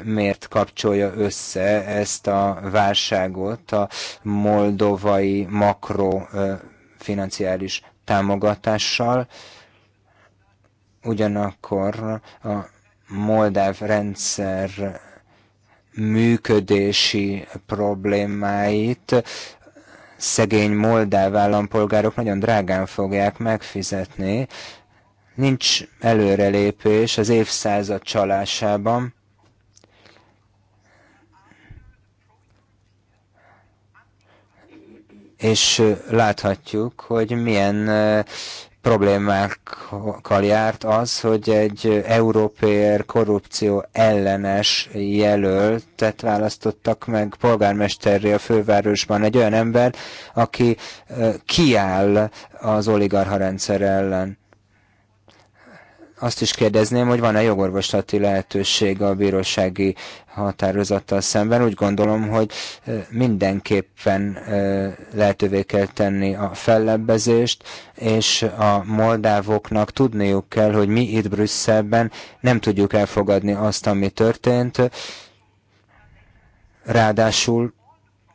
miért kapcsolja össze ezt a válságot a moldovai makrofinanciális támogatással, ugyanakkor a moldáv rendszer működési problémáit szegény moldáv állampolgárok nagyon drágán fogják megfizetni, Nincs előrelépés az évszázad csalásában. És láthatjuk, hogy milyen problémákkal járt az, hogy egy európér korrupció ellenes jelöltet választottak meg polgármesterré a fővárosban egy olyan ember, aki kiáll az oligarha rendszer ellen azt is kérdezném, hogy van-e jogorvoslati lehetőség a bírósági határozattal szemben. Úgy gondolom, hogy mindenképpen lehetővé kell tenni a fellebbezést, és a moldávoknak tudniuk kell, hogy mi itt Brüsszelben nem tudjuk elfogadni azt, ami történt. Ráadásul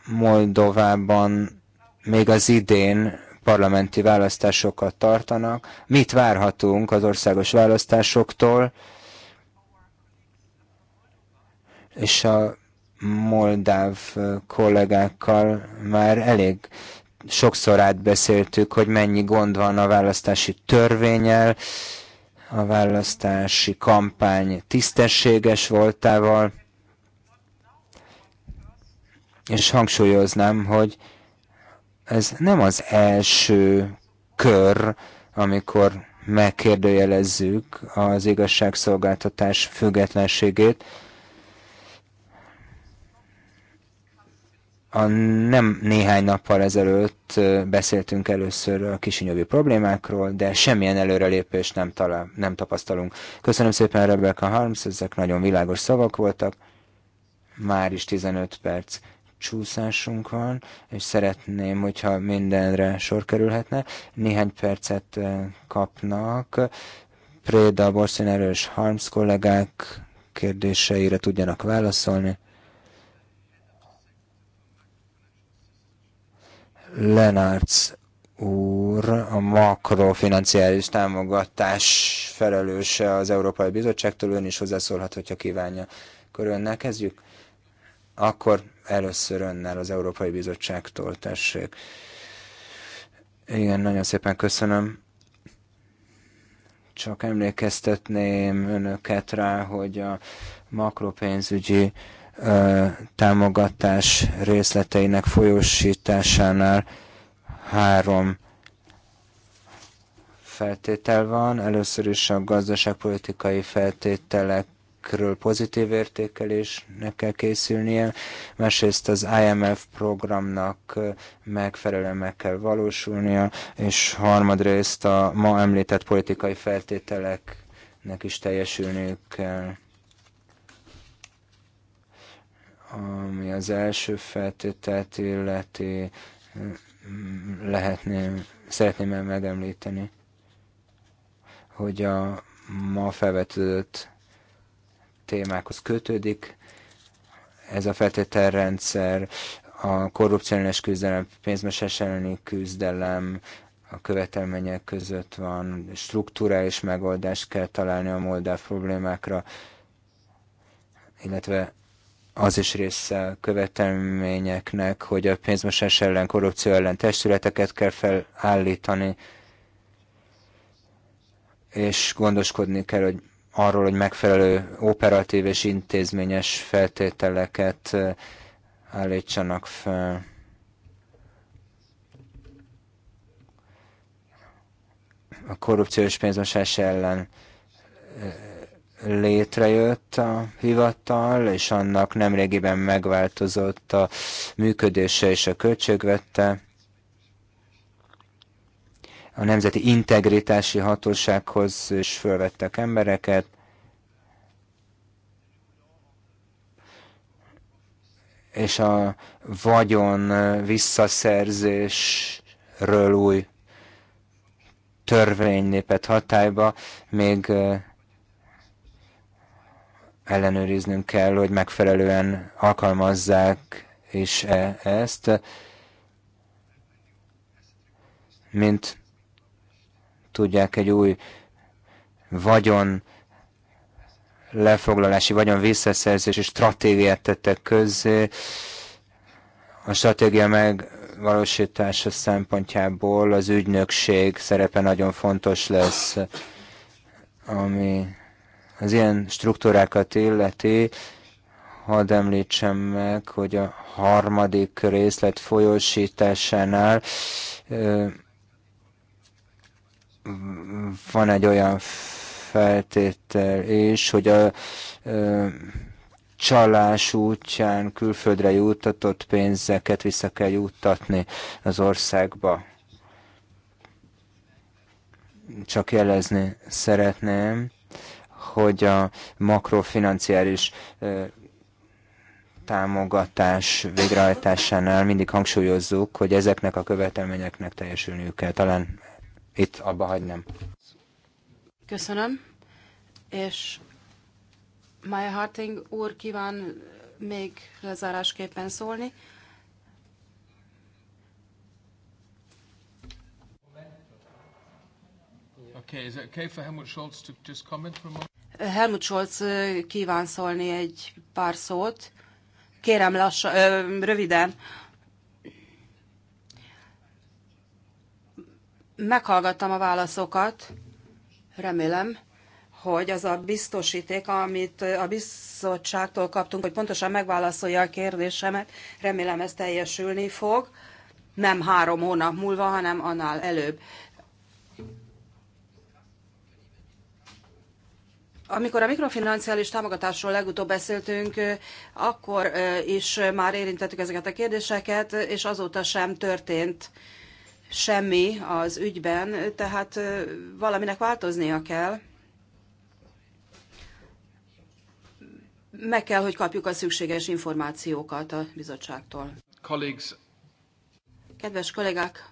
Moldovában még az idén parlamenti választásokat tartanak. Mit várhatunk az országos választásoktól? És a moldáv kollégákkal már elég sokszor átbeszéltük, hogy mennyi gond van a választási törvényel, a választási kampány tisztességes voltával, és hangsúlyoznám, hogy ez nem az első kör, amikor megkérdőjelezzük az igazságszolgáltatás függetlenségét. A nem néhány nappal ezelőtt beszéltünk először a kisinyövi problémákról, de semmilyen előrelépést nem, talál, nem tapasztalunk. Köszönöm szépen Rebecca Harms, ezek nagyon világos szavak voltak. Már is 15 perc csúszásunk van, és szeretném, hogyha mindenre sor kerülhetne. Néhány percet eh, kapnak. Préda, Borszín erős Harms kollégák kérdéseire tudjanak válaszolni. Lenárc úr, a makrofinanciális támogatás felelőse az Európai Bizottságtól, ön is hozzászólhat, hogyha kívánja. Akkor önnel kezdjük. Akkor először önnel az Európai Bizottságtól tessék. Igen, nagyon szépen köszönöm. Csak emlékeztetném önöket rá, hogy a makropénzügyi ö, támogatás részleteinek folyósításánál három feltétel van. Először is a gazdaságpolitikai feltételek ezekről pozitív értékelésnek kell készülnie, másrészt az IMF programnak megfelelően meg kell valósulnia, és harmadrészt a ma említett politikai feltételeknek is teljesülniük kell ami az első feltételt illeti, lehetném, szeretném megemlíteni, hogy a ma felvetődött témákhoz kötődik. Ez a feltételrendszer, a korrupciós küzdelem, pénzmeses elleni küzdelem, a követelmények között van, struktúrális megoldást kell találni a moldáv problémákra, illetve az is része a követelményeknek, hogy a pénzmosás ellen, korrupció ellen testületeket kell felállítani, és gondoskodni kell, hogy arról, hogy megfelelő operatív és intézményes feltételeket állítsanak fel. A korrupciós pénzmosás ellen létrejött a hivatal, és annak nemrégiben megváltozott a működése és a költségvette a Nemzeti Integritási Hatósághoz is fölvettek embereket, és a vagyon visszaszerzésről új törvény lépett hatályba, még ellenőriznünk kell, hogy megfelelően alkalmazzák és -e ezt, mint tudják egy új vagyon lefoglalási, vagyon visszaszerzési stratégiát tettek közzé. A stratégia megvalósítása szempontjából az ügynökség szerepe nagyon fontos lesz, ami az ilyen struktúrákat illeti, hadd említsem meg, hogy a harmadik részlet folyósításánál van egy olyan feltétel is, hogy a ö, csalás útján külföldre juttatott pénzeket vissza kell juttatni az országba. Csak jelezni szeretném, hogy a makrofinanciális ö, támogatás végrehajtásánál mindig hangsúlyozzuk, hogy ezeknek a követelményeknek teljesülniük kell. Talán itt abba hagynám. Köszönöm. És Maya Harting úr kíván még lezárásképpen szólni. Okay, is it okay for Helmut Scholz to just comment for a moment? Helmut Scholz kíván szólni egy pár szót. Kérem lassan, röviden. Meghallgattam a válaszokat, remélem, hogy az a biztosíték, amit a bizottságtól kaptunk, hogy pontosan megválaszolja a kérdésemet, remélem ez teljesülni fog, nem három hónap múlva, hanem annál előbb. Amikor a mikrofinanciális támogatásról legutóbb beszéltünk, akkor is már érintettük ezeket a kérdéseket, és azóta sem történt semmi az ügyben, tehát valaminek változnia kell. Meg kell, hogy kapjuk a szükséges információkat a bizottságtól. Colleagues. Kedves kollégák,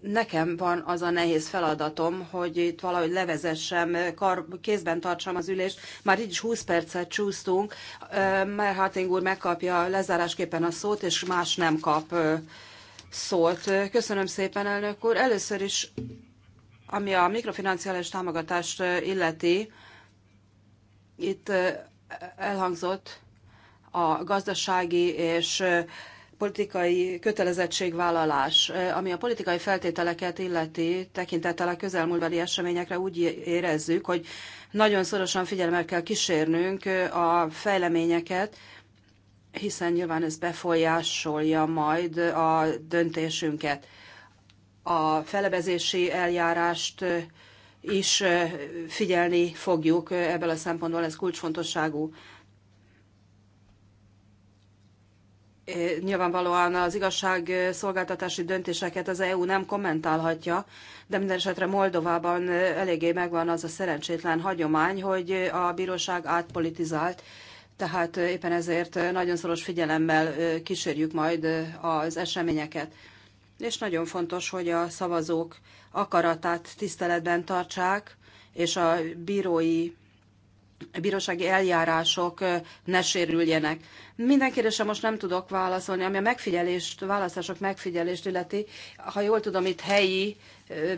nekem van az a nehéz feladatom, hogy itt valahogy levezessem, kar, kézben tartsam az ülést. Már így is 20 percet csúsztunk, mert Harting úr megkapja lezárásképpen a szót, és más nem kap szólt. Köszönöm szépen, elnök úr. Először is, ami a mikrofinanciális támogatást illeti, itt elhangzott a gazdasági és politikai kötelezettségvállalás, ami a politikai feltételeket illeti, tekintettel a közelmúltbeli eseményekre úgy érezzük, hogy nagyon szorosan figyelemmel kell kísérnünk a fejleményeket, hiszen nyilván ez befolyásolja majd a döntésünket. A felebezési eljárást is figyelni fogjuk, ebből a szempontból ez kulcsfontosságú. Nyilvánvalóan az igazságszolgáltatási döntéseket az EU nem kommentálhatja, de minden esetre Moldovában eléggé megvan az a szerencsétlen hagyomány, hogy a bíróság átpolitizált, tehát éppen ezért nagyon szoros figyelemmel kísérjük majd az eseményeket. És nagyon fontos, hogy a szavazók akaratát tiszteletben tartsák, és a bírói a bírósági eljárások ne sérüljenek. Minden kérdésre most nem tudok válaszolni, ami a megfigyelést, választások megfigyelést illeti. Ha jól tudom, itt helyi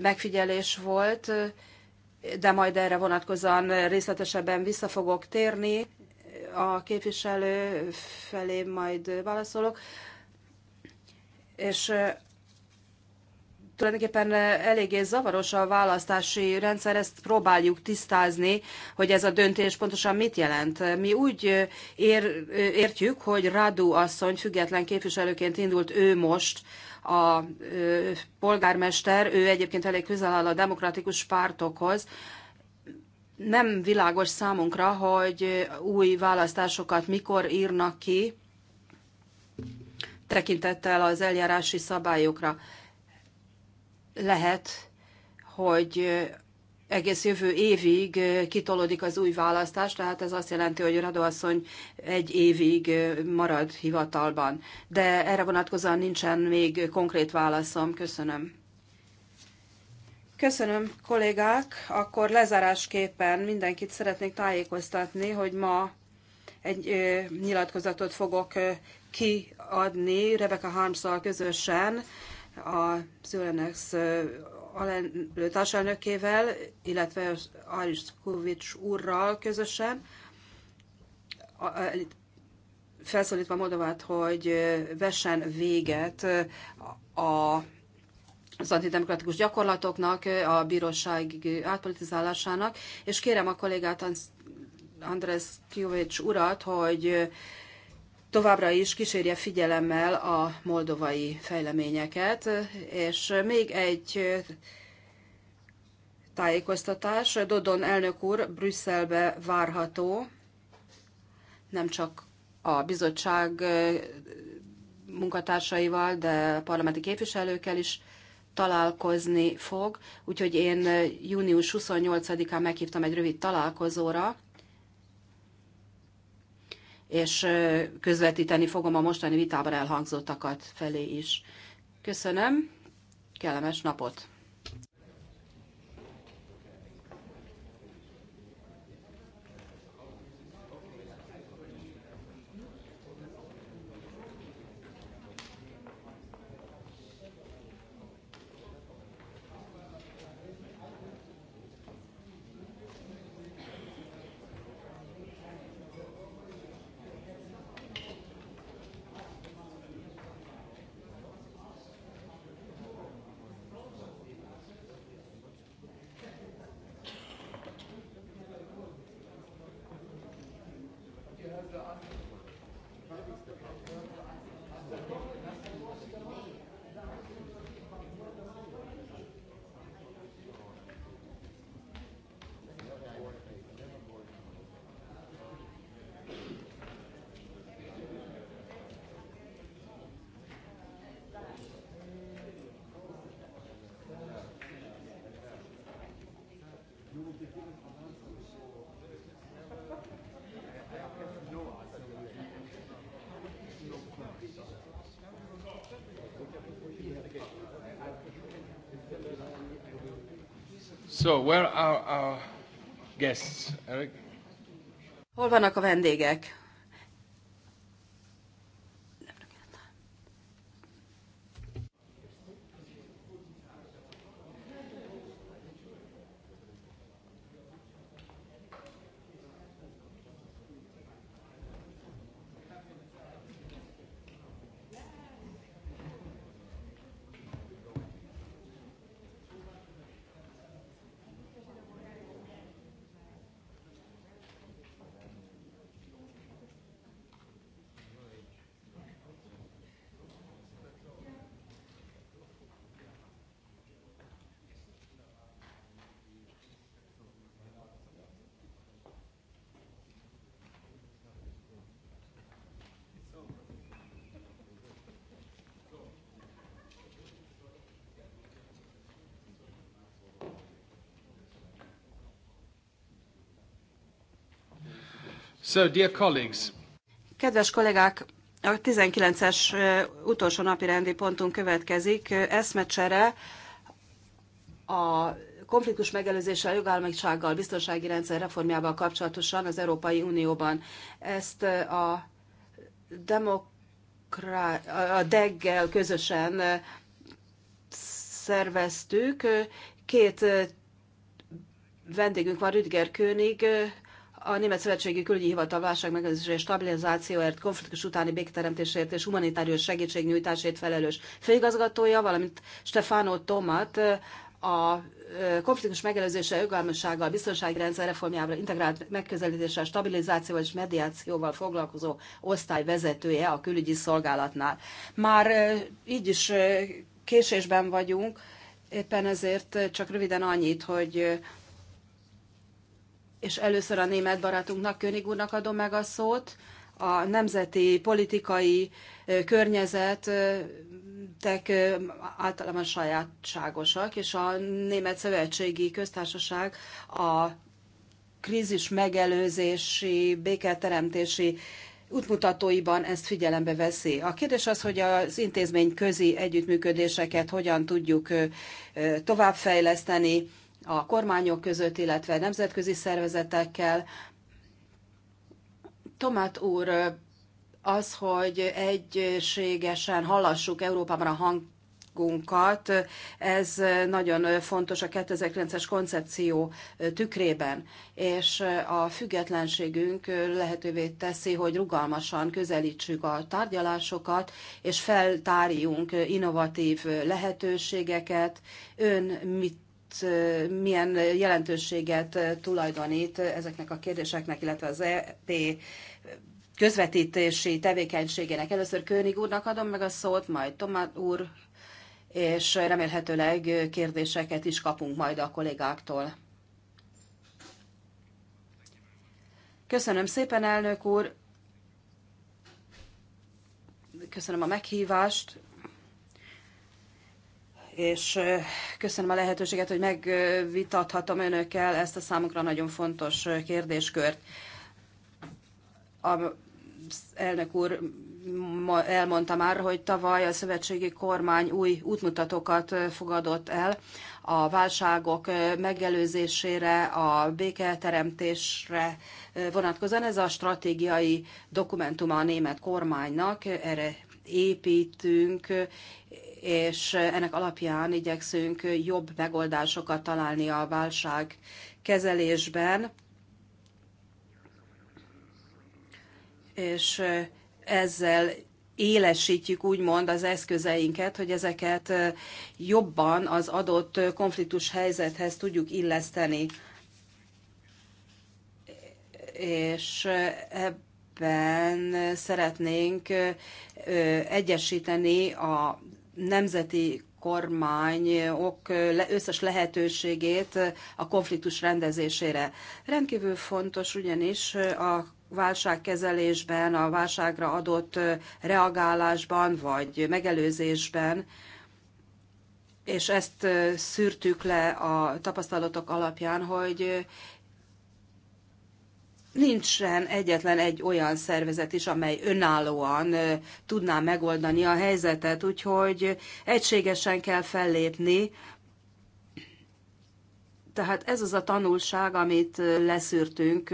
megfigyelés volt, de majd erre vonatkozóan részletesebben vissza fogok térni, a képviselő felé majd válaszolok. És tulajdonképpen eléggé zavaros a választási rendszer, ezt próbáljuk tisztázni, hogy ez a döntés pontosan mit jelent. Mi úgy ér, értjük, hogy Radu asszony független képviselőként indult ő most, a polgármester, ő egyébként elég közel áll a demokratikus pártokhoz, nem világos számunkra, hogy új választásokat mikor írnak ki, tekintettel az eljárási szabályokra. Lehet, hogy egész jövő évig kitolódik az új választás, tehát ez azt jelenti, hogy Radó asszony egy évig marad hivatalban. De erre vonatkozóan nincsen még konkrét válaszom. Köszönöm. Köszönöm, kollégák. Akkor lezárásképpen mindenkit szeretnék tájékoztatni, hogy ma egy ö, nyilatkozatot fogok ö, kiadni Rebecca harms közösen a Zülenex társelnökével, illetve Kovics úrral közösen, a, a, felszólítva Moldovát, hogy vessen véget a az antidemokratikus gyakorlatoknak, a bíróság átpolitizálásának, és kérem a kollégát András Kiovics urat, hogy továbbra is kísérje figyelemmel a moldovai fejleményeket, és még egy tájékoztatás. Dodon elnök úr Brüsszelbe várható, nem csak a bizottság munkatársaival, de parlamenti képviselőkkel is találkozni fog, úgyhogy én június 28-án meghívtam egy rövid találkozóra, és közvetíteni fogom a mostani vitában elhangzottakat felé is. Köszönöm, kellemes napot! So, where are our guests, Eric? Hol vannak a vendégek? So, dear colleagues. Kedves kollégák, a 19-es utolsó napi rendi pontunk következik. Eszmecsere a konfliktus megelőzéssel, jogállamisággal, biztonsági rendszer reformjával kapcsolatosan az Európai Unióban. Ezt a, demokrá- a DEG-gel közösen szerveztük. Két vendégünk van, Rüdger König, a Német Szövetségi Külügyi Hivatal válság és stabilizációért, konfliktus utáni békteremtésért és humanitárius segítségnyújtásért felelős főigazgatója, valamint Stefano Tomat, a konfliktus megelőzése, jogalmassággal, biztonsági rendszer reformjával, integrált megközelítéssel, stabilizációval és mediációval foglalkozó osztály vezetője a külügyi szolgálatnál. Már így is késésben vagyunk, éppen ezért csak röviden annyit, hogy és először a német barátunknak, König úrnak adom meg a szót, a nemzeti politikai környezetek általában sajátságosak, és a Német Szövetségi Köztársaság a krízis megelőzési, béketeremtési útmutatóiban ezt figyelembe veszi. A kérdés az, hogy az intézmény közi együttműködéseket hogyan tudjuk továbbfejleszteni, a kormányok között, illetve nemzetközi szervezetekkel. Tomát úr, az, hogy egységesen hallassuk Európában a hangunkat, ez nagyon fontos a 2009-es koncepció tükrében, és a függetlenségünk lehetővé teszi, hogy rugalmasan közelítsük a tárgyalásokat, és feltárjunk innovatív lehetőségeket. Ön mit milyen jelentőséget tulajdonít ezeknek a kérdéseknek, illetve az EP közvetítési tevékenységének. Először König úrnak adom meg a szót, majd Tomát úr, és remélhetőleg kérdéseket is kapunk majd a kollégáktól. Köszönöm szépen, elnök úr! Köszönöm a meghívást és köszönöm a lehetőséget, hogy megvitathatom önökkel ezt a számukra nagyon fontos kérdéskört. A elnök úr elmondta már, hogy tavaly a szövetségi kormány új útmutatókat fogadott el a válságok megelőzésére, a béketeremtésre vonatkozóan. Ez a stratégiai dokumentuma a német kormánynak, erre építünk, és ennek alapján igyekszünk jobb megoldásokat találni a válság kezelésben. És ezzel élesítjük úgymond az eszközeinket, hogy ezeket jobban az adott konfliktus helyzethez tudjuk illeszteni. És ebben szeretnénk egyesíteni a nemzeti kormányok összes lehetőségét a konfliktus rendezésére. Rendkívül fontos ugyanis a válságkezelésben, a válságra adott reagálásban vagy megelőzésben, és ezt szűrtük le a tapasztalatok alapján, hogy nincsen egyetlen egy olyan szervezet is, amely önállóan tudná megoldani a helyzetet, úgyhogy egységesen kell fellépni. Tehát ez az a tanulság, amit leszűrtünk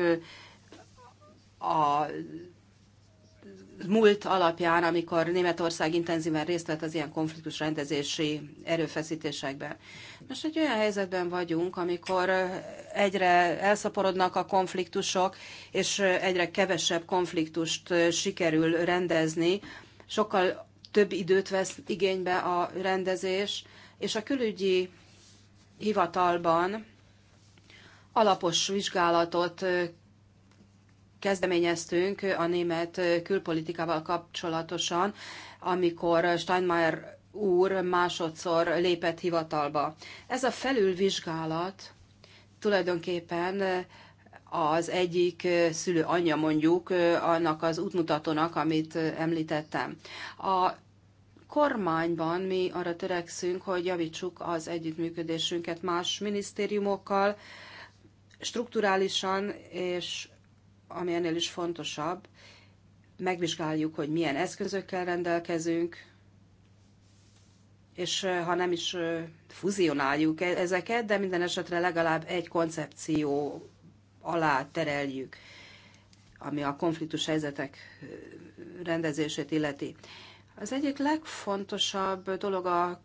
a múlt alapján, amikor Németország intenzíven részt vett az ilyen konfliktus rendezési erőfeszítésekben. Most egy olyan helyzetben vagyunk, amikor egyre elszaporodnak a konfliktusok, és egyre kevesebb konfliktust sikerül rendezni, sokkal több időt vesz igénybe a rendezés, és a külügyi hivatalban alapos vizsgálatot kezdeményeztünk a német külpolitikával kapcsolatosan, amikor Steinmeier úr másodszor lépett hivatalba. Ez a felülvizsgálat tulajdonképpen az egyik szülő anyja mondjuk annak az útmutatónak, amit említettem. A kormányban mi arra törekszünk, hogy javítsuk az együttműködésünket más minisztériumokkal, strukturálisan és ami ennél is fontosabb, megvizsgáljuk, hogy milyen eszközökkel rendelkezünk, és ha nem is fuzionáljuk e-, ezeket, de minden esetre legalább egy koncepció alá tereljük, ami a konfliktus helyzetek rendezését illeti. Az egyik legfontosabb dolog a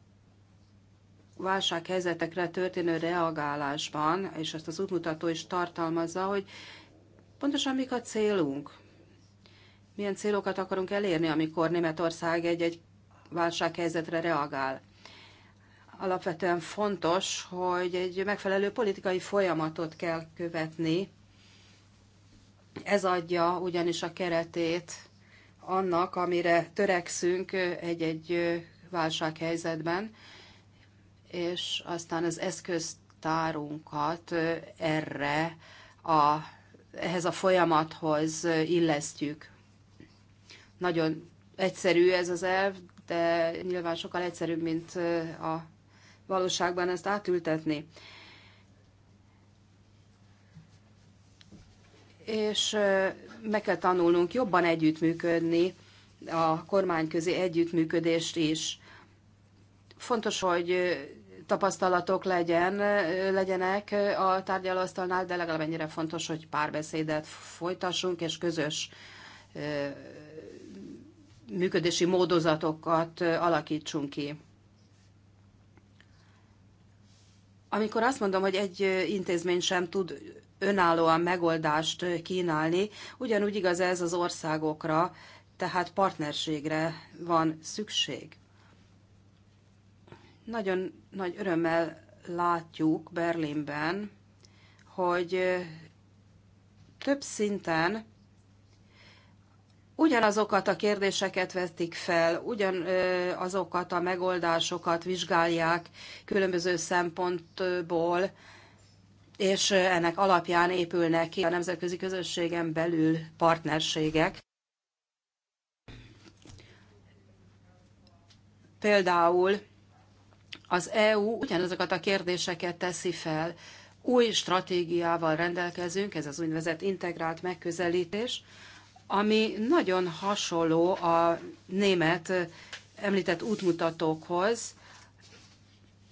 válsághelyzetekre történő reagálásban, és ezt az útmutató is tartalmazza, hogy Pontosan mik a célunk? Milyen célokat akarunk elérni, amikor Németország egy-egy válsághelyzetre reagál? Alapvetően fontos, hogy egy megfelelő politikai folyamatot kell követni. Ez adja ugyanis a keretét annak, amire törekszünk egy-egy válsághelyzetben, és aztán az eszköztárunkat erre a ehhez a folyamathoz illesztjük. Nagyon egyszerű ez az elv, de nyilván sokkal egyszerűbb, mint a valóságban ezt átültetni. És meg kell tanulnunk jobban együttműködni, a kormányközi együttműködést is. Fontos, hogy tapasztalatok legyen, legyenek a tárgyalóasztalnál, de legalább ennyire fontos, hogy párbeszédet folytassunk, és közös működési módozatokat alakítsunk ki. Amikor azt mondom, hogy egy intézmény sem tud önállóan megoldást kínálni, ugyanúgy igaz ez az országokra, tehát partnerségre van szükség. Nagyon nagy örömmel látjuk Berlinben, hogy több szinten ugyanazokat a kérdéseket vetik fel, ugyanazokat a megoldásokat vizsgálják különböző szempontból, és ennek alapján épülnek ki a nemzetközi közösségen belül partnerségek. Például az EU ugyanazokat a kérdéseket teszi fel. Új stratégiával rendelkezünk, ez az úgynevezett integrált megközelítés, ami nagyon hasonló a német említett útmutatókhoz.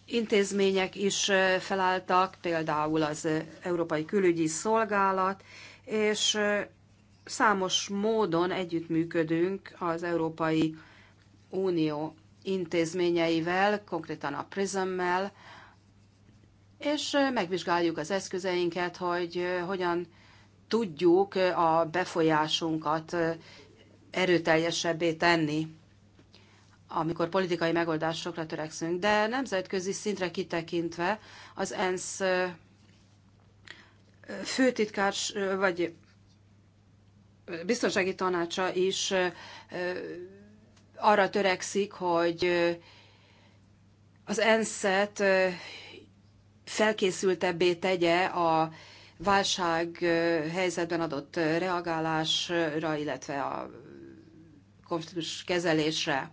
Intézmények is felálltak, például az Európai Külügyi Szolgálat, és számos módon együttműködünk az Európai Unió intézményeivel, konkrétan a PRISM-mel, és megvizsgáljuk az eszközeinket, hogy hogyan tudjuk a befolyásunkat erőteljesebbé tenni, amikor politikai megoldásokra törekszünk. De nemzetközi szintre kitekintve az ENSZ főtitkárs, vagy biztonsági tanácsa is arra törekszik, hogy az ENSZ-et felkészültebbé tegye a válság helyzetben adott reagálásra, illetve a konfliktus kezelésre.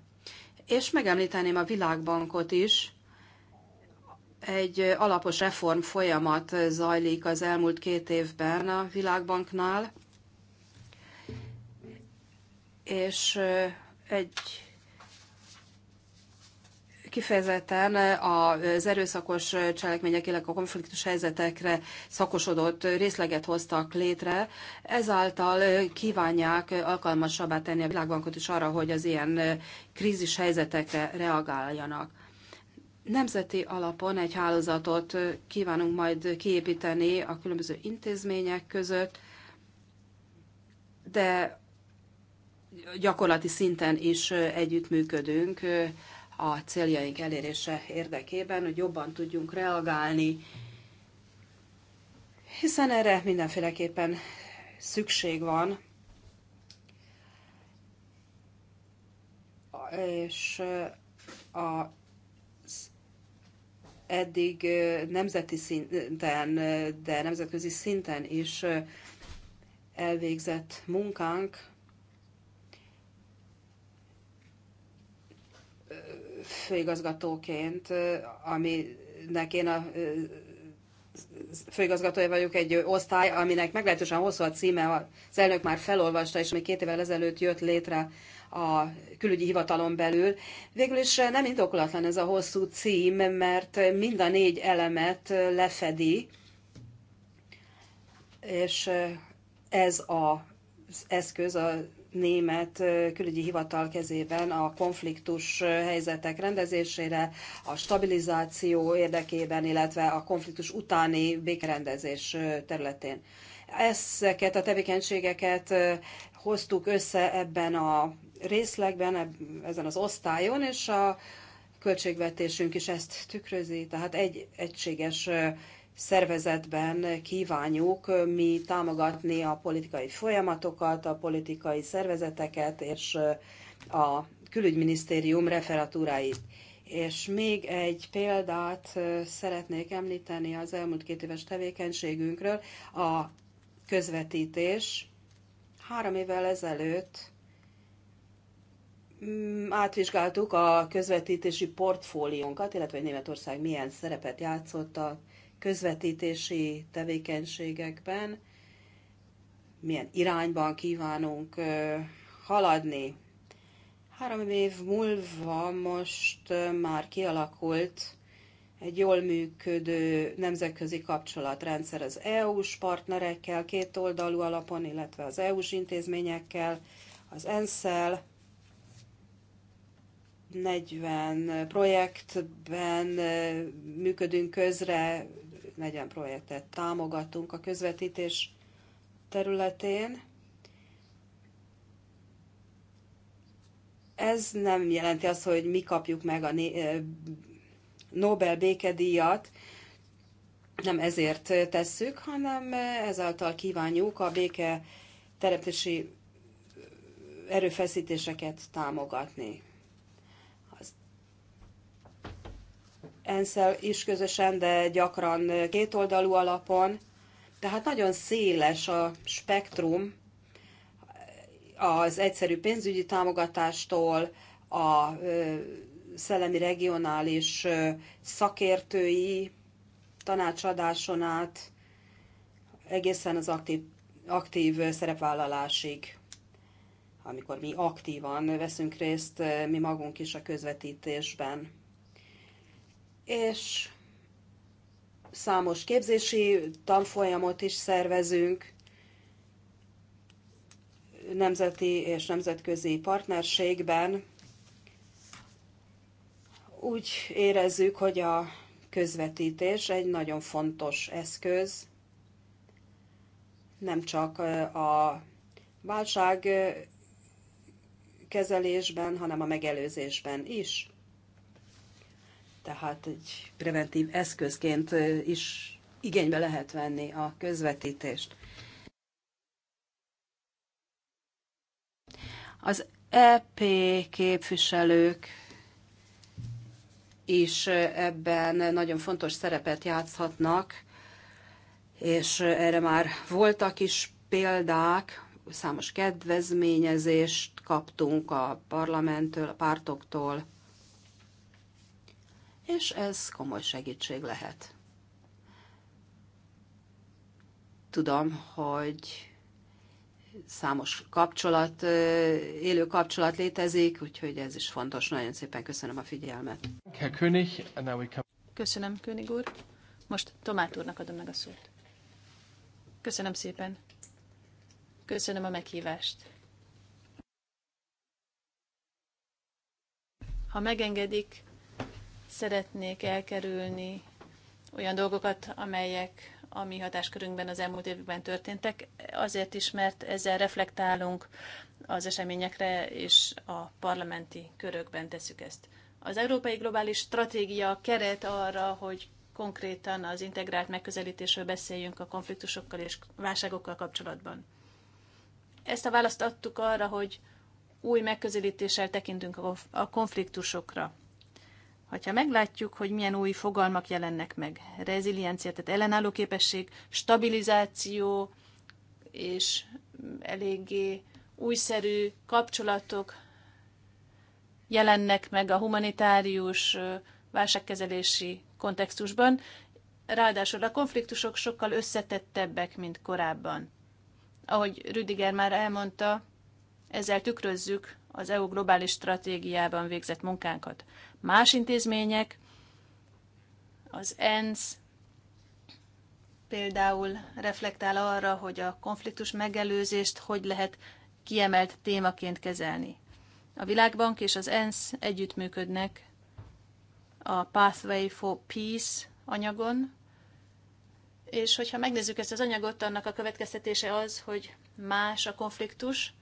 És megemlíteném a Világbankot is. Egy alapos reform folyamat zajlik az elmúlt két évben a Világbanknál, és egy kifejezetten az erőszakos cselekmények, illetve a konfliktus helyzetekre szakosodott részleget hoztak létre. Ezáltal kívánják alkalmasabbá tenni a világbankot is arra, hogy az ilyen krízis helyzetekre reagáljanak. Nemzeti alapon egy hálózatot kívánunk majd kiépíteni a különböző intézmények között, de gyakorlati szinten is együttműködünk a céljaink elérése érdekében, hogy jobban tudjunk reagálni, hiszen erre mindenféleképpen szükség van, és a eddig nemzeti szinten, de nemzetközi szinten is elvégzett munkánk főigazgatóként, aminek én a főigazgatója vagyok egy osztály, aminek meglehetősen hosszú a címe, az elnök már felolvasta, és még két évvel ezelőtt jött létre a külügyi hivatalon belül. Végül is nem indokolatlan ez a hosszú cím, mert mind a négy elemet lefedi, és ez az eszköz az német külügyi hivatal kezében a konfliktus helyzetek rendezésére, a stabilizáció érdekében, illetve a konfliktus utáni békerendezés területén. Ezeket a tevékenységeket hoztuk össze ebben a részlegben, ezen az osztályon, és a költségvetésünk is ezt tükrözi, tehát egy egységes szervezetben kívánjuk mi támogatni a politikai folyamatokat, a politikai szervezeteket és a külügyminisztérium referatúráit. És még egy példát szeretnék említeni az elmúlt két éves tevékenységünkről, a közvetítés. Három évvel ezelőtt mm, átvizsgáltuk a közvetítési portfóliónkat, illetve hogy Németország milyen szerepet játszott a közvetítési tevékenységekben, milyen irányban kívánunk haladni. Három év múlva most már kialakult egy jól működő nemzetközi kapcsolatrendszer az EU-s partnerekkel, két oldalú alapon, illetve az EU-s intézményekkel, az e ensz 40 projektben működünk közre 40 projektet támogatunk a közvetítés területén. Ez nem jelenti azt, hogy mi kapjuk meg a Nobel békedíjat, nem ezért tesszük, hanem ezáltal kívánjuk a béke teremtési erőfeszítéseket támogatni. Enszel is közösen, de gyakran kétoldalú alapon. Tehát nagyon széles a spektrum az egyszerű pénzügyi támogatástól, a szellemi regionális szakértői tanácsadáson át, egészen az aktív, aktív szerepvállalásig, amikor mi aktívan veszünk részt, mi magunk is a közvetítésben és számos képzési tanfolyamot is szervezünk, nemzeti és nemzetközi partnerségben. Úgy érezzük, hogy a közvetítés egy nagyon fontos eszköz, nem csak a válság kezelésben, hanem a megelőzésben is tehát egy preventív eszközként is igénybe lehet venni a közvetítést. Az EP képviselők is ebben nagyon fontos szerepet játszhatnak, és erre már voltak is példák, számos kedvezményezést kaptunk a parlamenttől, a pártoktól, és ez komoly segítség lehet. Tudom, hogy számos kapcsolat, élő kapcsolat létezik, úgyhogy ez is fontos. Nagyon szépen köszönöm a figyelmet. Köszönöm, König úr. Most Tomát úrnak adom meg a szót. Köszönöm szépen. Köszönöm a meghívást. Ha megengedik, szeretnék elkerülni olyan dolgokat, amelyek a mi hatáskörünkben az elmúlt években történtek, azért is, mert ezzel reflektálunk az eseményekre, és a parlamenti körökben tesszük ezt. Az Európai Globális Stratégia keret arra, hogy konkrétan az integrált megközelítésről beszéljünk a konfliktusokkal és válságokkal kapcsolatban. Ezt a választ adtuk arra, hogy új megközelítéssel tekintünk a konfliktusokra hogyha meglátjuk, hogy milyen új fogalmak jelennek meg, reziliencia, tehát ellenálló képesség, stabilizáció és eléggé újszerű kapcsolatok jelennek meg a humanitárius válságkezelési kontextusban, ráadásul a konfliktusok sokkal összetettebbek, mint korábban. Ahogy Rüdiger már elmondta, ezzel tükrözzük az EU globális stratégiában végzett munkánkat más intézmények, az ENSZ például reflektál arra, hogy a konfliktus megelőzést hogy lehet kiemelt témaként kezelni. A Világbank és az ENSZ együttműködnek a Pathway for Peace anyagon, és hogyha megnézzük ezt az anyagot, annak a következtetése az, hogy más a konfliktus,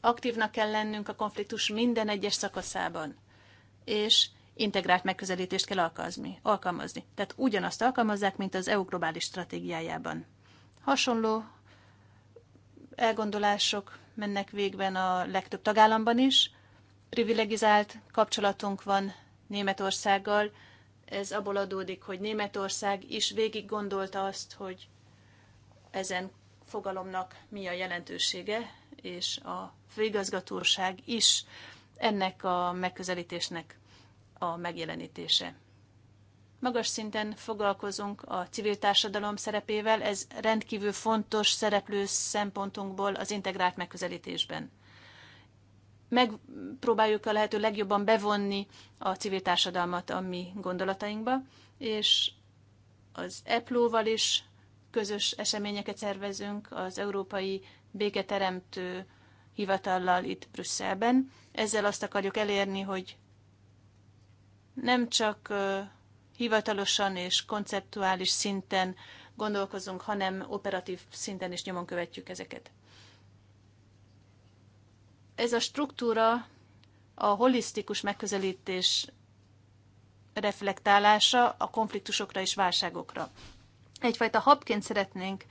aktívnak kell lennünk a konfliktus minden egyes szakaszában és integrált megközelítést kell alkalmazni. alkalmazni. Tehát ugyanazt alkalmazzák, mint az EU globális stratégiájában. Hasonló elgondolások mennek végben a legtöbb tagállamban is. Privilegizált kapcsolatunk van Németországgal. Ez abból adódik, hogy Németország is végig gondolta azt, hogy ezen fogalomnak mi a jelentősége, és a főigazgatóság is ennek a megközelítésnek a megjelenítése. Magas szinten foglalkozunk a civil társadalom szerepével, ez rendkívül fontos szereplő szempontunkból az integrált megközelítésben. Megpróbáljuk a lehető legjobban bevonni a civil társadalmat a mi gondolatainkba, és az EPLO-val is közös eseményeket szervezünk, az Európai Béketeremtő hivatallal itt Brüsszelben. Ezzel azt akarjuk elérni, hogy nem csak hivatalosan és konceptuális szinten gondolkozunk, hanem operatív szinten is nyomon követjük ezeket. Ez a struktúra a holisztikus megközelítés reflektálása a konfliktusokra és válságokra. Egyfajta habként szeretnénk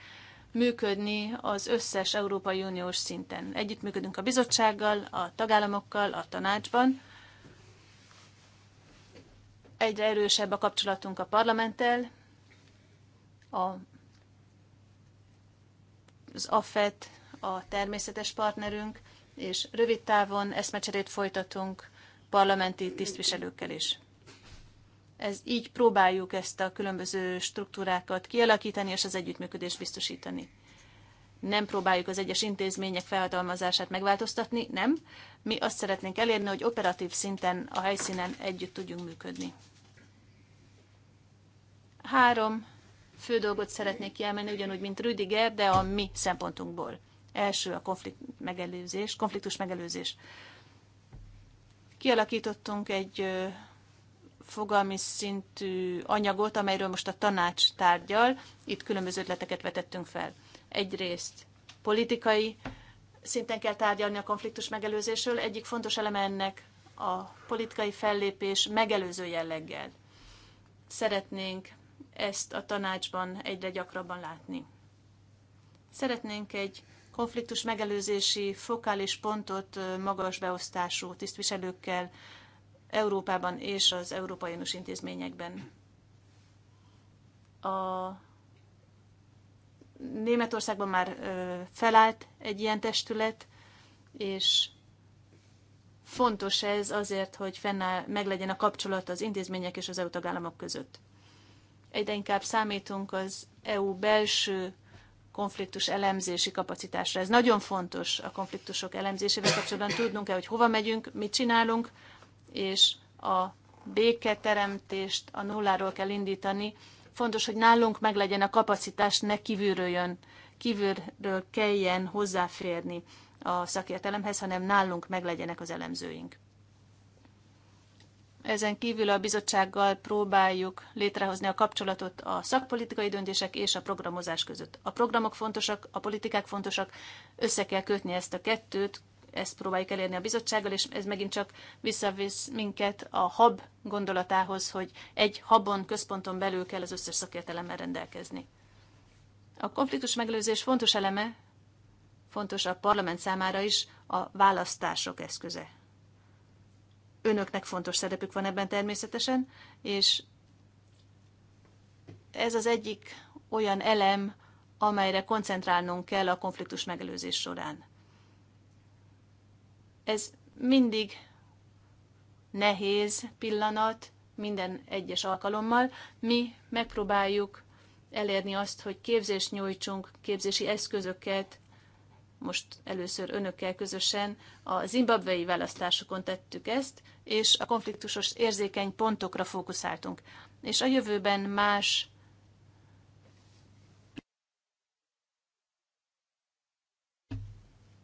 működni az összes Európai Uniós szinten. Együttműködünk a bizottsággal, a tagállamokkal, a tanácsban. Egyre erősebb a kapcsolatunk a parlamenttel, a, az AFET, a természetes partnerünk, és rövid távon eszmecserét folytatunk parlamenti tisztviselőkkel is ez, így próbáljuk ezt a különböző struktúrákat kialakítani és az együttműködést biztosítani. Nem próbáljuk az egyes intézmények felhatalmazását megváltoztatni, nem. Mi azt szeretnénk elérni, hogy operatív szinten, a helyszínen együtt tudjunk működni. Három fő dolgot szeretnék kiemelni, ugyanúgy, mint Rüdiger, de a mi szempontunkból. Első a konflikt megelőzés, konfliktus megelőzés. Kialakítottunk egy fogalmi szintű anyagot, amelyről most a tanács tárgyal. Itt különböző ötleteket vetettünk fel. Egyrészt politikai szinten kell tárgyalni a konfliktus megelőzésről. Egyik fontos eleme ennek a politikai fellépés megelőző jelleggel. Szeretnénk ezt a tanácsban egyre gyakrabban látni. Szeretnénk egy konfliktus megelőzési fokális pontot magas beosztású tisztviselőkkel Európában és az Európai Uniós intézményekben. A Németországban már felállt egy ilyen testület, és fontos ez azért, hogy fennáll, meglegyen a kapcsolat az intézmények és az EU tagállamok között. Egyre inkább számítunk az EU belső konfliktus elemzési kapacitásra. Ez nagyon fontos a konfliktusok elemzésével kapcsolatban. Tudnunk kell, hogy hova megyünk, mit csinálunk, és a béketeremtést a nulláról kell indítani. Fontos, hogy nálunk meglegyen a kapacitás, ne kívülről jön, kívülről kelljen hozzáférni a szakértelemhez, hanem nálunk meglegyenek az elemzőink. Ezen kívül a bizottsággal próbáljuk létrehozni a kapcsolatot a szakpolitikai döntések és a programozás között. A programok fontosak, a politikák fontosak, össze kell kötni ezt a kettőt, ezt próbáljuk elérni a bizottsággal, és ez megint csak visszavisz minket a hab gondolatához, hogy egy habon, központon belül kell az összes szakértelemmel rendelkezni. A konfliktus megelőzés fontos eleme, fontos a parlament számára is a választások eszköze. Önöknek fontos szerepük van ebben természetesen, és ez az egyik olyan elem, amelyre koncentrálnunk kell a konfliktus megelőzés során. Ez mindig nehéz pillanat minden egyes alkalommal. Mi megpróbáljuk elérni azt, hogy képzést nyújtsunk, képzési eszközöket, most először önökkel közösen a zimbabvei választásokon tettük ezt, és a konfliktusos érzékeny pontokra fókuszáltunk. És a jövőben más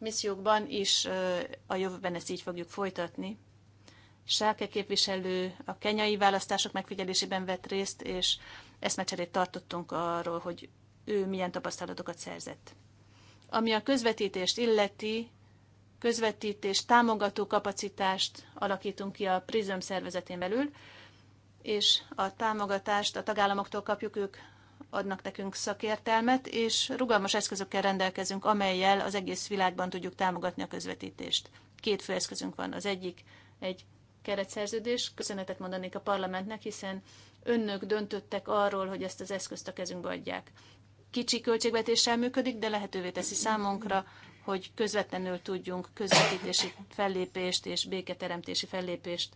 missziókban is a jövőben ezt így fogjuk folytatni. Sáke képviselő a kenyai választások megfigyelésében vett részt, és eszmecserét tartottunk arról, hogy ő milyen tapasztalatokat szerzett. Ami a közvetítést illeti, közvetítés támogató kapacitást alakítunk ki a PRISM szervezetén belül, és a támogatást a tagállamoktól kapjuk, ők adnak nekünk szakértelmet, és rugalmas eszközökkel rendelkezünk, amelyel az egész világban tudjuk támogatni a közvetítést. Két fő eszközünk van. Az egyik egy keretszerződés. Köszönetet mondanék a parlamentnek, hiszen önök döntöttek arról, hogy ezt az eszközt a kezünkbe adják. Kicsi költségvetéssel működik, de lehetővé teszi számunkra, hogy közvetlenül tudjunk közvetítési fellépést és béketeremtési fellépést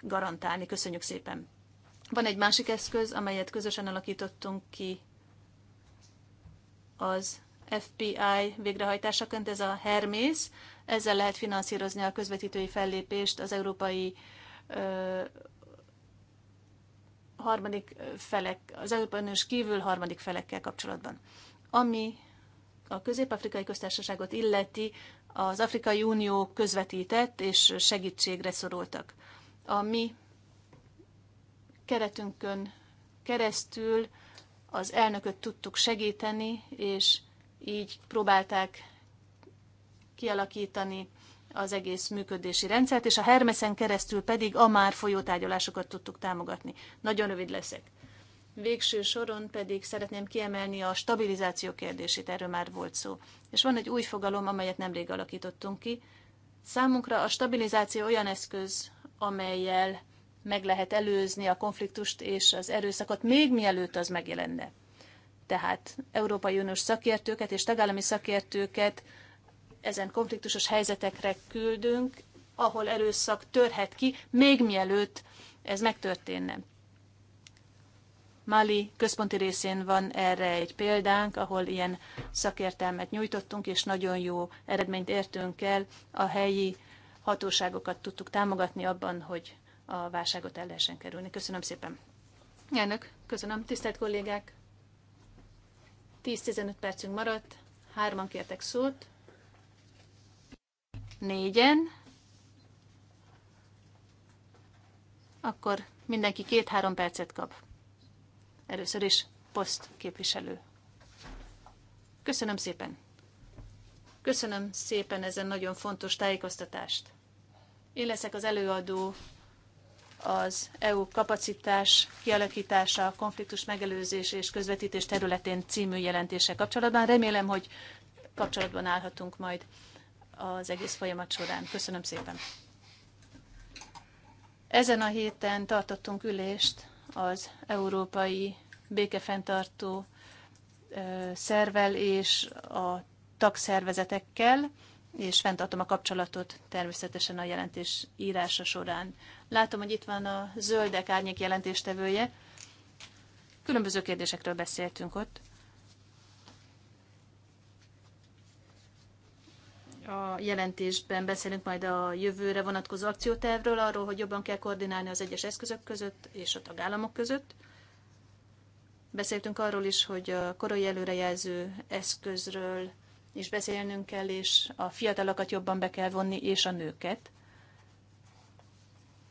garantálni. Köszönjük szépen! Van egy másik eszköz, amelyet közösen alakítottunk ki, az FPI végrehajtásaként, ez a Hermes, ezzel lehet finanszírozni a közvetítői fellépést az európai ö, harmadik felek, az Európai nős kívül harmadik felekkel kapcsolatban. Ami a közép-afrikai köztársaságot illeti, az Afrikai Unió közvetített és segítségre szorultak. A mi keretünkön keresztül az elnököt tudtuk segíteni, és így próbálták kialakítani az egész működési rendszert, és a Hermeszen keresztül pedig a már folyó tárgyalásokat tudtuk támogatni. Nagyon rövid leszek. Végső soron pedig szeretném kiemelni a stabilizáció kérdését, erről már volt szó. És van egy új fogalom, amelyet nemrég alakítottunk ki. Számunkra a stabilizáció olyan eszköz, amelyel meg lehet előzni a konfliktust és az erőszakot, még mielőtt az megjelenne. Tehát Európai Uniós szakértőket és tagállami szakértőket ezen konfliktusos helyzetekre küldünk, ahol erőszak törhet ki, még mielőtt ez megtörténne. Mali központi részén van erre egy példánk, ahol ilyen szakértelmet nyújtottunk, és nagyon jó eredményt értünk el. A helyi hatóságokat tudtuk támogatni abban, hogy a válságot el lehessen kerülni. Köszönöm szépen. Elnök, köszönöm. Tisztelt kollégák, 10-15 percünk maradt, hárman kértek szót, négyen, akkor mindenki két-három percet kap. Először is poszt képviselő. Köszönöm szépen. Köszönöm szépen ezen nagyon fontos tájékoztatást. Én leszek az előadó az EU kapacitás kialakítása, konfliktus megelőzés és közvetítés területén című jelentése kapcsolatban. Remélem, hogy kapcsolatban állhatunk majd az egész folyamat során. Köszönöm szépen! Ezen a héten tartottunk ülést az Európai Békefenntartó szervel és a tagszervezetekkel, és fenntartom a kapcsolatot természetesen a jelentés írása során. Látom, hogy itt van a zöldek árnyék jelentéstevője. Különböző kérdésekről beszéltünk ott. A jelentésben beszélünk majd a jövőre vonatkozó akciótervről, arról, hogy jobban kell koordinálni az egyes eszközök között és a tagállamok között. Beszéltünk arról is, hogy a korai előrejelző eszközről és beszélnünk kell, és a fiatalokat jobban be kell vonni, és a nőket.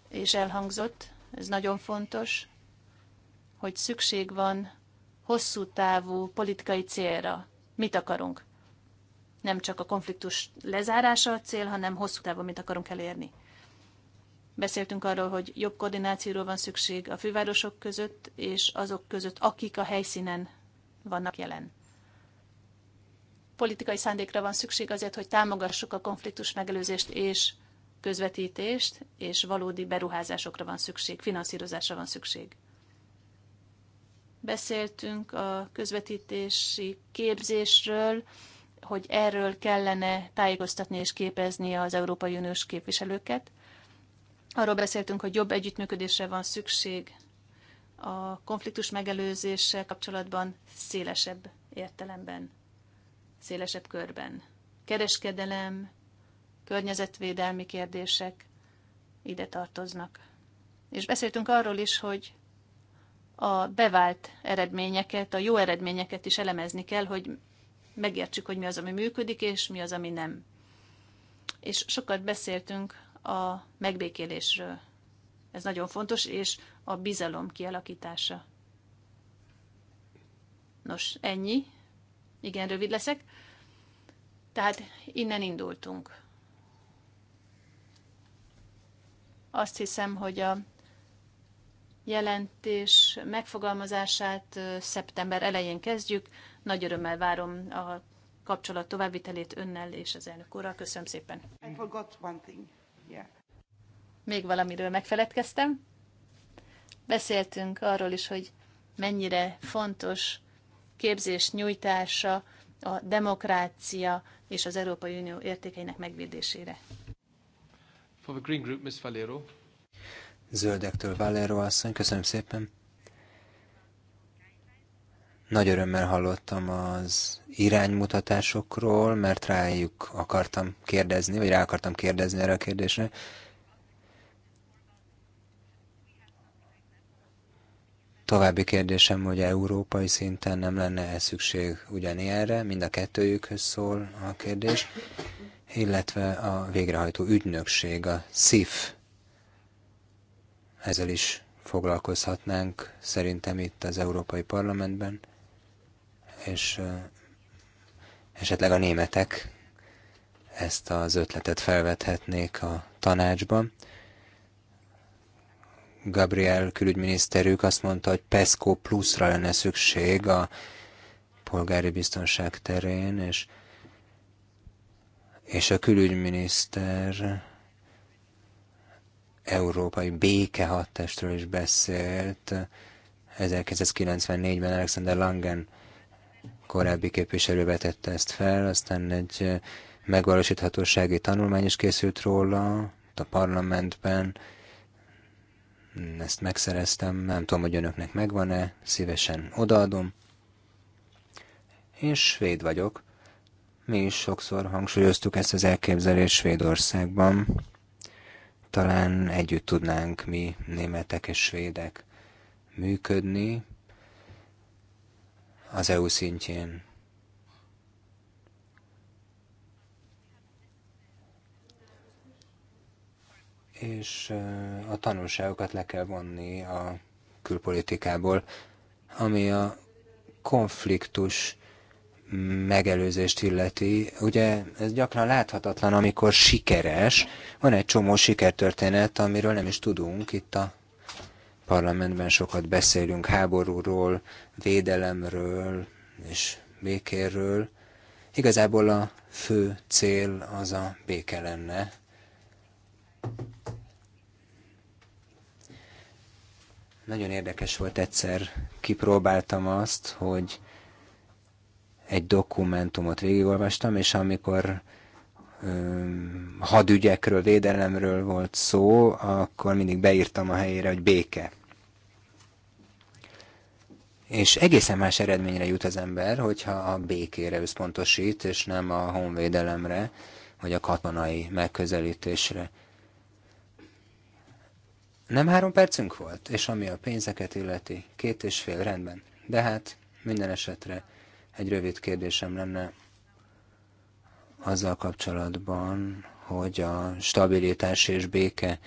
És elhangzott, ez nagyon fontos, hogy szükség van hosszú távú politikai célra. Mit akarunk? Nem csak a konfliktus lezárása a cél, hanem hosszú távon mit akarunk elérni. Beszéltünk arról, hogy jobb koordinációról van szükség a fővárosok között, és azok között, akik a helyszínen vannak jelen politikai szándékra van szükség azért, hogy támogassuk a konfliktus megelőzést és közvetítést, és valódi beruházásokra van szükség, finanszírozásra van szükség. Beszéltünk a közvetítési képzésről, hogy erről kellene tájékoztatni és képezni az Európai Uniós képviselőket. Arról beszéltünk, hogy jobb együttműködésre van szükség a konfliktus megelőzéssel kapcsolatban szélesebb értelemben szélesebb körben. Kereskedelem, környezetvédelmi kérdések ide tartoznak. És beszéltünk arról is, hogy a bevált eredményeket, a jó eredményeket is elemezni kell, hogy megértsük, hogy mi az, ami működik, és mi az, ami nem. És sokat beszéltünk a megbékélésről. Ez nagyon fontos, és a bizalom kialakítása. Nos, ennyi. Igen, rövid leszek. Tehát innen indultunk. Azt hiszem, hogy a jelentés megfogalmazását szeptember elején kezdjük. Nagy örömmel várom a kapcsolat továbbvitelét önnel és az elnök úrral. Köszönöm szépen. I forgot one thing. Yeah. Még valamiről megfeledkeztem. Beszéltünk arról is, hogy mennyire fontos képzés nyújtása a demokrácia és az Európai Unió értékeinek megvédésére. For the Green Group, Ms. Valero. Zöldektől Valero asszony, köszönöm szépen. Nagy örömmel hallottam az iránymutatásokról, mert rájuk akartam kérdezni, vagy rá akartam kérdezni erre a kérdésre. További kérdésem, hogy európai szinten nem lenne-e szükség ugyanilyenre, mind a kettőjükhöz szól a kérdés, illetve a végrehajtó ügynökség, a SIF, ezzel is foglalkozhatnánk szerintem itt az Európai Parlamentben, és esetleg a németek ezt az ötletet felvethetnék a tanácsban. Gabriel külügyminiszterük azt mondta, hogy PESCO pluszra lenne szükség a polgári biztonság terén, és, és a külügyminiszter európai békehattestről is beszélt. 1994-ben Alexander Langen korábbi képviselő vetette ezt fel, aztán egy megvalósíthatósági tanulmány is készült róla a parlamentben, ezt megszereztem, nem tudom, hogy önöknek megvan-e, szívesen odaadom. Én svéd vagyok. Mi is sokszor hangsúlyoztuk ezt az elképzelést Svédországban. Talán együtt tudnánk mi, németek és svédek működni az EU szintjén és a tanulságokat le kell vonni a külpolitikából, ami a konfliktus megelőzést illeti. Ugye ez gyakran láthatatlan, amikor sikeres. Van egy csomó sikertörténet, amiről nem is tudunk. Itt a parlamentben sokat beszélünk háborúról, védelemről és békéről. Igazából a fő cél az a béke lenne. Nagyon érdekes volt egyszer, kipróbáltam azt, hogy egy dokumentumot végigolvastam, és amikor hadügyekről, védelemről volt szó, akkor mindig beírtam a helyére, hogy béke. És egészen más eredményre jut az ember, hogyha a békére összpontosít, és nem a honvédelemre, vagy a katonai megközelítésre. Nem három percünk volt? És ami a pénzeket illeti, két és fél rendben. De hát minden esetre egy rövid kérdésem lenne azzal kapcsolatban, hogy a stabilitás és béke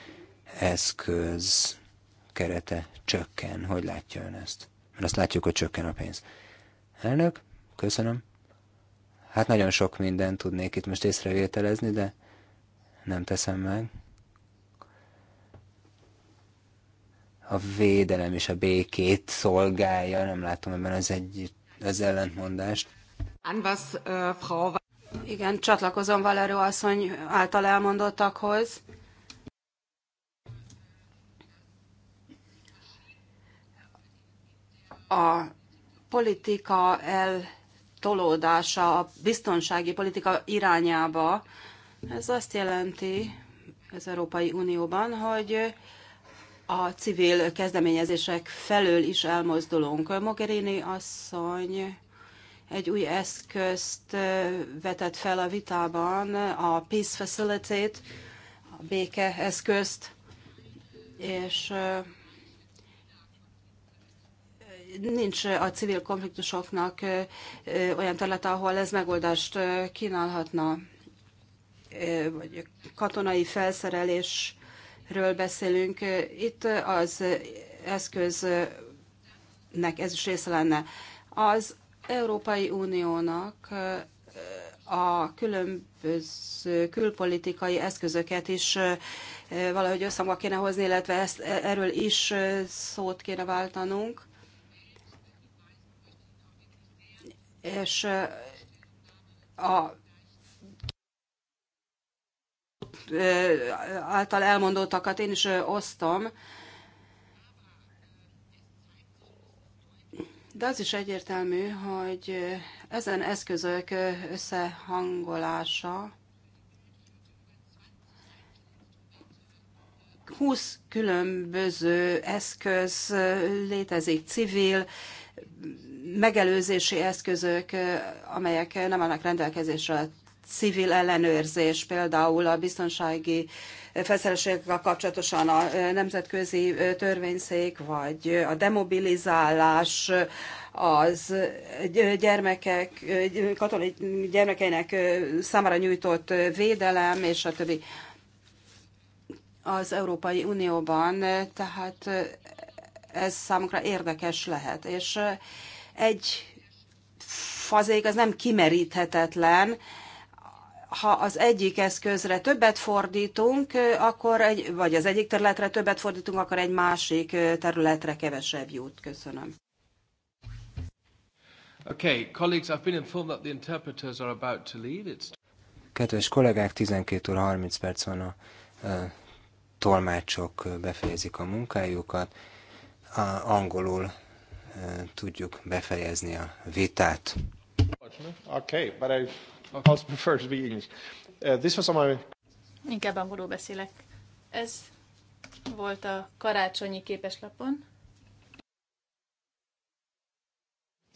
eszköz kerete csökken. Hogy látja ön ezt? Mert azt látjuk, hogy csökken a pénz. Elnök, köszönöm. Hát nagyon sok mindent tudnék itt most észrevételezni, de nem teszem meg. a védelem és a békét szolgálja. Nem látom ebben az, egy, az ellentmondást. Igen, csatlakozom Valerő asszony által elmondottakhoz. A politika eltolódása a biztonsági politika irányába, ez azt jelenti az Európai Unióban, hogy a civil kezdeményezések felől is elmozdulunk. Mogherini asszony egy új eszközt vetett fel a vitában, a Peace Facility-t, a béke eszközt, és nincs a civil konfliktusoknak olyan terület, ahol ez megoldást kínálhatna, vagy katonai felszerelés ről beszélünk. Itt az eszköznek ez is része lenne. Az Európai Uniónak a különböző külpolitikai eszközöket is valahogy összhangba kéne hozni, illetve ezt, e, erről is szót kéne váltanunk. És a által elmondottakat én is osztom. De az is egyértelmű, hogy ezen eszközök összehangolása 20 különböző eszköz létezik, civil, megelőzési eszközök, amelyek nem állnak rendelkezésre a civil ellenőrzés, például a biztonsági feszelességekkel kapcsolatosan a nemzetközi törvényszék, vagy a demobilizálás, az gyermekek, katonai gyermekeinek számára nyújtott védelem, és a többi az Európai Unióban, tehát ez számukra érdekes lehet. És egy fazék az nem kimeríthetetlen, ha az egyik eszközre többet fordítunk, akkor egy, vagy az egyik területre többet fordítunk, akkor egy másik területre kevesebb jut. Köszönöm. Okay, colleagues, I've been informed that the interpreters are about to leave. It's... Kedves kollégák, 12 óra 30 perc van a, a tolmácsok befejezik a munkájukat. A, angolul a, tudjuk befejezni a vitát. Okay, but I... My house to be English. Uh, this was on my... Inkább angolul beszélek. Ez volt a karácsonyi képeslapon.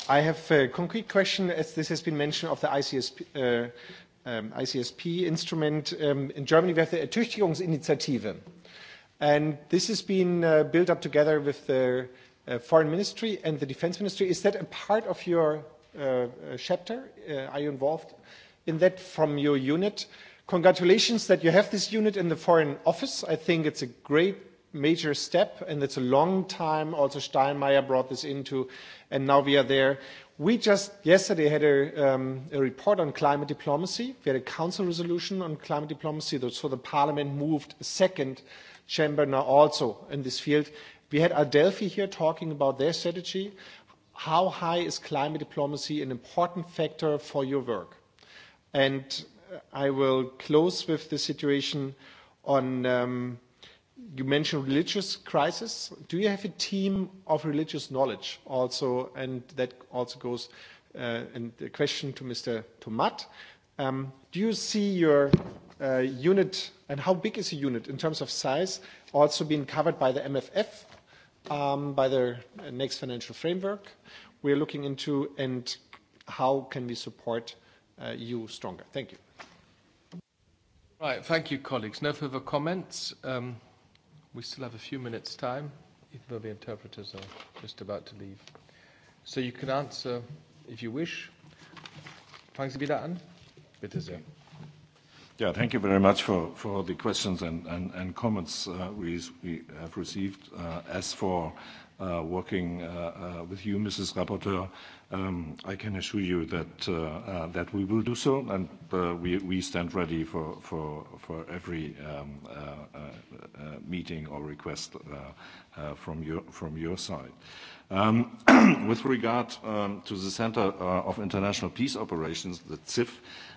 I have a concrete question, as this has been mentioned, of the ICSP, uh, um, ICSP instrument. Um, in Germany, we have the Ertüchtigungsinitiative. And this has been uh, built up together with the uh, Foreign Ministry and the Defense Ministry. Is that a part of your uh, uh chapter? Uh, are you involved in that from your unit. Congratulations that you have this unit in the Foreign Office. I think it's a great major step, and it's a long time. Also, Steinmeier brought this into, and now we are there. We just yesterday had a, um, a report on climate diplomacy. We had a council resolution on climate diplomacy, so the parliament moved a second chamber now also in this field. We had Adelphi here talking about their strategy. How high is climate diplomacy an important factor for your work? And I will close with the situation on, um, you mentioned religious crisis. Do you have a team of religious knowledge also? And that also goes, uh, and the question to Mr. Tomat. Um, do you see your uh, unit, and how big is the unit in terms of size, also being covered by the MFF, um, by the next financial framework we're looking into, and how can we support EU uh, stronger. Thank you. Right, thank you, colleagues. No further comments. Um, we still have a few minutes' time, even though the interpreters are just about to leave. So you can answer if you wish. Fangen Sie wieder an. Bitte sehr. Yeah, thank you very much for, for the questions and, and, and comments uh, we, we have received. Uh, as for uh, working uh, uh, with you, Mrs. Rapporteur, Um, I can assure you that, uh, uh, that we will do so, and uh, we, stand ready for, for, every um, meeting or request from your, from your side. Um, with regard to the Center of International Peace Operations, the CIF,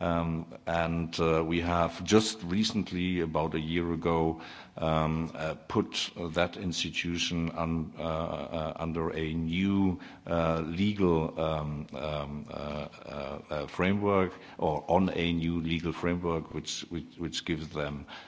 Um, and uh, we have just recently, about a year ago, um, uh, put that institution un, uh, uh, under a new uh, legal um, um, uh, uh, uh framework or on a new legal framework which, which, which gives them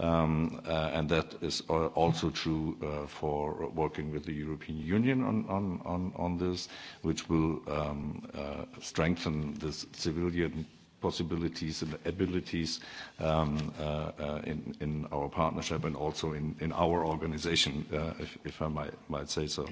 um, uh, and that is uh, also true uh, for working with the European Union on, on, on, on this, which will um, uh, strengthen the civilian possibilities and abilities um, uh, uh, in, in our partnership and also in, in our organization, uh, if, if I might, might say so.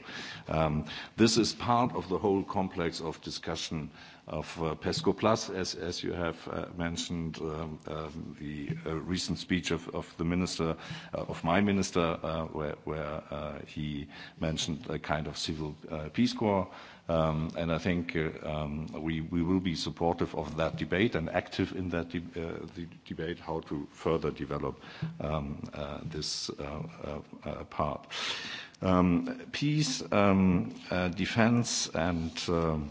Um, this is part of the whole complex of discussion uh, of uh, PESCO Plus, as, as you have uh, mentioned um, um, the uh, recent speech of, of the minister, uh, of my minister, uh, where, where uh, he mentioned a kind of civil uh, peace corps. Um, and I think uh, um, we, we will be supportive of that debate and active in that de uh, the debate, how to further develop um, uh, this uh, uh, uh, part. Um, peace, um, uh, defense, and um,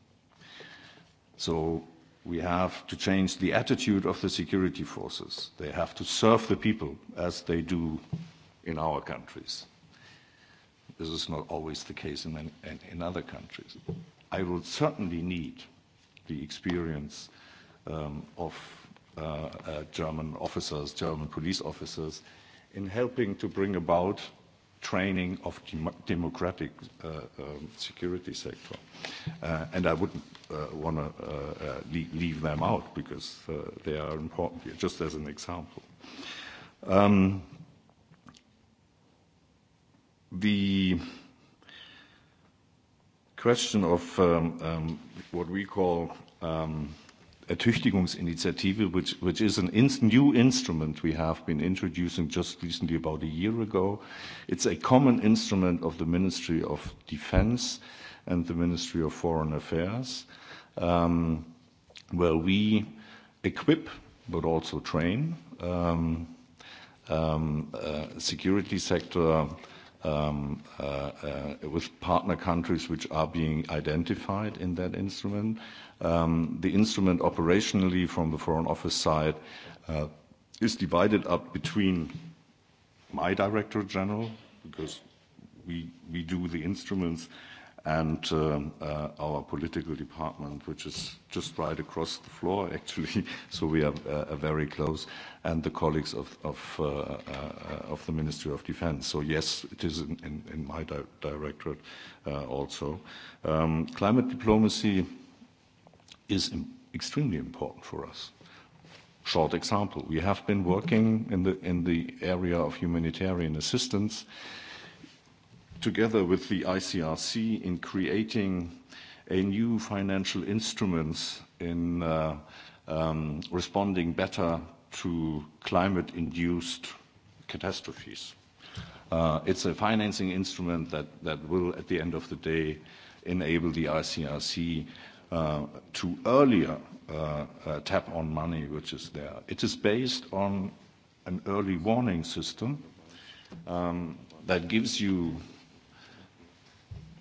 So we have to change the attitude of the security forces. They have to serve the people as they do in our countries. This is not always the case in, in, in other countries. I will certainly need the experience um, of uh, uh, German officers, German police officers, in helping to bring about training of dem democratic uh, um, security sector. Uh, and I wouldn't uh, want to uh, uh, leave, leave them out because uh, they are important here, just as an example. Um, the question of um, um, what we call um, Ertüchtigungsinitiative, which, which is an ins new instrument we have been introducing just recently, about a year ago. It's a common instrument of the Ministry of Defense and the Ministry of Foreign Affairs, um, where we equip but also train um, um, uh, security sector um, uh, uh, with partner countries which are being identified in that instrument. Um, the instrument operationally from the Foreign Office side uh, is divided up between my Director General, because we, we do the instruments, and um, uh, our political department, which is just right across the floor, actually, so we are uh, very close and the colleagues of, of, uh, uh, of the Ministry of Defense. So yes, it is in, in, in my di directorate uh, also. Um, climate diplomacy is Im extremely important for us. Short example, we have been working in the, in the area of humanitarian assistance together with the ICRC in creating a new financial instruments in uh, um, responding better to climate-induced catastrophes. Uh, it's a financing instrument that, that will, at the end of the day, enable the ICRC uh, to earlier uh, uh, tap on money which is there. It is based on an early warning system um, that gives you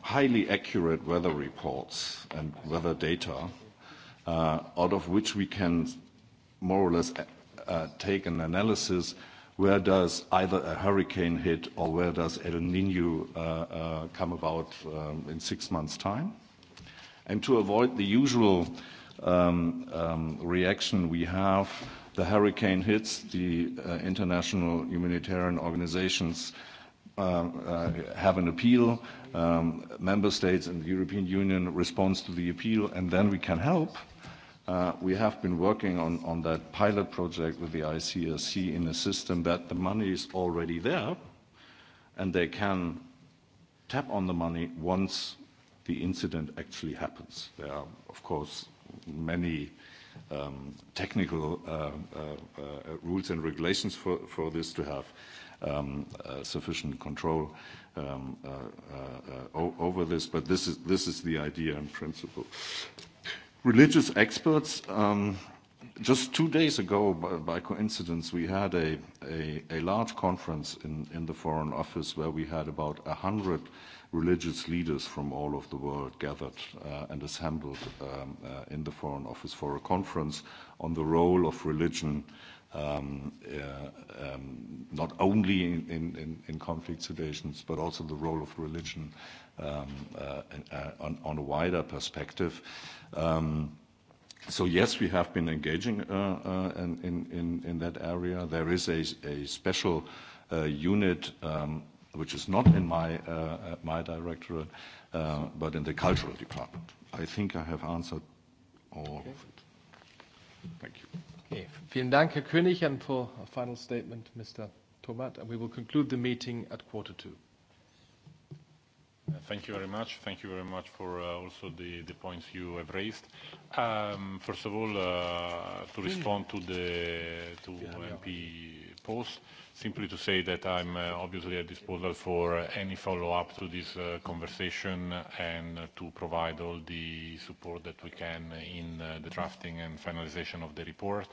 highly accurate weather reports and weather data, uh, out of which we can more or less Uh, take an analysis where does either a hurricane hit or where does El Nino uh, uh, come about um, in six months' time. And to avoid the usual um, um, reaction we have, the hurricane hits, the uh, international humanitarian organizations uh, uh, have an appeal, um, member states and the European Union responds to the appeal, and then we can help. Uh, Uh, we have been working on, that pilot project with the ICRC in a system that the money is already there and they can tap on the money once the incident actually happens. There are, of course, many um, technical uh, uh, rules and regulations for, this to have um, sufficient control um, over this, but this is the idea in principle religious experts. Um, just two days ago, by, by coincidence, we had a, a, a large conference in, in the Foreign Office where we had about 100 religious leaders from all of the world gathered uh, and assembled um, uh, in the Foreign Office for a conference on the role of religion, um, uh, um, not only in, in, in conflict situations, but also the role of religion Um, uh, uh, on, a wider perspective. Um, so yes, we have been engaging uh, in, that area. There is a, special unit um, which is not in my, directorate, but in the cultural department. I think I have answered all of it. Thank you. Okay. Vielen Dank, Herr König. And for a final statement, Mr. Tomat, and we will conclude the meeting at quarter to. Thank you very much. Thank you very much for uh, also the, the points you have raised. Um, first of all, uh, to respond to the to MP Post, simply to say that I'm uh, obviously at disposal for any follow-up to this uh, conversation and to provide all the support that we can in uh, the drafting and finalization of the report.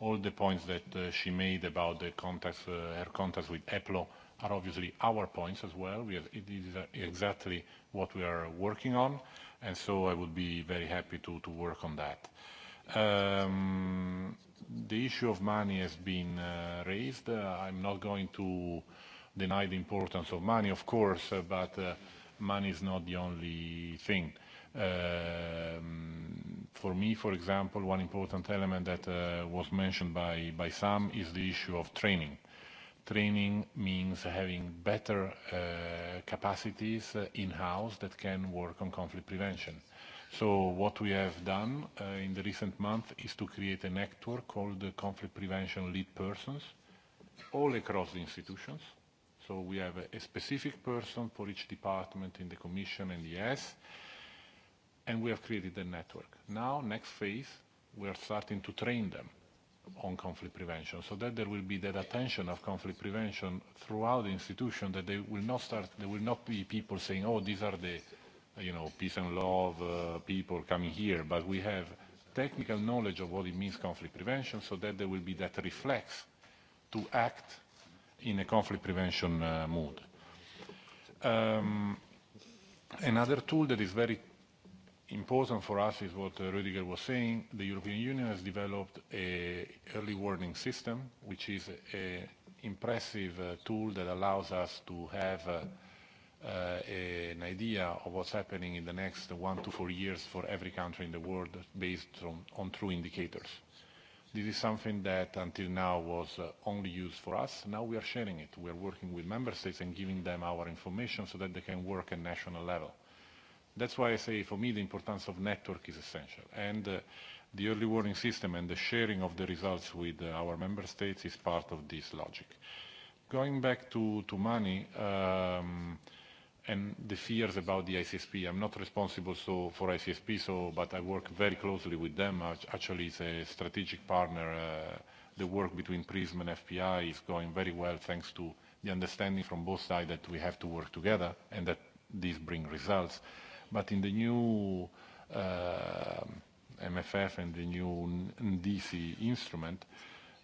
All the points that uh, she made about the contacts, uh, her contacts with EPLO, uh, are obviously our points as well. We have, it is exactly what we are working on, and so I would be very happy to, work on that. Um, the issue of money has been uh, raised. Uh, I'm not going to deny the importance of money, of course, uh, but money is not the only thing. Um, for me, for example, one important element that was mentioned by, some is the issue of training. Training means having better uh, capacities uh, in-house that can work on conflict prevention. So what we have done uh, in the recent month is to create a network called the Conflict Prevention Lead Persons all across the institutions. So we have a, a specific person for each department in the Commission and the ES, and we have created a network. Now, next phase, we are starting to train them on conflict prevention, so that there will be that attention of conflict prevention throughout the institution. That they will not start, there will not be people saying, "Oh, these are the, you know, peace and love uh, people coming here," but we have technical knowledge of what it means conflict prevention, so that there will be that reflex to act in a conflict prevention uh, mood. Um, another tool that is very important for us is what uh, Rüdiger was saying. The European Union has developed an early warning system, which is an impressive uh, tool that allows us to have uh, uh, an idea of what's happening in the next one to four years for every country in the world based on, on true indicators. This is something that until now was uh, only used for us. Now we are sharing it. We are working with member states and giving them our information so that they can work at national level That's why I say, for me, the importance of network is essential. And uh, the early warning system and the sharing of the results with uh, our member states is part of this logic. Going back to, to money um, and the fears about the ICSP, I'm not responsible so for ICSP, so, but I work very closely with them. Actually, it's a strategic partner. Uh, the work between PRISM and FPI is going very well thanks to the understanding from both sides that we have to work together and that these bring results. But in the new uh, MFF and the new NDC instrument,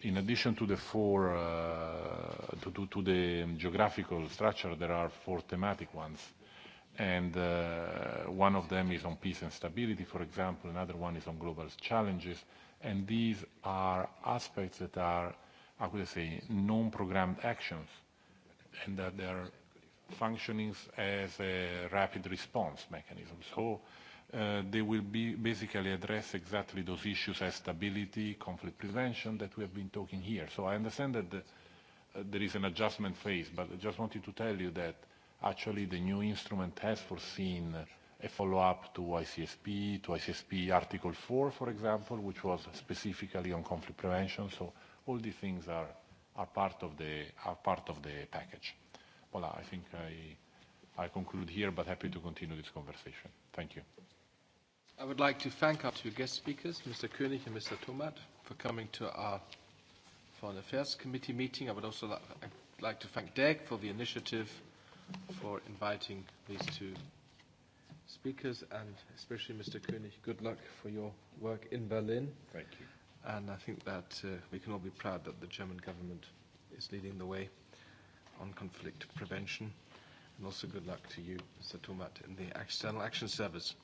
in addition to the four, uh, to, to, to the geographical structure, there are four thematic ones. And uh, one of them is on peace and stability, for example, another one is on global challenges. And these are aspects that are, I would say, non-programmed actions and that they are functioning as a rapid response mechanism. So uh, they will be basically address exactly those issues as stability, conflict prevention that we have been talking here. So I understand that the, uh, there is an adjustment phase, but I just wanted to tell you that actually the new instrument has foreseen a follow-up to ICSP, to ICSP Article 4, for example, which was specifically on conflict prevention. So all these things are, are, part, of the, are part of the package. Well, I think I, I conclude here, but happy to continue this conversation. Thank you. I would like to thank our two guest speakers, Mr. König and Mr. Tomat, for coming to our Foreign Affairs Committee meeting. I would also like, like to thank DEG for the initiative for inviting these two speakers and especially Mr. König, good luck for your work in Berlin. Thank you. And I think that uh, we can all be proud that the German government is leading the way on conflict prevention. And also good luck to you, Mr. Tumat, in the External Action Service.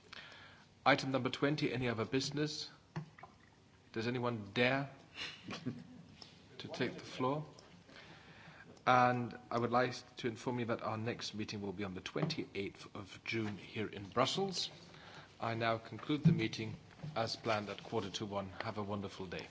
Item number 20, any other business? Does anyone dare to take the floor? And I would like to inform you that our next meeting will be on the 28th of June here in Brussels. I now conclude the meeting as planned at quarter to one. Have a wonderful day.